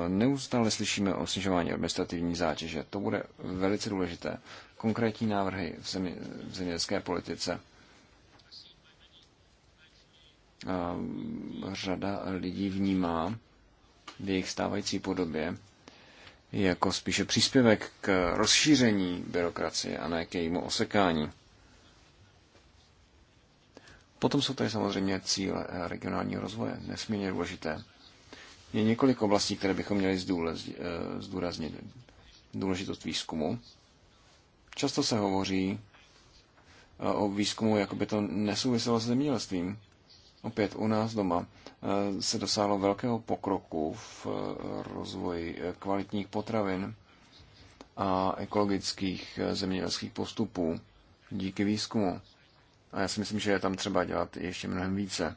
neustále slyšíme o snižování administrativní zátěže. To bude velice důležité. Konkrétní návrhy v, zemi, v zemědělské politice. Uh, řada lidí vnímá v jejich stávající podobě jako spíše příspěvek k rozšíření byrokracie a ne k jejímu osekání. Potom jsou tady samozřejmě cíle regionálního rozvoje, nesmírně důležité. Je několik oblastí, které bychom měli eh, zdůraznit. Důležitost výzkumu. Často se hovoří eh, o výzkumu, jako by to nesouviselo s zemědělstvím. Opět u nás doma Eh, se dosáhlo velkého pokroku v eh, rozvoji eh, kvalitních potravin a ekologických zemědělských postupů díky výzkumu. A já si myslím, že je tam třeba dělat ještě mnohem více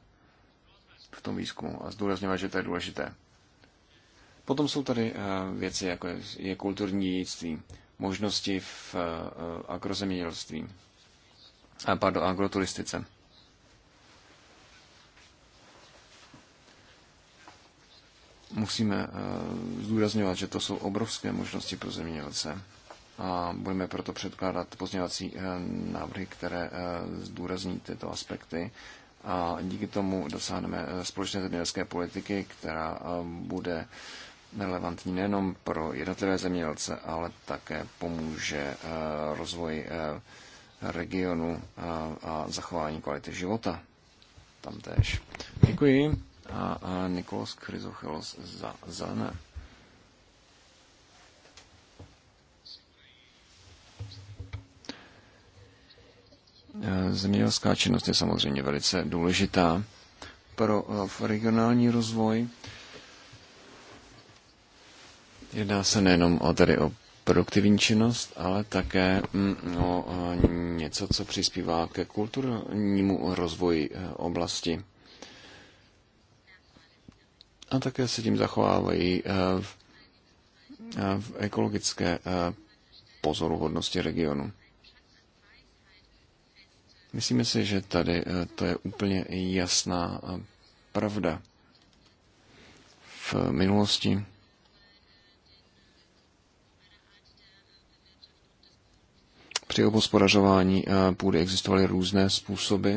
v tom výzkumu a zdůrazňovat, že to je důležité. Potom jsou tady věci, jako je kulturní dědictví, možnosti v agrozemědělství, a pardon, agroturistice. Musíme eh, zdůrazňovat, že to jsou obrovské možnosti pro zemědělce a budeme proto předkládat pozměňovací eh, návrhy, které eh, zdůrazní tyto aspekty a díky tomu dosáhneme společné zemědělské politiky, která bude relevantní nejenom pro jednotlivé zemědělce, ale také pomůže rozvoji regionu a zachování kvality života tam též. Děkuji a, a Nikolos Chryzochelos za zelené. E, zemědělská činnost je samozřejmě velice důležitá pro e, regionální rozvoj. Jedná se nejenom o, tedy o produktivní činnost, ale také mm, o e, něco, co přispívá ke kulturnímu rozvoji oblasti. A také se tím zachovávají eh, v, eh, v ekologické eh, pozoruhodnosti regionu. Myslíme si, že tady to je úplně jasná pravda. V minulosti při obospodařování půdy existovaly různé způsoby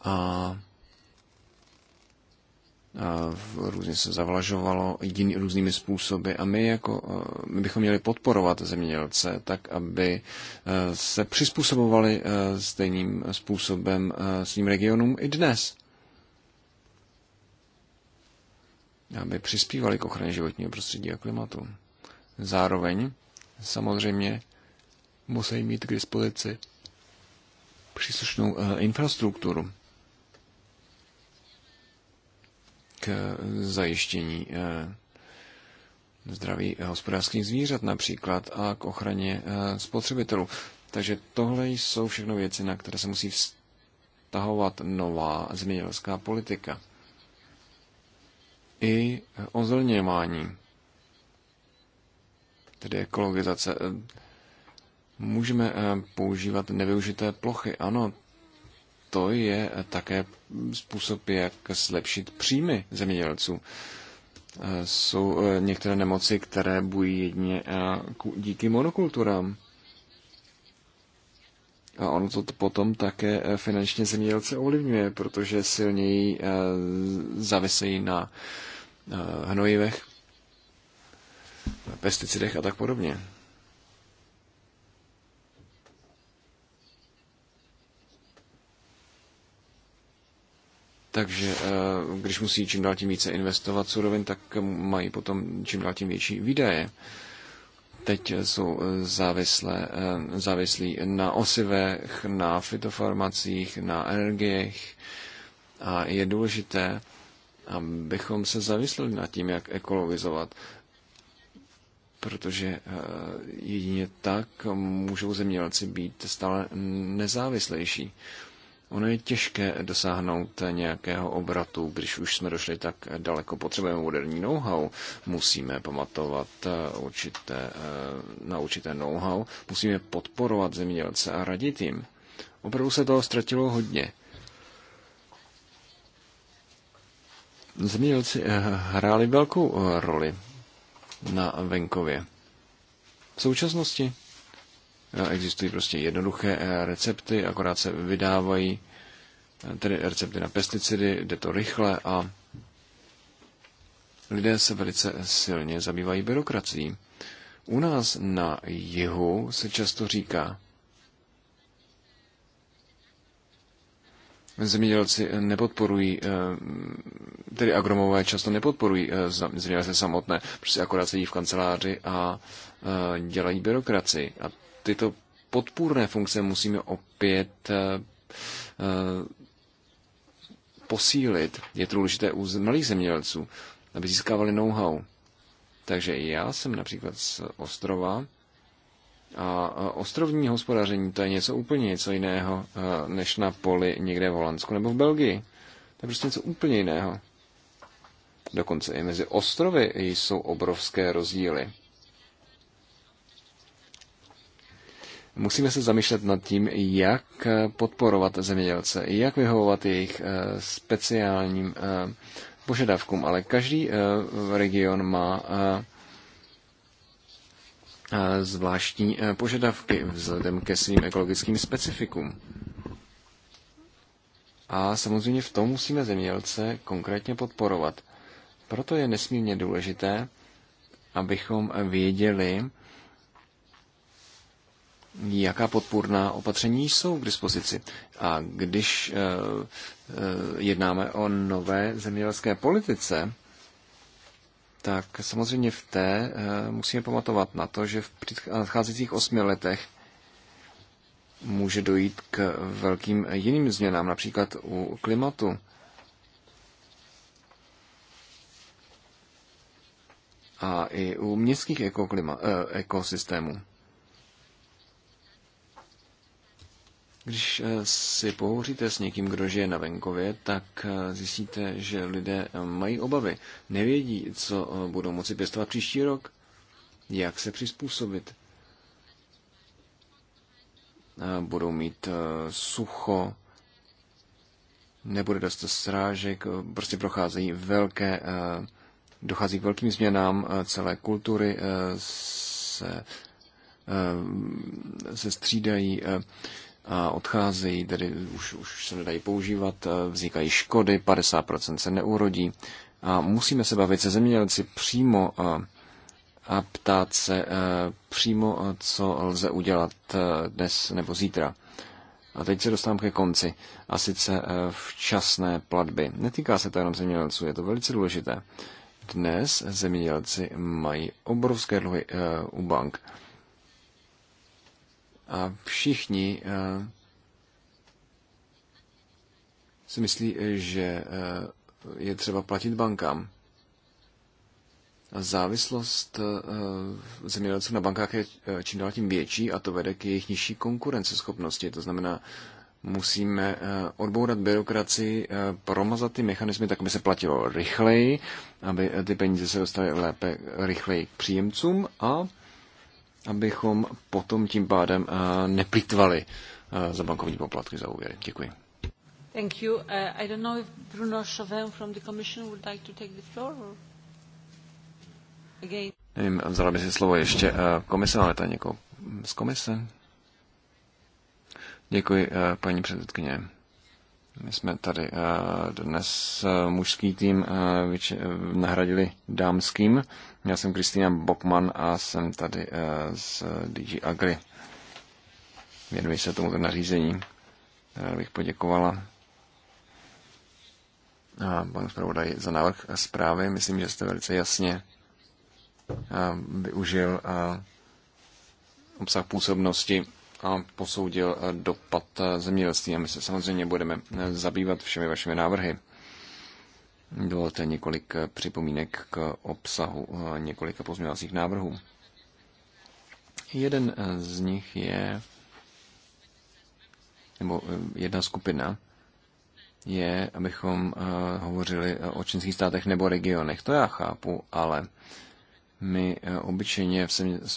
a různě se zavlažovalo jiný, různými způsoby a my, jako, eh, my bychom měli podporovat zemědělce tak, aby eh, se přizpůsobovali eh, stejným způsobem svým regionům i dnes. Aby přispívali k ochraně životního prostředí a klimatu. Zároveň samozřejmě musí mít k dispozici příslušnou infrastrukturu k eh, zajištění eh, zdraví hospodářských zvířat například a k ochraně eh, spotřebitelů. Takže tohle jsou všechno věci, na které se musí vztahovat nová zemědělská politika. I ozelněvání, tedy ekologizace. Můžeme používat nevyužité plochy. Ano, to je také způsob, jak zlepšit příjmy zemědělců. Jsou eh, některé nemoci, které bují jedně eh, díky monokulturám. A ono to potom také eh, finančně zemědělce ovlivňuje, protože silněji zavisejí na hnojivech, pesticidech a tak podobně. Takže eh, když musí čím dál tím více investovat surovin, tak mají potom čím dál tím větší výdaje. Teď jsou eh, závislé, eh, závislí na osivech, na fitofarmacích, na energiích a je důležité, abychom se zavisli nad tím, jak ekologizovat protože jedině tak můžou zemědělci být stále nezávislejší. Ono je těžké dosáhnout nějakého obratu, když už jsme došli tak daleko. Potřebujeme moderní know-how, musíme pamatovat eh, určité, eh, na určité know-how, musíme podporovat zemědělce a radit jim. Opravdu se toho ztratilo hodně. Zemědělci eh, hráli velkou roli na venkově. V současnosti Existují prostě jednoduché eh, recepty, akorát se vydávají eh, tedy recepty na pesticidy, jde to rychle a lidé se velice silně zabývají byrokracií. U nás na jihu se často říká, zemědělci nepodporují, eh, tedy agromové často nepodporují zemědělce samotné, prostě akorát sedí v kanceláři a dělají byrokraci. A tyto podpůrné funkce musíme opět eh, eh, posílit. Je to důležité u malých zemědělců, aby získávali know-how. Takže já jsem například z ostrova a ostrovní hospodaření to je něco úplně něco jiného eh, než na poli někde v Holandsku nebo v Belgii. To je prostě něco úplně jiného. Dokonce i mezi ostrovy jsou obrovské rozdíly. Musíme se zamýšlet nad tím, jak eh, podporovat zemědělce, jak vyhovovat jejich eh, speciálním eh, požadavkům, ale každý region má zvláštní požadavky vzhledem ke svým ekologickým specifikům. A samozřejmě v tom musíme zemědělce konkrétně podporovat. Proto je nesmírně důležité, abychom věděli, jaká podpůrná opatření jsou k dispozici. A když eh, eh, jednáme o nové zemědělské politice, tak samozřejmě v té eh, musíme pamatovat na to, že v nadcházejících osmi letech může dojít k velkým jiným změnám, například u klimatu. A i u městských ekoklima, ekosystémů. Když eh, si pohovoříte s někým, kdo žije na venkově, tak eh, zjistíte, že lidé eh, mají obavy. Nevědí, co budou moci pěstovat příští rok, jak se přizpůsobit. Budou mít sucho, nebude dost srážek, prostě procházejí velké, dochází k velkým změnám celé kultury, se, se střídají a odcházejí, tedy už, už se nedají používat, eh, vznikají škody, 50% se neurodí a musíme se bavit se zemědělci přímo eh, a ptát se eh, přímo, co lze udělat dnes nebo zítra. A teď se dostávám ke konci, a sice včasné platby. Netýká se to jenom zemědělců, je to velice důležité. Dnes zemědělci mají obrovské dluhy u bank a všichni eh, si myslí, eh, že eh, je třeba platit bankám. A závislost zemědělců na bankách je čím dál tím větší a to vede k jejich nižší konkurenceschopnosti. To znamená, musíme odbourat byrokracii, promazat ty mechanismy, tak aby se platilo rychleji, aby ty peníze se dostaly lépe rychleji k příjemcům a abychom potom tím pádem eh, neplýtvali eh, za bankovní poplatky za úvěry. Děkuji. Thank you. Uh, I don't know if Bruno Chauvin from the Commission would like to take the floor or again. Nevím, vzala by si slovo ještě komise, máme tady někoho z komise. Děkuji, paní předsedkyně. My jsme tady eh, dnes eh, mužský tým eh, nahradili dámským. Já jsem Kristýna Bokman a jsem tady z DG Agri. Věnuji se tomu nařízení. Rád bych poděkovala a pan zpravodaj za návrh zprávy. Myslím, že jste velice jasně využil obsah působnosti a posoudil eh, dopad eh, zemědělství. A my se samozřejmě budeme eh, zabývat všemi vašimi návrhy. Dovolte několik připomínek k obsahu několika pozměňovacích návrhů. Jeden z nich je, nebo jedna skupina, je, abychom hovořili o čínských státech nebo regionech. To já chápu, ale my eh, obyčejně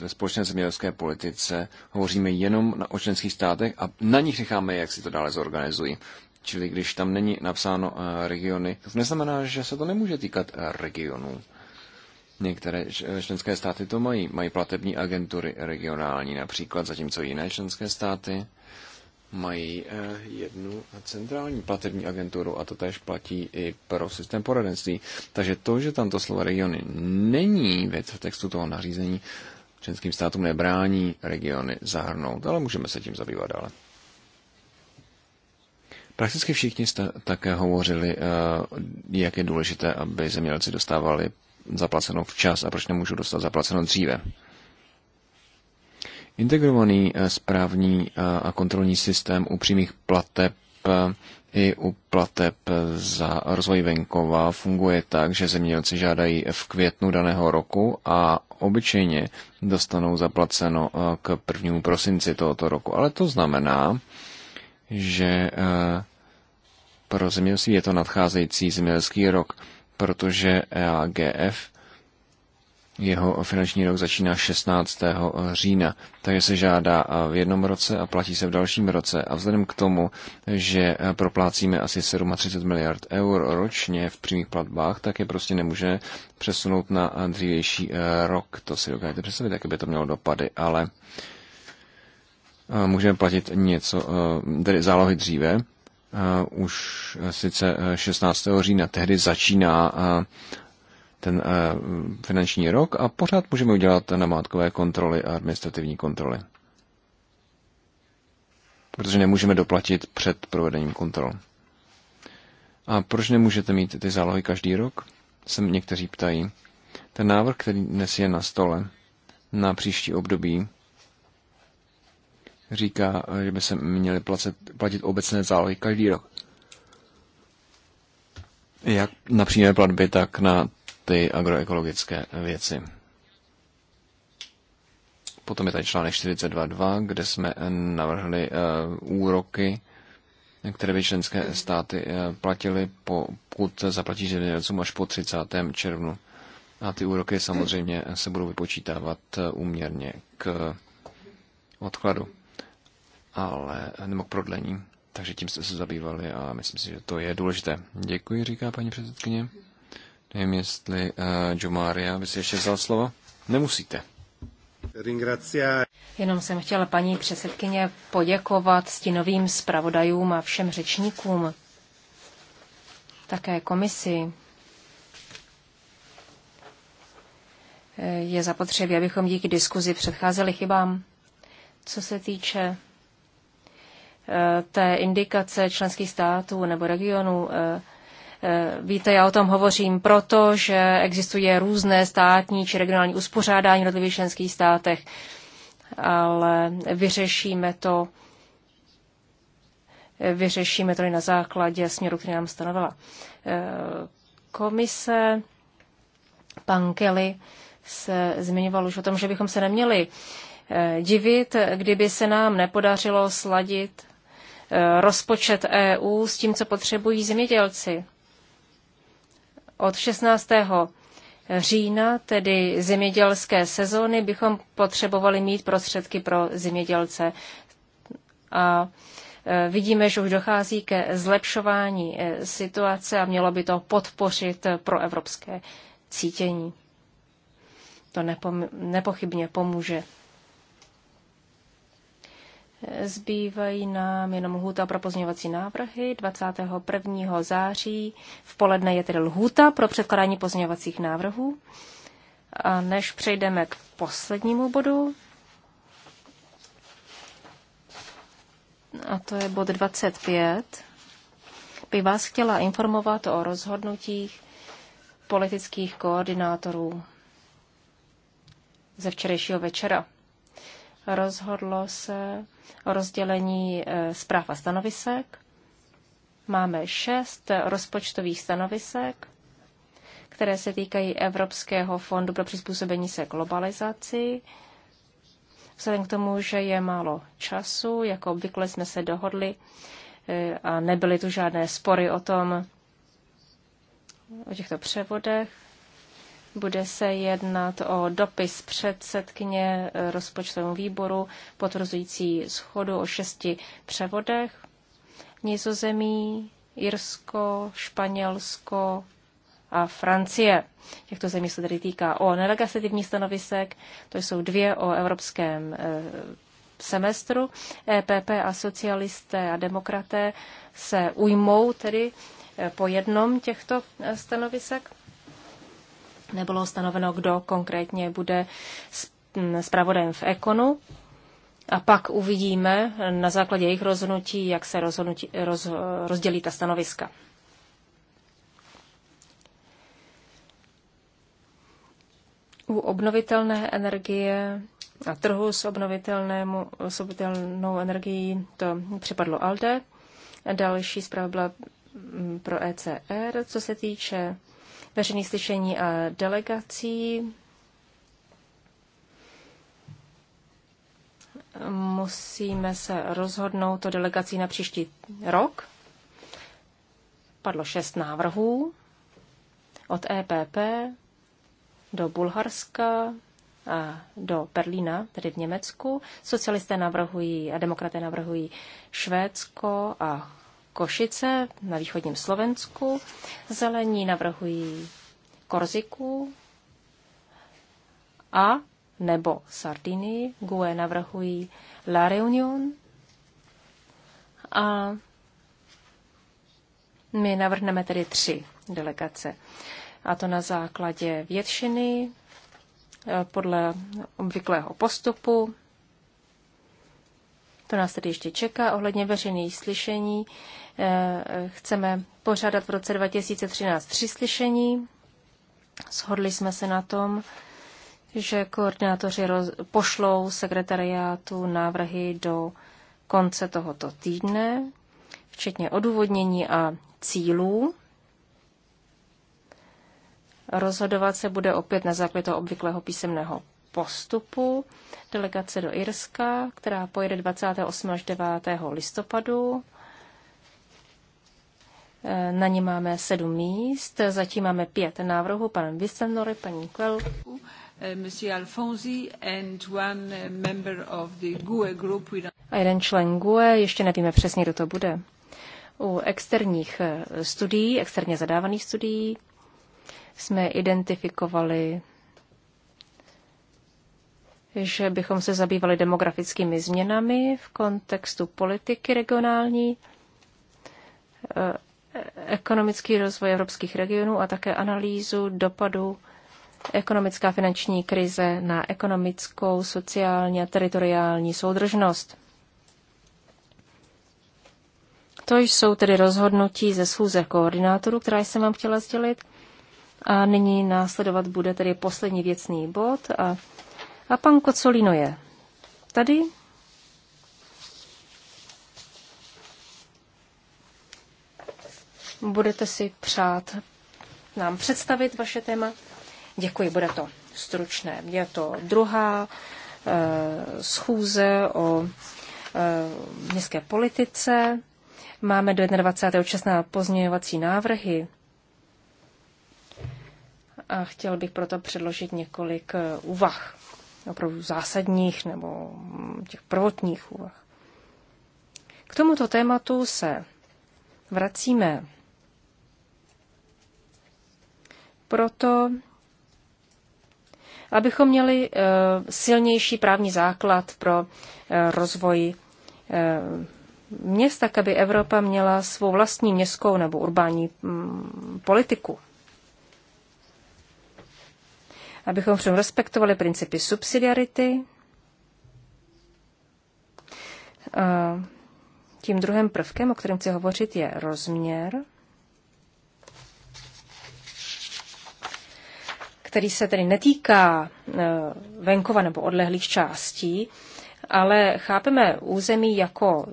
ve společné zemědělské politice hovoříme jenom na členských státech a na nich necháme, jak si to dále zorganizují. Čili když tam není napsáno eh, regiony, to neznamená, že se to nemůže týkat eh, regionů. Některé členské státy to mají. Mají platební agentury regionální například, zatímco jiné členské státy mají eh, jednu centrální platební agenturu a to tež platí i pro systém poradenství. Takže to, že tam to slovo regiony není věc v textu toho nařízení, členským státům nebrání regiony zahrnout, ale můžeme se tím zabývat dále. Prakticky všichni jste také hovořili, eh, jak je důležité, aby zemědělci dostávali zaplaceno včas a proč nemůžu dostat zaplaceno dříve. Integrovaný eh, správní eh, a kontrolní systém u přímých plateb eh, i u plateb za rozvoj venkova funguje tak, že zemědělci žádají v květnu daného roku a obyčejně dostanou zaplaceno k prvnímu prosinci tohoto roku. Ale to znamená, že pro zemědělství je to nadcházející zemědělský rok, protože EAGF jeho finanční rok začíná 16. října, takže se žádá v jednom roce a platí se v dalším roce. A vzhledem k tomu, že proplácíme asi 37 miliard eur ročně v přímých platbách, tak je prostě nemůže přesunout na dřívější eh, rok. To si dokážete představit, jaké by to mělo dopady, ale eh, můžeme platit něco, eh, tedy zálohy dříve, už sice 16. října, tehdy začíná ten eh, finanční rok a pořád můžeme udělat namátkové kontroly a administrativní kontroly. Protože nemůžeme doplatit před provedením kontrol. A proč nemůžete mít ty zálohy každý rok? Se někteří ptají. Ten návrh, který dnes je na stole na příští období, říká, že by se měly placet, platit obecné zálohy každý rok. Jak na přímé platby, tak na ty agroekologické věci. Potom je tady článek 42.2, kde jsme eh, navrhli eh, úroky, které by členské státy eh, platily, pokud zaplatí zemědělcům až po 30. červnu. A ty úroky samozřejmě se budou vypočítávat úměrně k odkladu, ale, nebo k prodlení. Takže tím jste se zabývali a myslím si, že to je důležité. Děkuji, říká paní předsedkyně. Nevím, jestli uh, eh, Jomaria by si ještě vzal slovo. Nemusíte. Jenom jsem chtěla paní předsedkyně poděkovat stinovým zpravodajům a všem řečníkům, také komisi. Eh, je zapotřebí, abychom díky diskuzi předcházeli chybám. Co se týče eh, té indikace členských států nebo regionů, Eh, víte, já o tom hovořím proto, že existuje různé státní či regionální uspořádání v jednotlivých členských státech, ale vyřešíme to vyřešíme to i na základě směru, který nám stanovila eh, komise. Pan Kelly se zmiňoval už o tom, že bychom se neměli eh, divit, kdyby se nám nepodařilo sladit rozpočet EU s tím, co potřebují zemědělci. Od 16. října, tedy zemědělské sezóny, bychom potřebovali mít prostředky pro zemědělce. A e, vidíme, že už dochází ke zlepšování e, situace a mělo by to podpořit pro evropské cítění. To nepo, nepochybně pomůže. Zbývají nám jenom lhůta pro pozměňovací návrhy. 21. září v poledne je tedy lhůta pro předkládání pozměňovacích návrhů. A než přejdeme k poslednímu bodu, a to je bod 25, bych vás chtěla informovat o rozhodnutích politických koordinátorů ze včerejšího večera rozhodlo se o rozdělení e, zpráv a stanovisek. Máme šest rozpočtových stanovisek, které se týkají Evropského fondu pro přizpůsobení se globalizaci. Vzhledem k tomu, že je málo času, jako obvykle jsme se dohodli e, a nebyly tu žádné spory o tom, o těchto převodech, bude se jednat o dopis předsedkyně eh, rozpočtovému výboru potvrzující schodu o šesti převodech. Nizozemí, Irsko, Španělsko a Francie. Těchto zemí se tedy týká o nelegislativní stanovisek, to jsou dvě o evropském eh, semestru. EPP a socialisté a demokraté se ujmou tedy eh, po jednom těchto stanovisek. Nebylo stanoveno, kdo konkrétně bude zpravodajem v Ekonu. A pak uvidíme na základě jejich rozhodnutí, jak se rozhodnutí, roz, rozdělí ta stanoviska. U obnovitelné energie na trhu s, obnovitelnému, s obnovitelnou energií to připadlo ALDE. Další zpráva byla pro ECR. Co se týče veřejné slyšení a eh, delegací. Musíme se rozhodnout o delegací na příští rok. Padlo šest návrhů od EPP do Bulharska, a do Berlína, tedy v Německu. Socialisté navrhují a demokraté navrhují Švédsko a Košice na východním Slovensku. Zelení navrhují Korziku a nebo Sardiny. GUE navrhují La Reunion a my navrhneme tedy tři delegace. A to na základě většiny eh, podle obvyklého postupu to nás tedy ještě čeká. Ohledně veřejných slyšení eh, chceme pořádat v roce 2013 tři slyšení. Shodli jsme se na tom, že koordinátoři roz, pošlou sekretariátu návrhy do konce tohoto týdne, včetně odůvodnění a cílů. Rozhodovat se bude opět na základě toho obvyklého písemného postupu delegace do Irska, která pojede 28. až 9. listopadu. Eh, na ní máme sedm míst, zatím máme pět návrhů, pan Vistelnore, paní Kvel. Eh, Alfonsi eh, A jeden člen GUE, ještě nevíme přesně, kdo to bude. U externích studií, externě zadávaných studií, jsme identifikovali že bychom se zabývali demografickými změnami v kontextu politiky regionální, eh, ekonomický rozvoj evropských regionů a také analýzu dopadu ekonomická finanční krize na ekonomickou, sociální a teritoriální soudržnost. To jsou tedy rozhodnutí ze schůze koordinátorů, která jsem vám chtěla sdělit. A nyní následovat bude tedy poslední věcný bod a a pan Kocolino je tady. Budete si přát nám představit vaše téma? Děkuji, bude to stručné. Je to druhá e, schůze o e, městské politice. Máme do 21. česna pozměňovací návrhy a chtěl bych proto předložit několik eh, úvah. E, opravdu zásadních nebo mm, těch prvotních úvah. K tomuto tématu se vracíme proto, abychom měli eh, silnější právní základ pro eh, rozvoj eh, měst, tak aby Evropa měla svou vlastní městskou nebo urbání mm, politiku abychom všem respektovali principy subsidiarity. Tím druhým prvkem, o kterém chci hovořit, je rozměr, který se tedy netýká e, venkova nebo odlehlých částí, ale chápeme území jako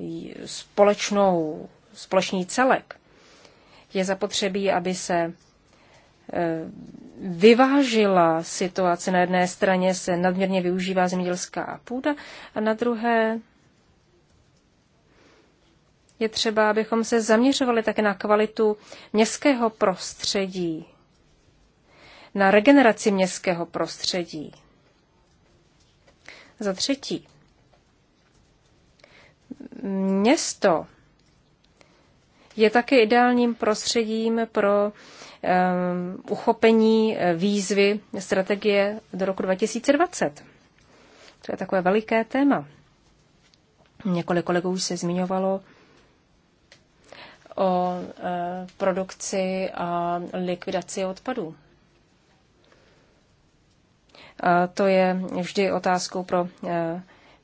společnou, společný celek. Je zapotřebí, aby se Eh, vyvážila situace. Na jedné straně se nadměrně využívá zemědělská půda a na druhé je třeba, abychom se zaměřovali také na kvalitu městského prostředí, na regeneraci městského prostředí. Za třetí, město je také ideálním prostředím pro Eh, uchopení eh, výzvy strategie do roku 2020. To je takové veliké téma. Několik kolegů už se zmiňovalo o eh, produkci a likvidaci odpadů. A to je vždy otázkou pro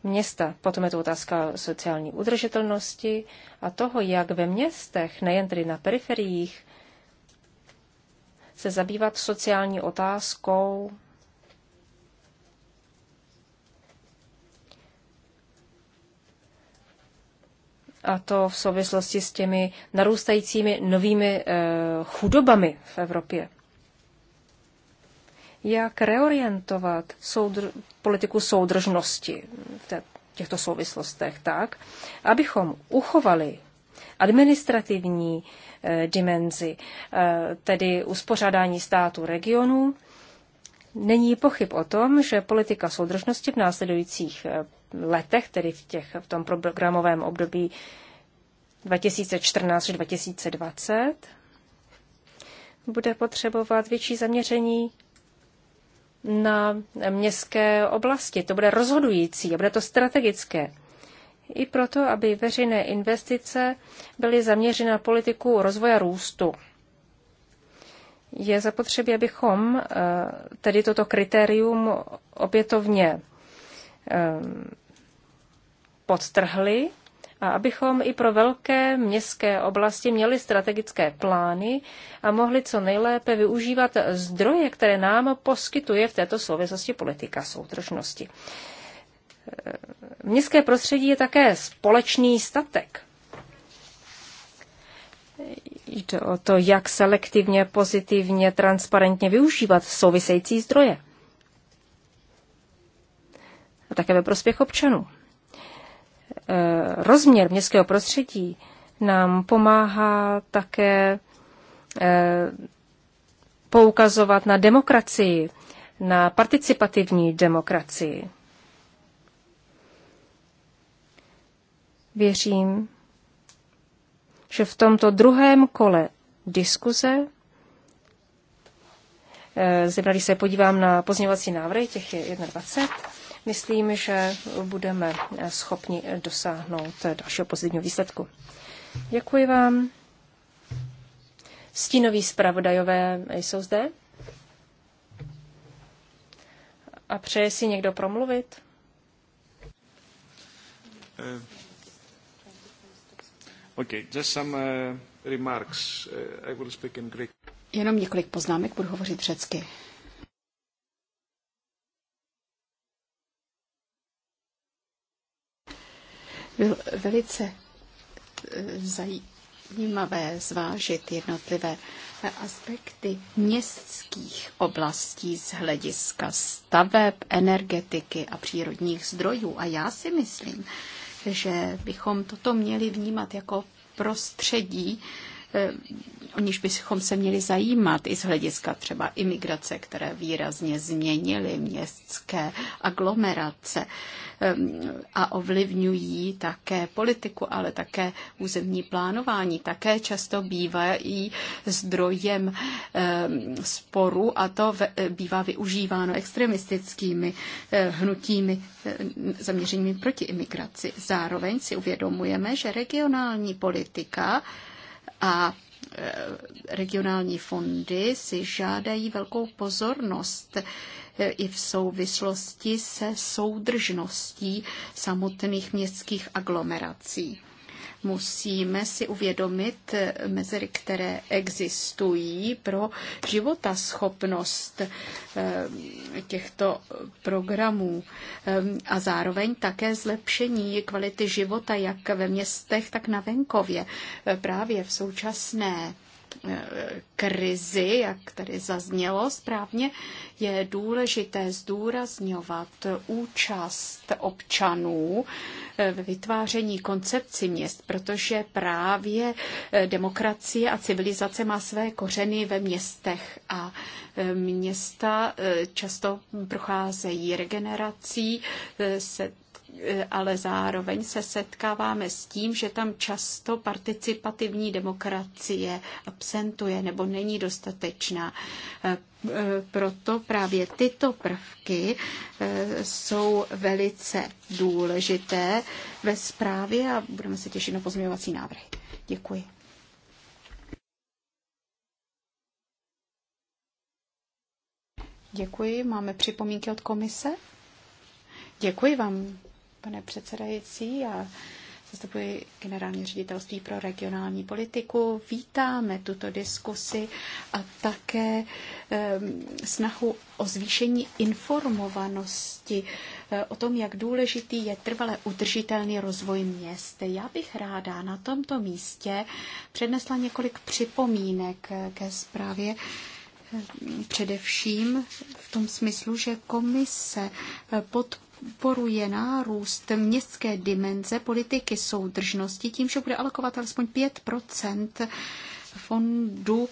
města. Potom je to otázka sociální udržitelnosti a toho, jak ve městech, nejen tedy na periferiích, se zabývat sociální otázkou a to v souvislosti s těmi narůstajícími novými eh, chudobami v Evropě. Jak reorientovat soudr- politiku soudržnosti v těchto souvislostech tak, abychom uchovali administrativní eh, dimenzi, eh, tedy uspořádání států regionů, není pochyb o tom, že politika soudržnosti v následujících eh, letech, tedy v, těch, v tom programovém období 2014 až 2020, bude potřebovat větší zaměření na městské oblasti. To bude rozhodující a bude to strategické i proto, aby veřejné investice byly zaměřeny na politiku rozvoje růstu. Je zapotřebí, abychom eh, tedy toto kritérium opětovně eh, podtrhli a abychom i pro velké městské oblasti měli strategické plány a mohli co nejlépe využívat zdroje, které nám poskytuje v této souvislosti politika soudržnosti. Městské prostředí je také společný statek. Jde o to, jak selektivně, pozitivně, transparentně využívat související zdroje. A také ve prospěch občanů. E, rozměr městského prostředí nám pomáhá také e, poukazovat na demokracii, na participativní demokracii. Věřím, že v tomto druhém kole diskuze, eh, zejména když se podívám na pozměňovací návrhy, těch je 21, myslím, že budeme eh, schopni eh, dosáhnout dalšího pozitivního výsledku. Děkuji vám. Stínoví zpravodajové jsou zde. A přeje si někdo promluvit? Okay, just some uh, remarks. Uh, I will speak in Greek. Jenom několik poznámek, budu hovořit řecky. Byl velice eh, zajímavé zvážit jednotlivé eh, aspekty městských oblastí z hlediska staveb, energetiky a přírodních zdrojů. A já si myslím, že bychom toto měli vnímat jako prostředí, E, o níž bychom se měli zajímat i z hlediska třeba imigrace, které výrazně změnily městské aglomerace e, a ovlivňují také politiku, ale také územní plánování. Také často bývají zdrojem e, sporu a to bývá využíváno extremistickými hnutími zaměřenými proti imigraci. Zároveň si uvědomujeme, že regionální politika a e, regionální fondy si žádají velkou pozornost e, i v souvislosti se soudržností samotných městských aglomerací. Musíme si uvědomit mezery, které existují pro života schopnost eh, těchto programů eh, a zároveň také zlepšení kvality života jak ve městech, tak na venkově. Eh, právě v současné krizi, jak tady zaznělo správně, je důležité zdůrazňovat účast občanů v vytváření koncepci měst, protože právě demokracie a civilizace má své kořeny ve městech a města často procházejí regenerací, se ale zároveň se setkáváme s tím, že tam často participativní demokracie absentuje nebo není dostatečná. E, e, proto právě tyto prvky e, jsou velice důležité ve zprávě a budeme se těšit na pozměňovací návrhy. Děkuji. Děkuji. Máme připomínky od komise? Děkuji vám, pane předsedající. Já zastupuji generální ředitelství pro regionální politiku. Vítáme tuto diskusi a také ehm, snahu o zvýšení informovanosti eh, o tom, jak důležitý je trvale udržitelný rozvoj měst. Já bych ráda na tomto místě přednesla několik připomínek ke zprávě ehm, především v tom smyslu, že komise eh, podporuje podporuje nárůst městské dimenze politiky soudržnosti tím, že bude alokovat alespoň 5 fondu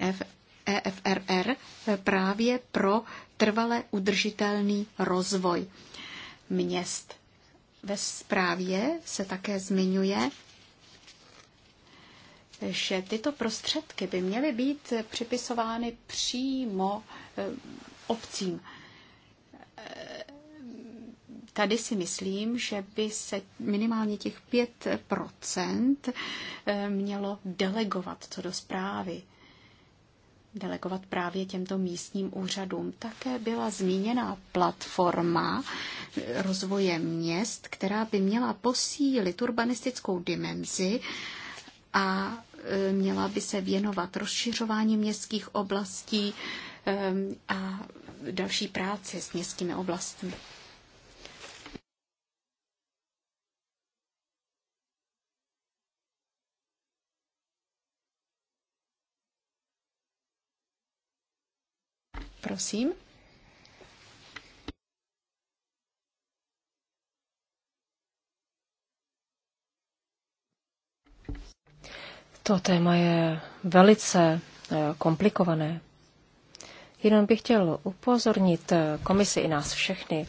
EFRR eh, e právě pro trvale udržitelný rozvoj měst. Ve zprávě se také zmiňuje, že tyto prostředky by měly být připisovány přímo eh, obcím. Tady si myslím, že by se minimálně těch 5% eh, mělo delegovat co do zprávy delegovat právě těmto místním úřadům. Také byla zmíněna platforma eh, rozvoje měst, která by měla posílit urbanistickou dimenzi a eh, měla by se věnovat rozšiřování městských oblastí a další práci s městskými oblastmi. Prosím. To téma je velice eh, komplikované. Jenom bych chtěl upozornit eh, komisi i nás všechny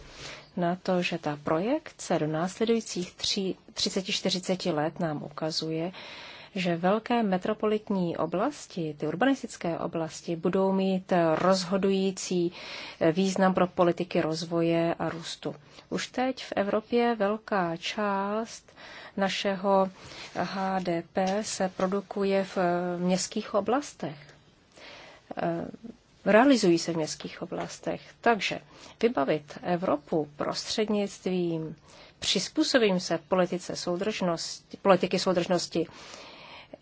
na to, že ta projekce do následujících 30-40 let nám ukazuje, že velké metropolitní oblasti, ty urbanistické oblasti, budou mít rozhodující význam pro politiky rozvoje a růstu. Už teď v Evropě velká část našeho HDP se produkuje v městských oblastech eh, realizují se v městských oblastech. Takže vybavit Evropu prostřednictvím přizpůsobím se politice soudržnosti, politiky soudržnosti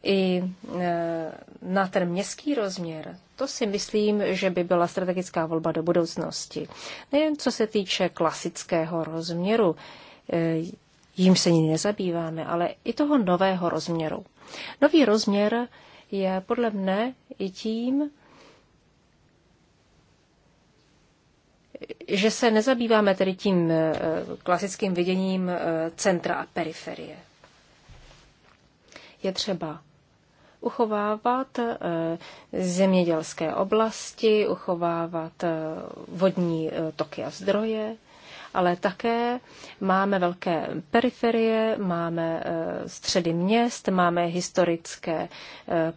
i e, na ten městský rozměr, to si myslím, že by byla strategická volba do budoucnosti. Nejen co se týče klasického rozměru, e, jím se ní nezabýváme, ale i toho nového rozměru. Nový rozměr je podle mne i tím, že se nezabýváme tedy tím e, klasickým viděním centra a periferie. Je třeba uchovávat eh, zemědělské oblasti, uchovávat eh, vodní eh, toky a zdroje, ale také máme velké periferie, máme středy měst, máme historické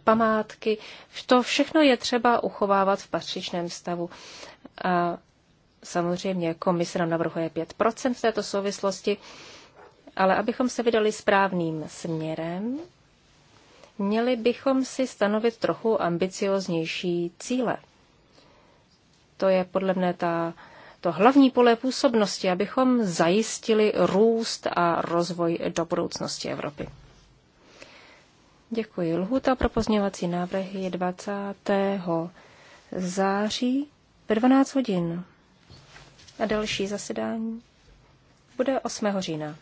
památky. To všechno je třeba uchovávat v patřičném stavu. A samozřejmě komise nám navrhuje 5% v této souvislosti, ale abychom se vydali správným směrem, Měli bychom si stanovit trochu ambicioznější cíle. To je podle mne ta, to hlavní pole působnosti, abychom zajistili růst a rozvoj do budoucnosti Evropy. Děkuji. Lhuta pro pozměvací návrhy je 20. září ve 12 hodin. A další zasedání bude 8. října.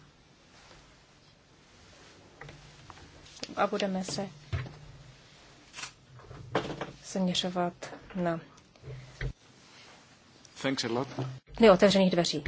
a budeme se zaměřovat na neotevřených dveří.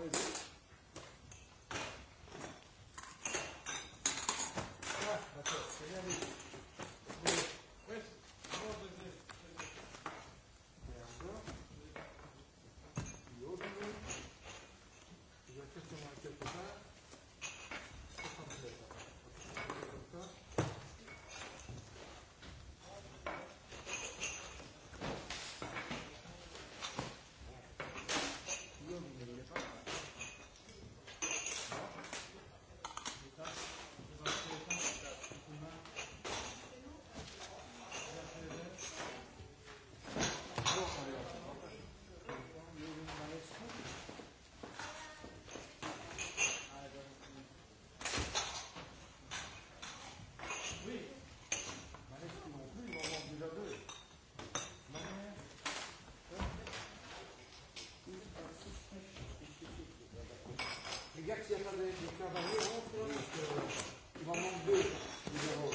thôi giữ gars qui a pas de cavalier rentre, parce qu'il va manquer deux numéros.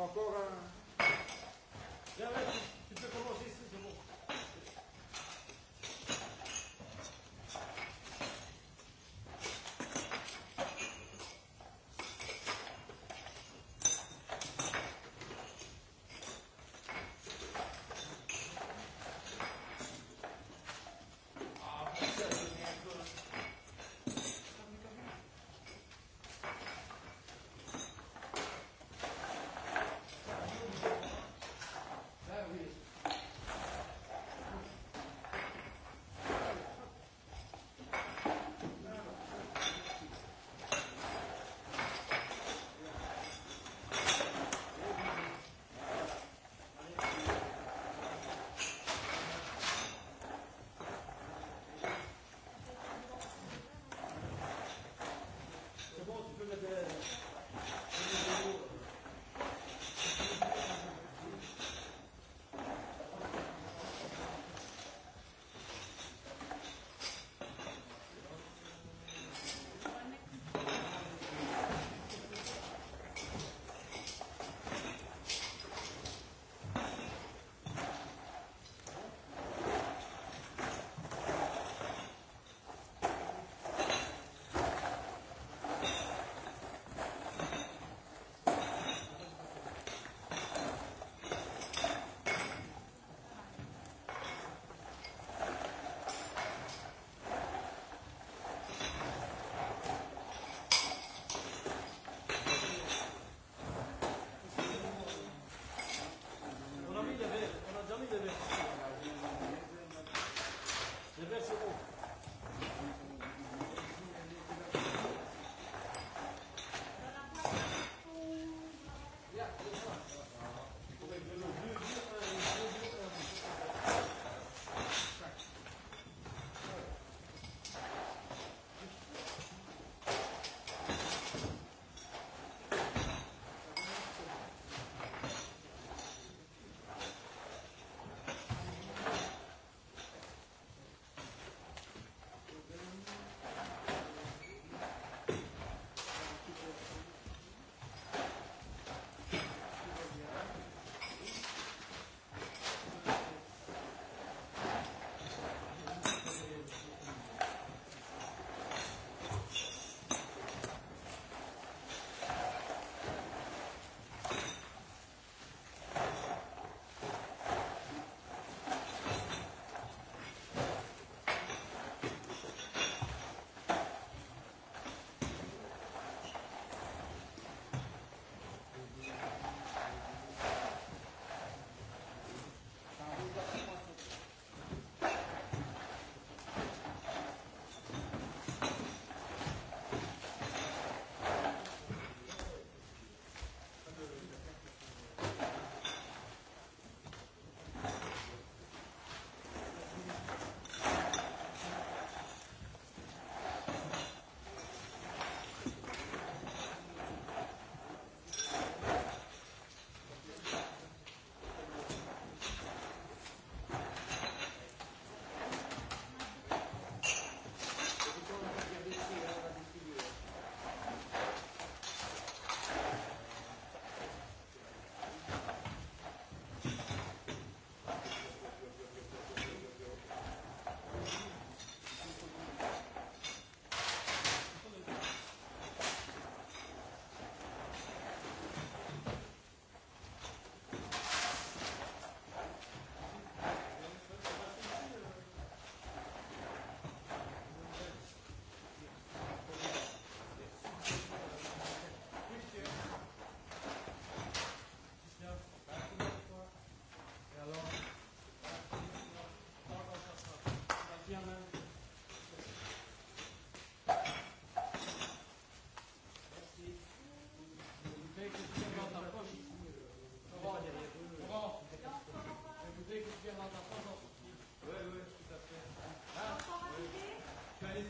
encore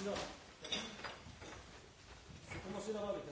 si no. dala. Se come si dava vita?